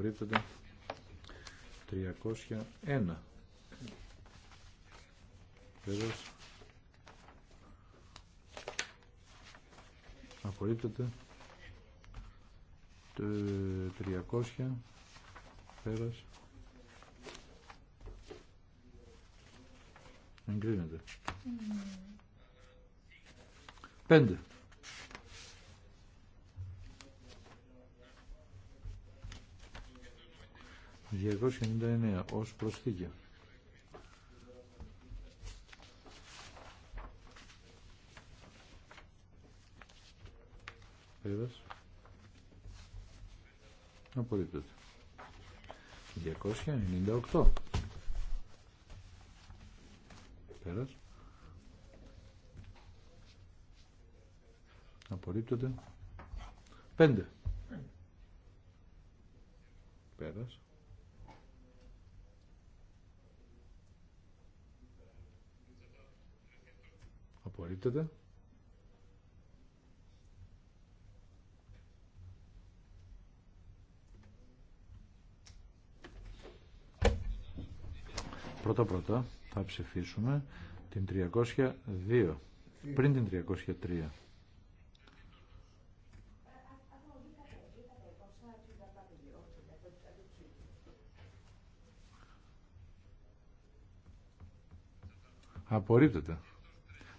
απορρίπτεται 301 πέρας απορρίπτεται 300 πέρας εγκρίνεται 5 mm. 299 ως προσθήκη. Πέρας. Απορρίπτεται. 298. Πέρας. Απορρίπτεται. 5. Πέρας. απορριπτεται πρωτα πρώτα θα ψηφίσουμε την 302 πριν την 303. Απορρίπτεται.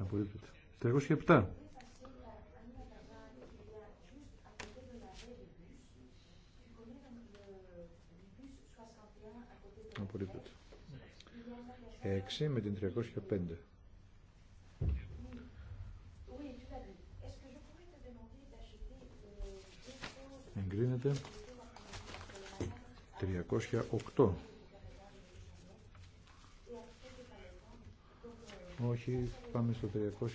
Απορρίπτεται. 307. Απορρίπτεται. 6 με την 305. Εγκρίνεται 308. Όχι, πάμε στο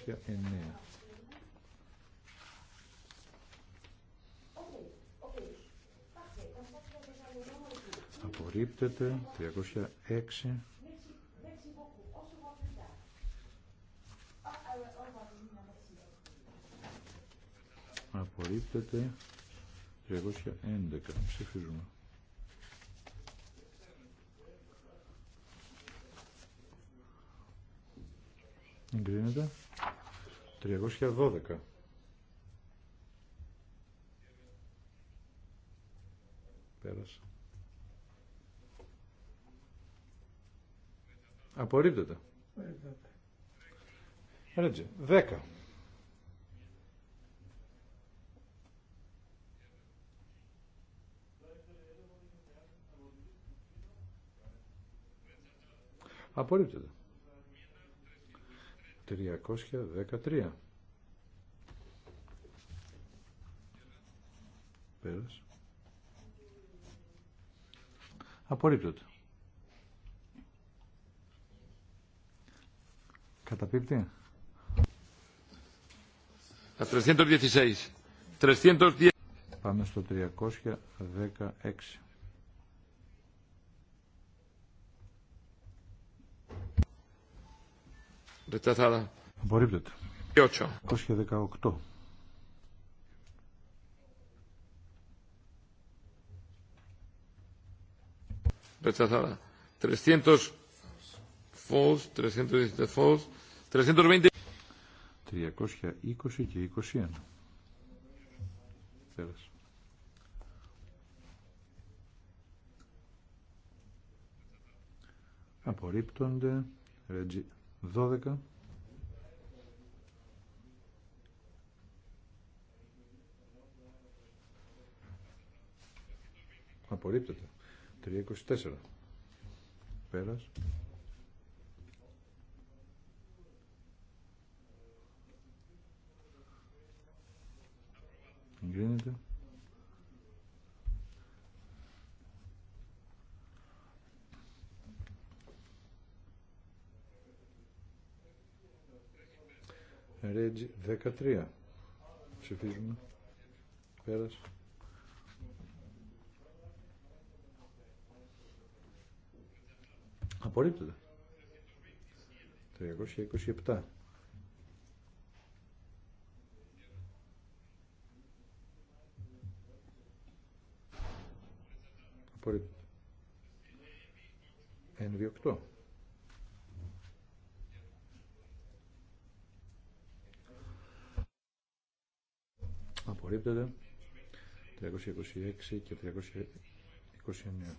309. Απορρίπτεται, 306. Απορρίπτεται, 311. Ψηφίζουμε. Εγκρίνεται. 312. Πέρασε. Απορρίπτεται. Ρέτζε. 10. Απορρίπτεται. 313. Πέρας. Απορρίπτωται. Καταπίπτει. Τα 316. 310. Πάμε στο 316. Απορρίπτεται. 218. Rechazada. 300 φως, 317 φως, 320. 320 και 21. Τέλος. Απορρίπτονται. Ρέτζι 12 απορρίπτεται 324 πέρας Γίνεται Ρέτζι 13. Ψηφίζουμε. Πέρασε. Απορρίπτεται. 327. Απορρίπτεται. NV8. Απορρίπτεται. 326 και 329.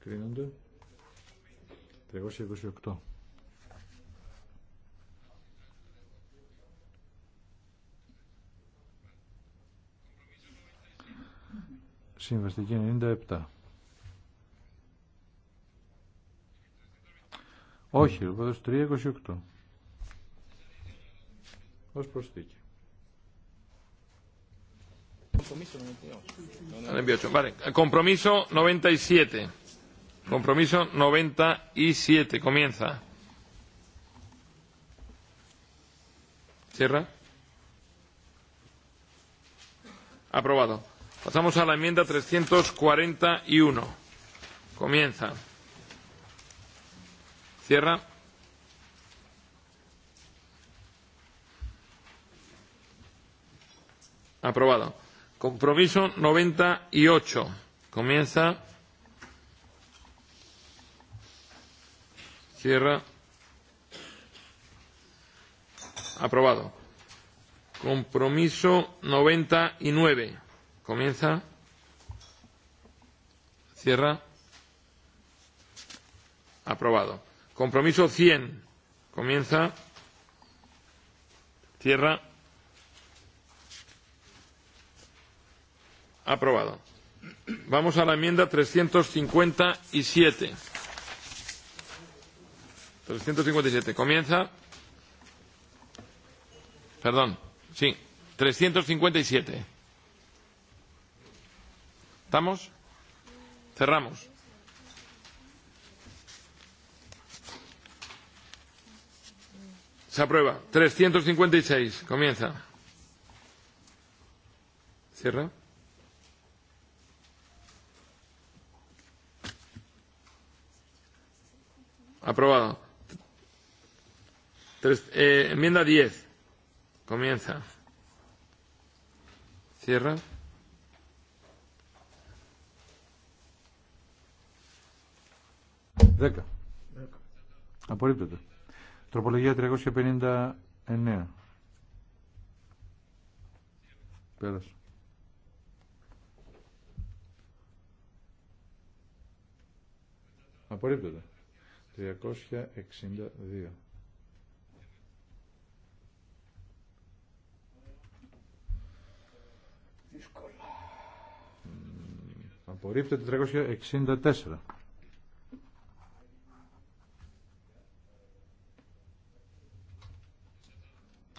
Κρίνονται. 328. Συμβαστική 97. Όχι, ο Πρόεδρος 328. Ως προσθήκη. Compromiso 97. Compromiso 97. Comienza. Cierra. Aprobado. Pasamos a la enmienda 341. Comienza. Cierra. Aprobado. Compromiso 98. Comienza. Cierra. Aprobado. Compromiso 99. Comienza. Cierra. Aprobado. Compromiso 100. Comienza. Cierra. Aprobado. Vamos a la enmienda 357. 357. Comienza. Perdón. Sí. 357. ¿Estamos? Cerramos. Se aprueba. 356. Comienza. Cierra. Aprobado. Tres, eh, enmienda 10. Comienza. Cierra. Δέκα. Απορρίπτεται. Τροπολογία 359. Πέρασε. Απορρίπτεται. 362. Δύσκολα. Απορρίπτεται 364.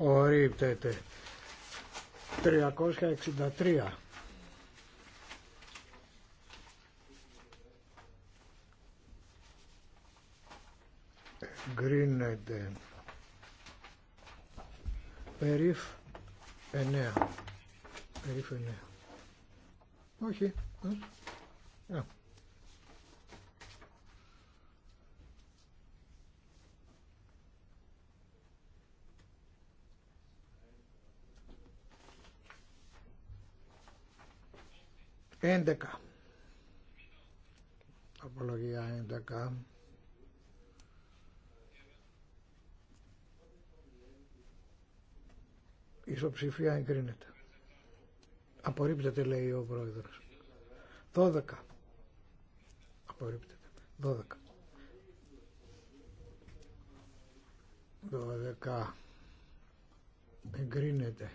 Ορίπτεται. 363. Γκρίνεται. Περίφ 9. Περίφ 9. Όχι. Α. Ε, ε, 11. Απολογία 11. Η ισοψηφία εγκρίνεται. Απορρίπτεται λέει ο πρόεδρος. 12. Απορρίπτεται. 12. 12. Εγκρίνεται.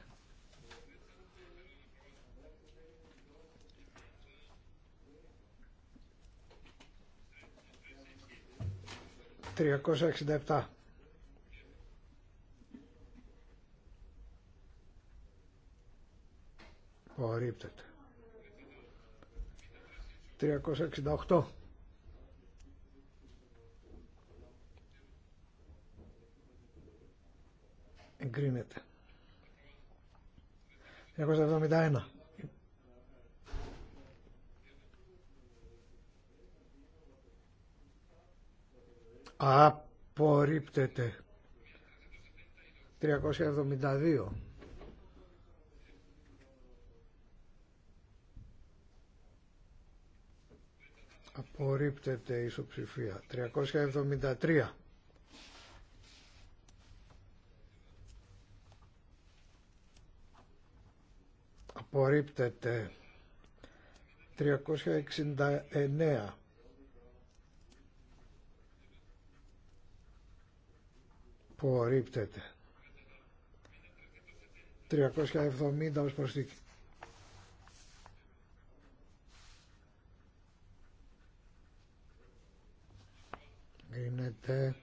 367. Απορρίπτεται. 368. Εγκρίνεται. 371. Απορρίπτεται. 372. Απορρίπτεται η ισοψηφία. 373. Απορρίπτεται. 369. που ορίπτεται. 370 ως προσθήκη. Γίνεται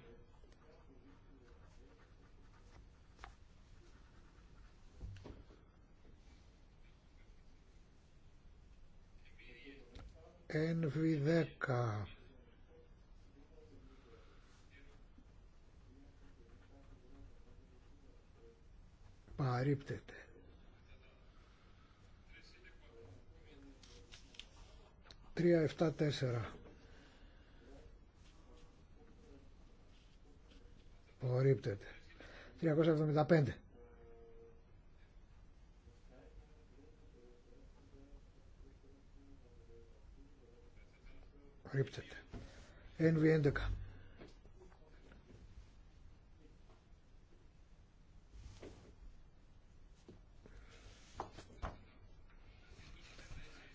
10 Τρία, εφτά, τέσσερα. Απορρίπτεται. 375. Απορρίπτεται. NV11.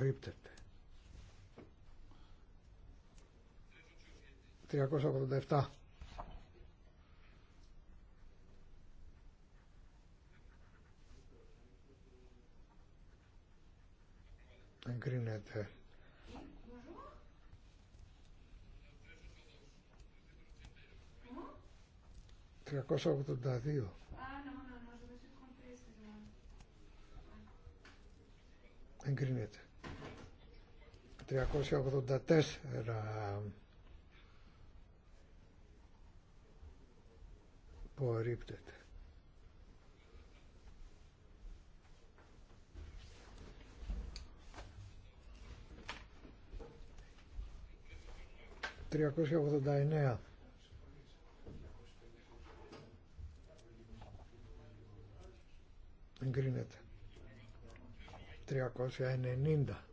απορρίπτεται. 387 εγκρίνεται 382 εγκρίνεται 384 που ορίπτεται. Τριακόσια ογδόντα εννέα. Εγκρίνεται. Τριακόσια ενενήντα.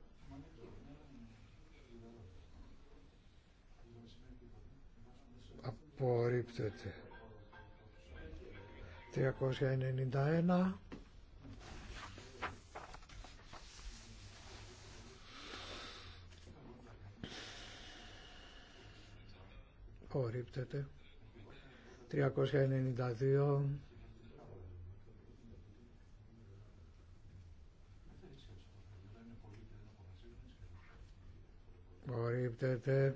απορρίπτεται 391 απορρίπτεται 392 απορρίπτεται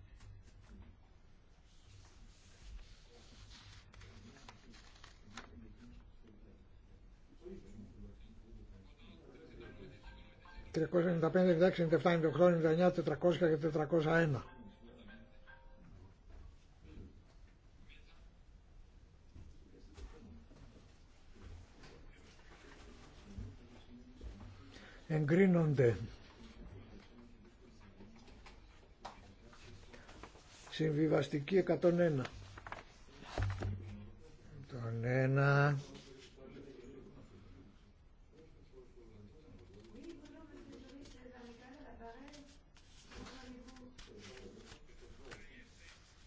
395, 96, 97, 98, 99, 400 και 401. εγκρίνονται συμβιβαστική 101 101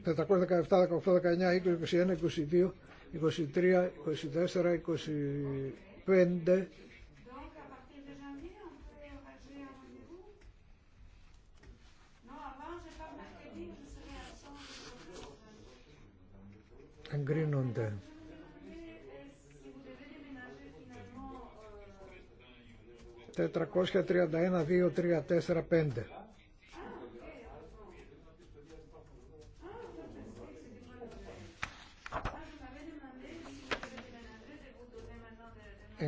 417, 18, 19, 20, 21, 22, 23, 24, 25, εγκρίνονται. 431, 2, 3, 4, 5.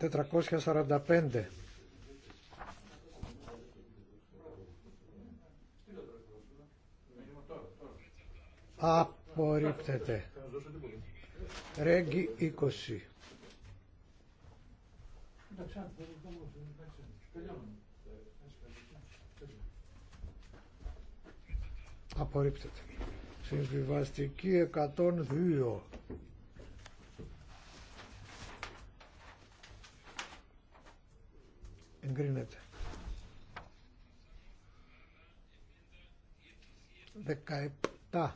445. Απορρίπτεται. Ρέγγι 20. Απορρίπτεται. Συμβιβαστική 102. Εγκρίνεται. 17.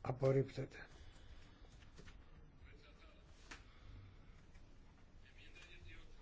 Απορρίπτεται.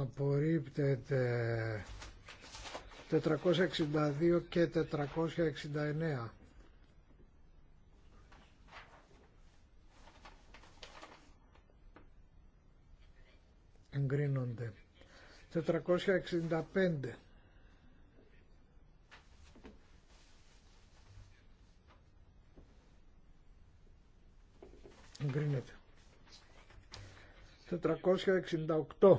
απορρίπτεται 462 και 469 εγκρίνονται 465 εγκρίνεται 468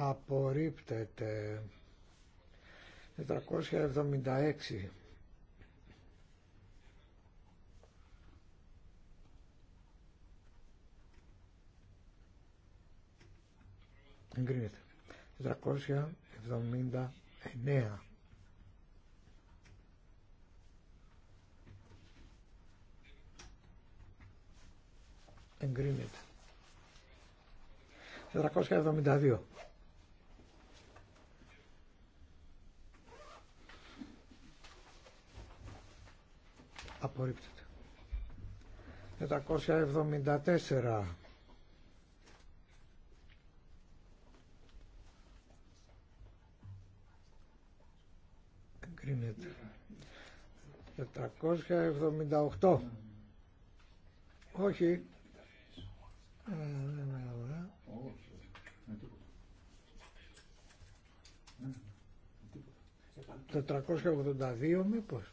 απορρίπτεται 476 εγκρίνεται 479 εγκρίνεται 472 απορρίπτεται 474 εγκρίνεται 478. όχι ε, δεν αγορά ε. όχι 482 ε, μήπως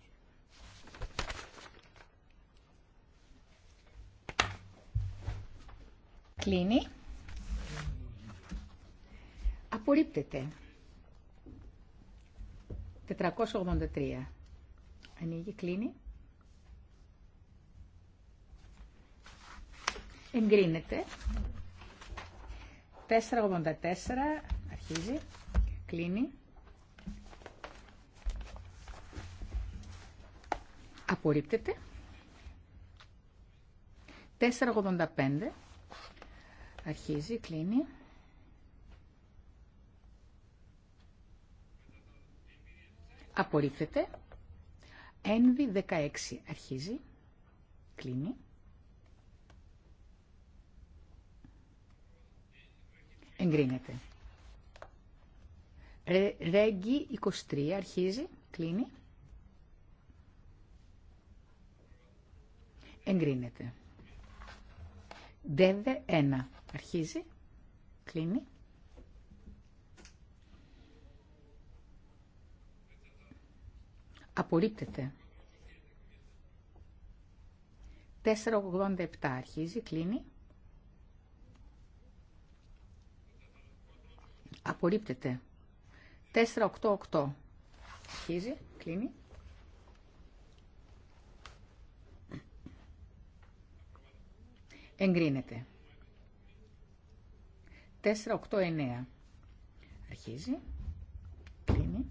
Κλείνει. Απορρίπτεται. 483. Ανοίγει, κλείνει. Εγκρίνεται. 484 αρχίζει, κλείνει. Απορρίπτεται. 485 Αρχίζει, κλείνει. Απορρίπτεται. ένδυ 16 αρχίζει. Κλείνει. Εγκρίνεται. ΡΕΓΚΙ 23 αρχίζει. Κλείνει. Εγκρίνεται. Δεύε 1. Αρχίζει. Κλείνει. Απορρίπτεται. 487 αρχίζει, κλείνει. Απορρίπτεται. 488 αρχίζει, κλείνει. Εγκρίνεται. 489. Αρχίζει. Κλείνει.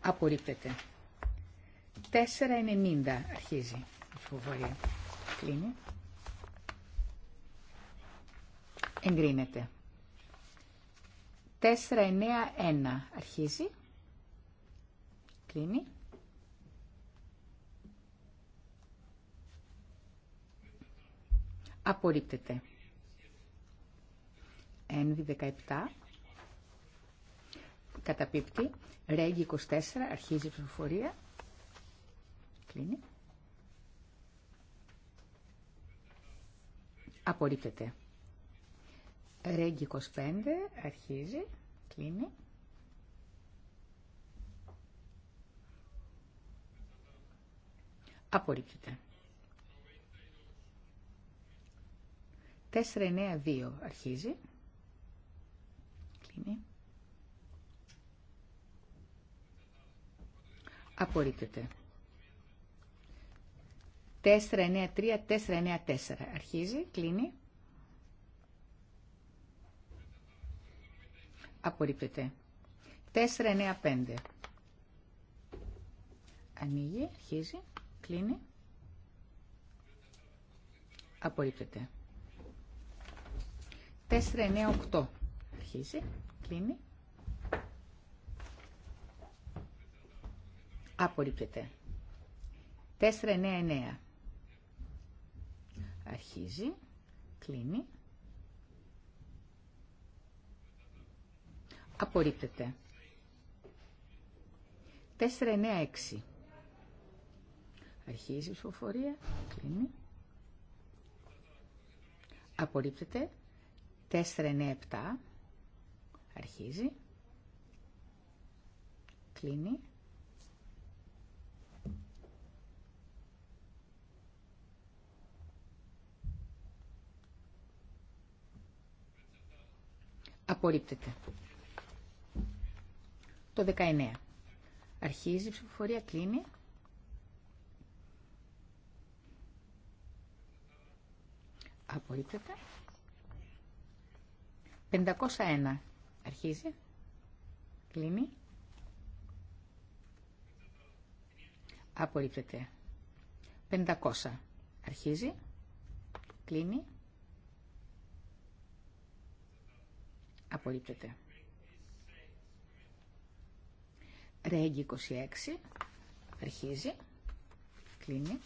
Απορρίπτεται. 490. Αρχίζει η φοβολία, Κλείνει. Εγκρίνεται. 491. Αρχίζει. Κλείνει. Απορρίπτεται. n 17. Καταπίπτει. Ρέγγι 24. Αρχίζει η ψηφοφορία. Κλείνει. Απορρίπτεται. Ρέγγι 25. Αρχίζει. Κλείνει. Απορρίπτεται. 4-9-2 αρχίζει. Κλείνει. Απορρίπτεται. 4-9-3-4-9-4 αρχίζει. Κλείνει. Απορρίπτεται. 4-9-5 ανοίγει. Αρχίζει. Κλείνει. Απορρίπτεται. 4-9-6. 498. Αρχίζει, κλείνει. Απορρίπτεται. 499. Αρχίζει, κλείνει. Απορρίπτεται. 496. Αρχίζει η ψηφοφορία, κλείνει. Απορρίπτεται. 4-9-7 αρχίζει αρχίζει, κλείνει. Απορρίπτεται. Το 19. Αρχίζει η ψηφοφορία, κλείνει. Απορρίπτεται. 501 αρχίζει, κλείνει, απορρίπτεται. 500 αρχίζει, κλείνει, απορρίπτεται. Ρέγγι 26 αρχίζει, κλείνει,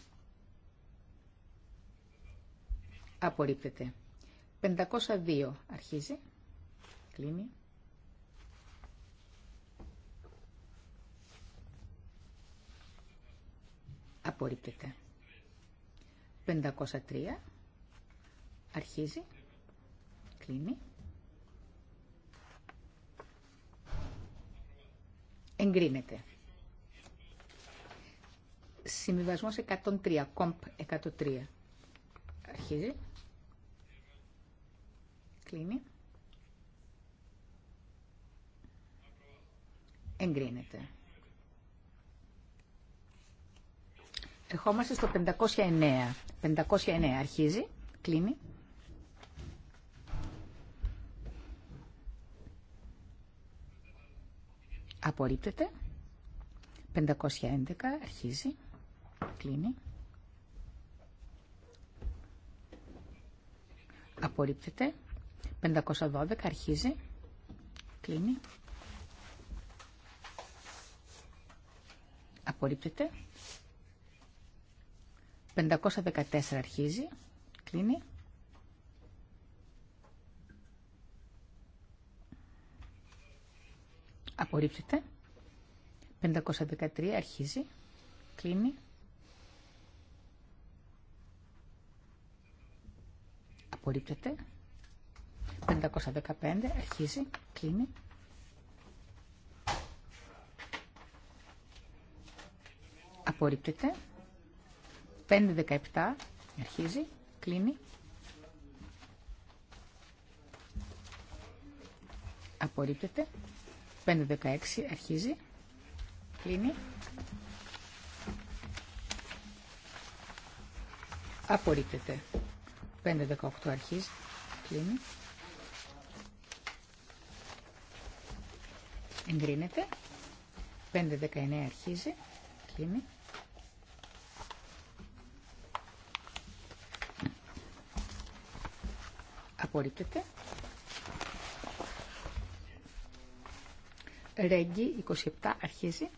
απορρίπτεται. 502 αρχίζει, Κλείνει. Απορρίπτεται. 503. Αρχίζει. Κλείνει. Εγκρίνεται. Συμβιβασμός 103. Κομπ 103. Αρχίζει. Κλείνει. εγκρίνεται. Ερχόμαστε στο 509. 509 αρχίζει, κλείνει. Απορρίπτεται. 511 αρχίζει, κλείνει. Απορρίπτεται. 512 αρχίζει, κλείνει. απορρίπτεται. 514 αρχίζει, κλείνει. Απορρίπτεται. 513 αρχίζει, κλείνει. Απορρίπτεται. 515 αρχίζει, κλείνει. απορρίπτεται. 5.17 αρχίζει, κλείνει. Απορρίπτεται. 5.16 αρχίζει, κλείνει. Απορρίπτεται. 5.18 αρχίζει, κλείνει. Εγκρίνεται. 5.19 αρχίζει, κλείνει. Απορρίπτεται. Ρέγγι 27 αρχίζει.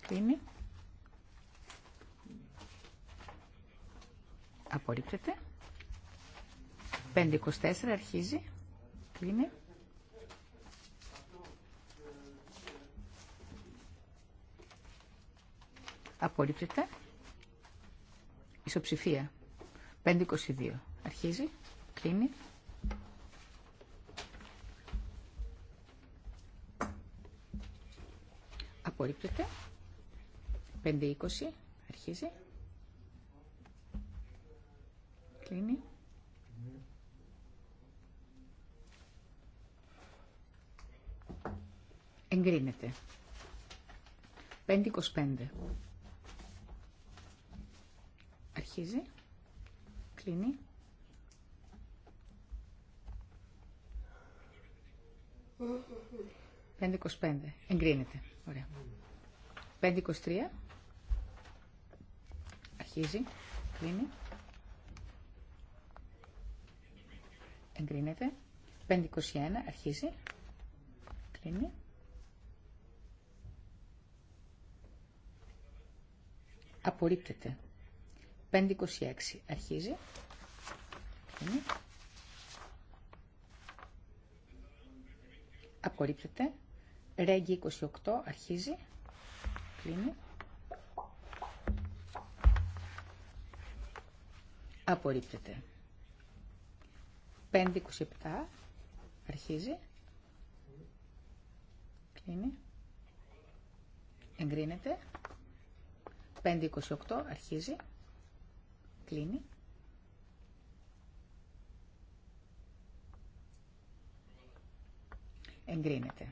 Κλείνει. Απορρίπτεται. 524 αρχίζει. Κλείνει. Απορρίπτεται. Ισοψηφία. 522 αρχίζει. Κλείνει. απορριπτεται 5.20. αρχίζει. Κλείνει. 5.25. Αρχίζει. Κλείνει. 5.25. Εγκρίνεται. Ωραία. 5.23. Αρχίζει. Κλείνει. Εγκρίνεται. 5.21. Αρχίζει. Κλείνει. Απορρίπτεται. 5.26. Αρχίζει. Κλείνει. Απορρίπτεται. Ρέγγι 28 αρχίζει. Κλείνει. Απορρίπτεται. 527 αρχίζει. Κλείνει. Εγκρίνεται. 528 αρχίζει. Κλείνει. εγκρίνεται.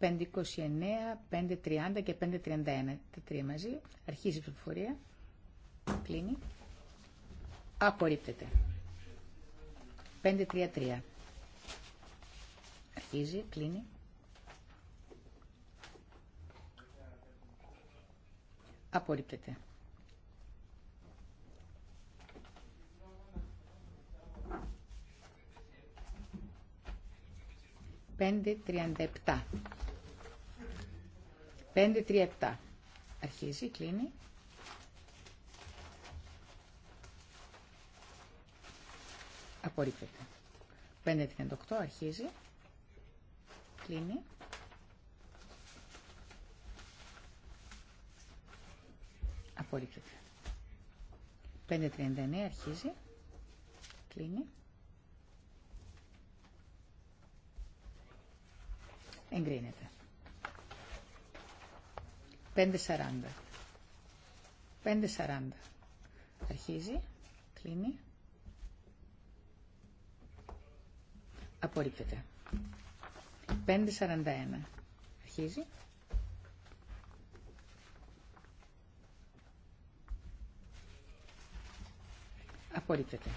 529, 530 και 531, τα τρία μαζί. Αρχίζει η ψηφοφορία. Κλείνει. Απορρίπτεται. 533. Αρχίζει, κλείνει. Απορρίπτεται. 537. 537. Αρχίζει, κλείνει. Απορρίπτεται. 538 αρχίζει. Κλείνει. Απορρίπτεται. 539 αρχίζει. Κλείνει. εγκρίνεται. 5.40. 5.40. Αρχίζει, κλείνει. Απορρίπτεται. 5.41. Αρχίζει. Απορρίπτεται.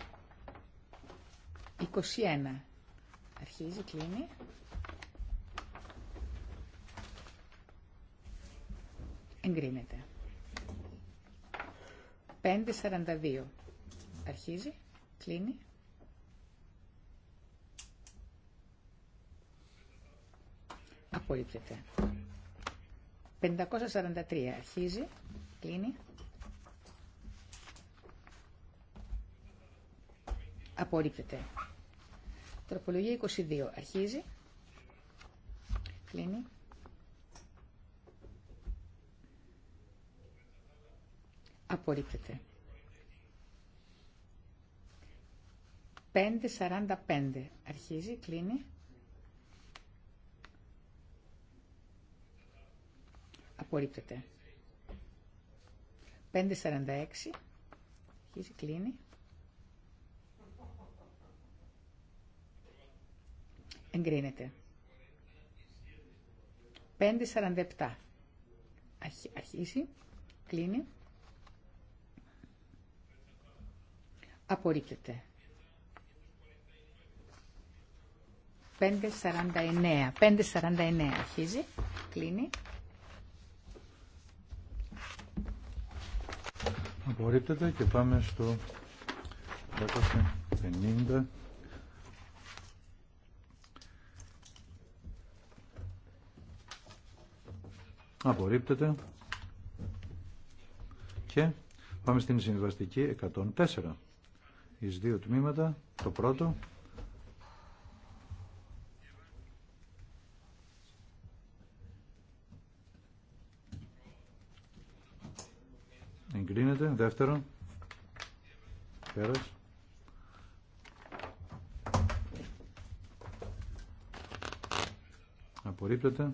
21. Αρχίζει, κλείνει. εγκρίνεται. 5.42 αρχίζει, κλείνει. Απορρίπτεται. 543 αρχίζει, κλείνει. Απορρίπτεται. Τροπολογία 22 αρχίζει, κλείνει. Απορρίπτεται. 5.45 αρχίζει, κλείνει. Απορρίπτεται. 5.46 αρχίζει, κλείνει. Εγκρίνεται. 5.47 αρχίζει, κλείνει. Απορρίπτεται. 5.49. 5.49 αρχίζει. Κλείνει. Απορρίπτεται και πάμε στο 150. Απορρίπτεται. Και πάμε στην συμβαστική 104 εις δύο τμήματα. Το πρώτο εγκρίνεται. Δεύτερο πέρας. Απορρίπτεται.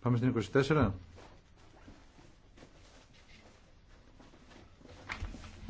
Πάμε στην 24.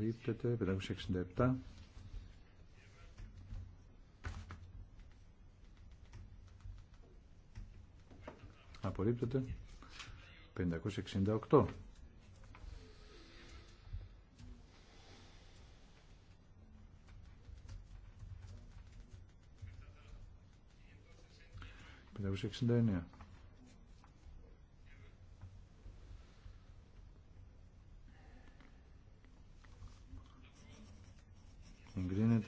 απορρίπτεται 567 απορρίπτεται 568 569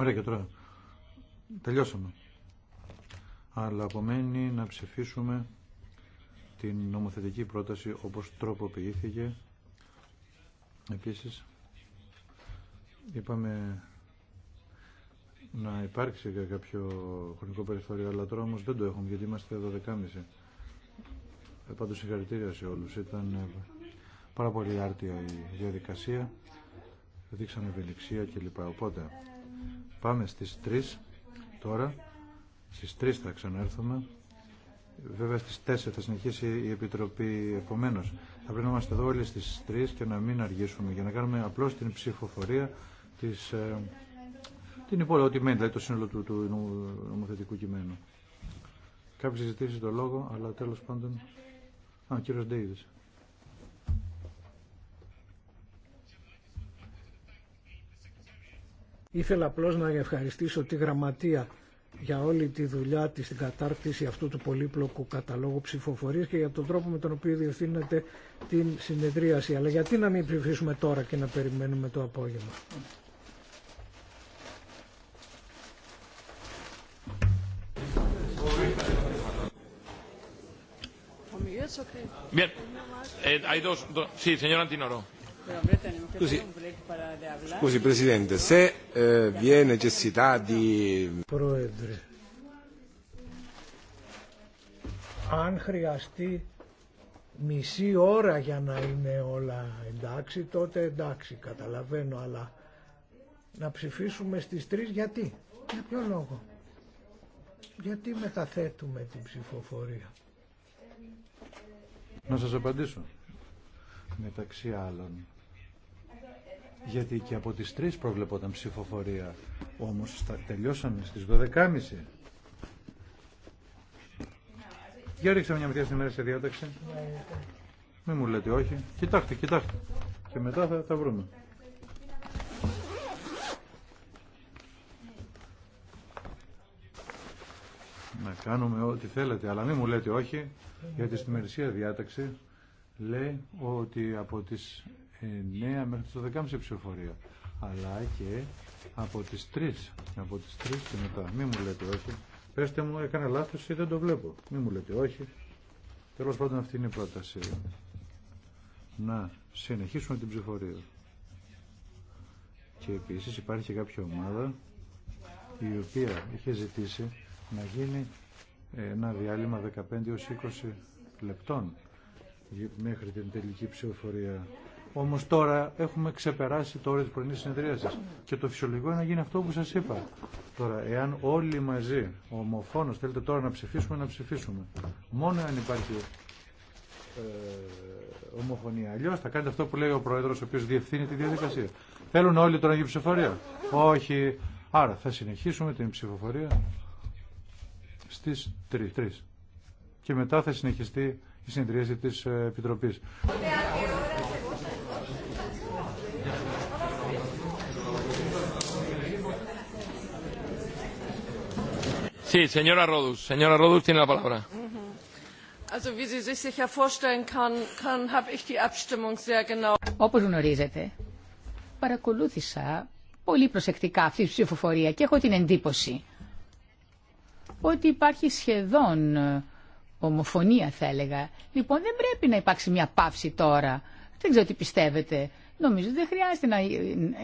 Ωραία και τώρα. Τελειώσαμε. Αλλά απομένει να ψηφίσουμε την νομοθετική πρόταση όπως τροποποιήθηκε. Επίσης, είπαμε να υπάρξει κάποιο χρονικό περιθώριο, αλλά τώρα όμως δεν το έχουμε γιατί είμαστε 12.30. Ε, πάντως συγχαρητήρια σε όλους. Ήταν ε, πάρα πολύ άρτια η διαδικασία, δείξαμε ευελιξία κλπ. Οπότε Πάμε στις 3 τώρα. Στις 3 θα ξανάρθουμε. Βέβαια στις 4 θα συνεχίσει η Επιτροπή επομένως. Θα πρέπει να είμαστε εδώ όλοι στις 3 και να μην αργήσουμε για να κάνουμε απλώς την ψηφοφορία της, ε, την υπόλοιπη ό,τι μένει, δηλαδή το σύνολο του, του νομοθετικού κειμένου. Κάποιοι ζητήσει το λόγο, αλλά τέλος πάντων... Α, ο κύριος Ντέιβις. Ήθελα απλώς να ευχαριστήσω τη Γραμματεία για όλη τη δουλειά της στην κατάρτιση αυτού του πολύπλοκου καταλόγου ψηφοφορίας και για τον τρόπο με τον οποίο διευθύνεται την συνεδρίαση. Αλλά γιατί να μην ψηφίσουμε τώρα και να περιμένουμε το απόγευμα. Bien. Eh, hay dos, Sí, Antinoro. Scusi eh, Πρόεδρε, αν χρειαστεί μισή ώρα για να είναι όλα εντάξει, τότε εντάξει, καταλαβαίνω, αλλά να ψηφίσουμε στις τρεις γιατί, για ποιο λόγο, γιατί μεταθέτουμε την ψηφοφορία. Να σας απαντήσω μεταξύ άλλων. Γιατί και από τις 3 προβλεπόταν ψηφοφορία, όμως στα τελειώσαμε στις 12.30. Για ρίξτε μια μετιά στην ημέρα σε διάταξη. Μην μου λέτε όχι. Κοιτάξτε, κοιτάξτε. Και μετά θα τα βρούμε. Να κάνουμε ό,τι θέλετε, αλλά μην μου λέτε όχι, γιατί στη μερισσία διάταξη λέει ότι από τις 9 μέχρι τις 12.30 ψηφοφορία αλλά και από τις 3 από τις 3 και μετά Μη μου λέτε όχι πέστε μου έκανα λάθος ή δεν το βλέπω Μη μου λέτε όχι τέλος πάντων αυτή είναι η πρόταση να συνεχίσουμε την ψηφορία και επίσης υπάρχει κάποια ομάδα η οποία είχε ζητήσει να γίνει ένα διάλειμμα 15 ως 20 λεπτών μέχρι την τελική ψηφοφορία. Όμω τώρα έχουμε ξεπεράσει το όριο τη πρωινή συνεδρίαση. Και το φυσιολογικό είναι να γίνει αυτό που σα είπα. Τώρα, εάν όλοι μαζί, ομοφόνο, θέλετε τώρα να ψηφίσουμε, να ψηφίσουμε. Μόνο αν υπάρχει ε, ομοφωνία. Αλλιώ θα κάνετε αυτό που λέει ο πρόεδρο, ο οποίο διευθύνει τη διαδικασία. Θέλουν όλοι τώρα να γίνει ψηφοφορία. Όχι. Άρα θα συνεχίσουμε την ψηφοφορία στι 3. 3. Και μετά θα συνεχιστεί η συνεδρίαση της ε, Επιτροπής. Sí, señora Rodus. Señora Rodus tiene γνωρίζετε, παρακολούθησα πολύ προσεκτικά αυτή τη ψηφοφορία και έχω την εντύπωση ότι υπάρχει σχεδόν ομοφωνία θα έλεγα. Λοιπόν δεν πρέπει να υπάρξει μια παύση τώρα. Δεν ξέρω τι πιστεύετε. Νομίζω δεν χρειάζεται να,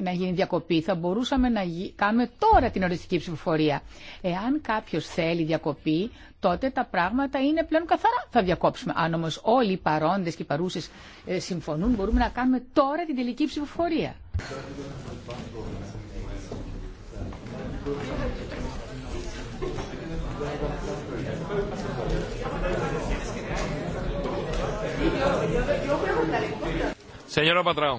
να γίνει διακοπή. Θα μπορούσαμε να κάνουμε τώρα την οριστική ψηφοφορία. Εάν κάποιο θέλει διακοπή, τότε τα πράγματα είναι πλέον καθαρά. Θα διακόψουμε. Αν όμω όλοι οι παρόντε και οι παρούσε ε, συμφωνούν, μπορούμε να κάνουμε τώρα την τελική ψηφοφορία. Señora Patrao.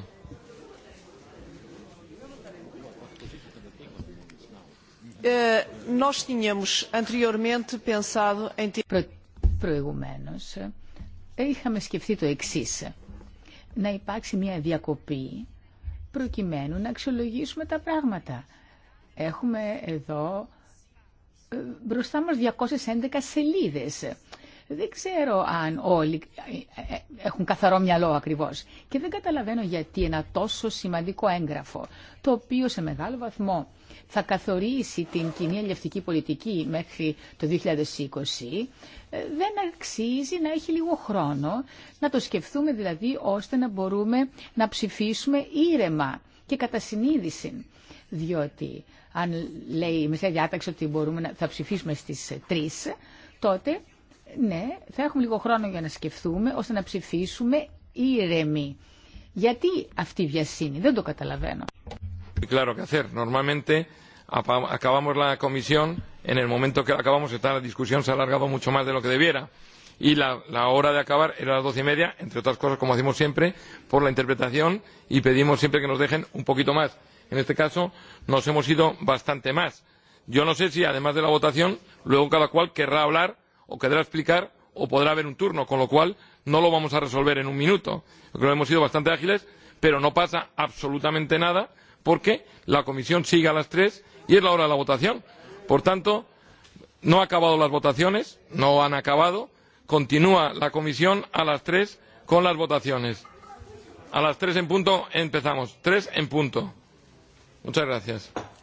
Eh, nós tínhamos anteriormente pensado em ε, είχαμε σκεφτεί το εξή ε, Να υπάρξει μια διακοπή προκειμένου να αξιολογήσουμε τα πράγματα. Έχουμε εδώ ε, μπροστά μας 211 σελίδες δεν ξέρω αν όλοι ε, ε, έχουν καθαρό μυαλό ακριβώς. Και δεν καταλαβαίνω γιατί ένα τόσο σημαντικό έγγραφο, το οποίο σε μεγάλο βαθμό θα καθορίσει την κοινή αλληλευτική πολιτική μέχρι το 2020, ε, δεν αξίζει να έχει λίγο χρόνο, να το σκεφτούμε δηλαδή ώστε να μπορούμε να ψηφίσουμε ήρεμα και κατά συνείδηση. Διότι αν λέει η Μεσαία Διάταξη ότι μπορούμε θα ψηφίσουμε στις 3, τότε ναι, θα έχουμε λίγο χρόνο για να σκεφτούμε, ώστε να ψηφίσουμε ήρεμοι. Γιατί αυτή η βιασύνη, δεν το καταλαβαίνω. Claro que hacer. Normalmente acabamos la comisión, en el momento que acabamos está la discusión se ha alargado mucho más de lo que debiera. Y la, la hora de acabar era las doce y media, entre otras cosas, como hacemos siempre, por la interpretación y pedimos siempre que nos dejen un poquito más. En este caso, nos hemos ido bastante más. Yo no sé si, además de la votación, luego cada cual querrá hablar o querrá explicar o podrá haber un turno, con lo cual no lo vamos a resolver en un minuto. Creo que hemos sido bastante ágiles, pero no pasa absolutamente nada porque la comisión sigue a las tres y es la hora de la votación. Por tanto, no han acabado las votaciones, no han acabado. Continúa la comisión a las tres con las votaciones. A las tres en punto empezamos. Tres en punto. Muchas gracias.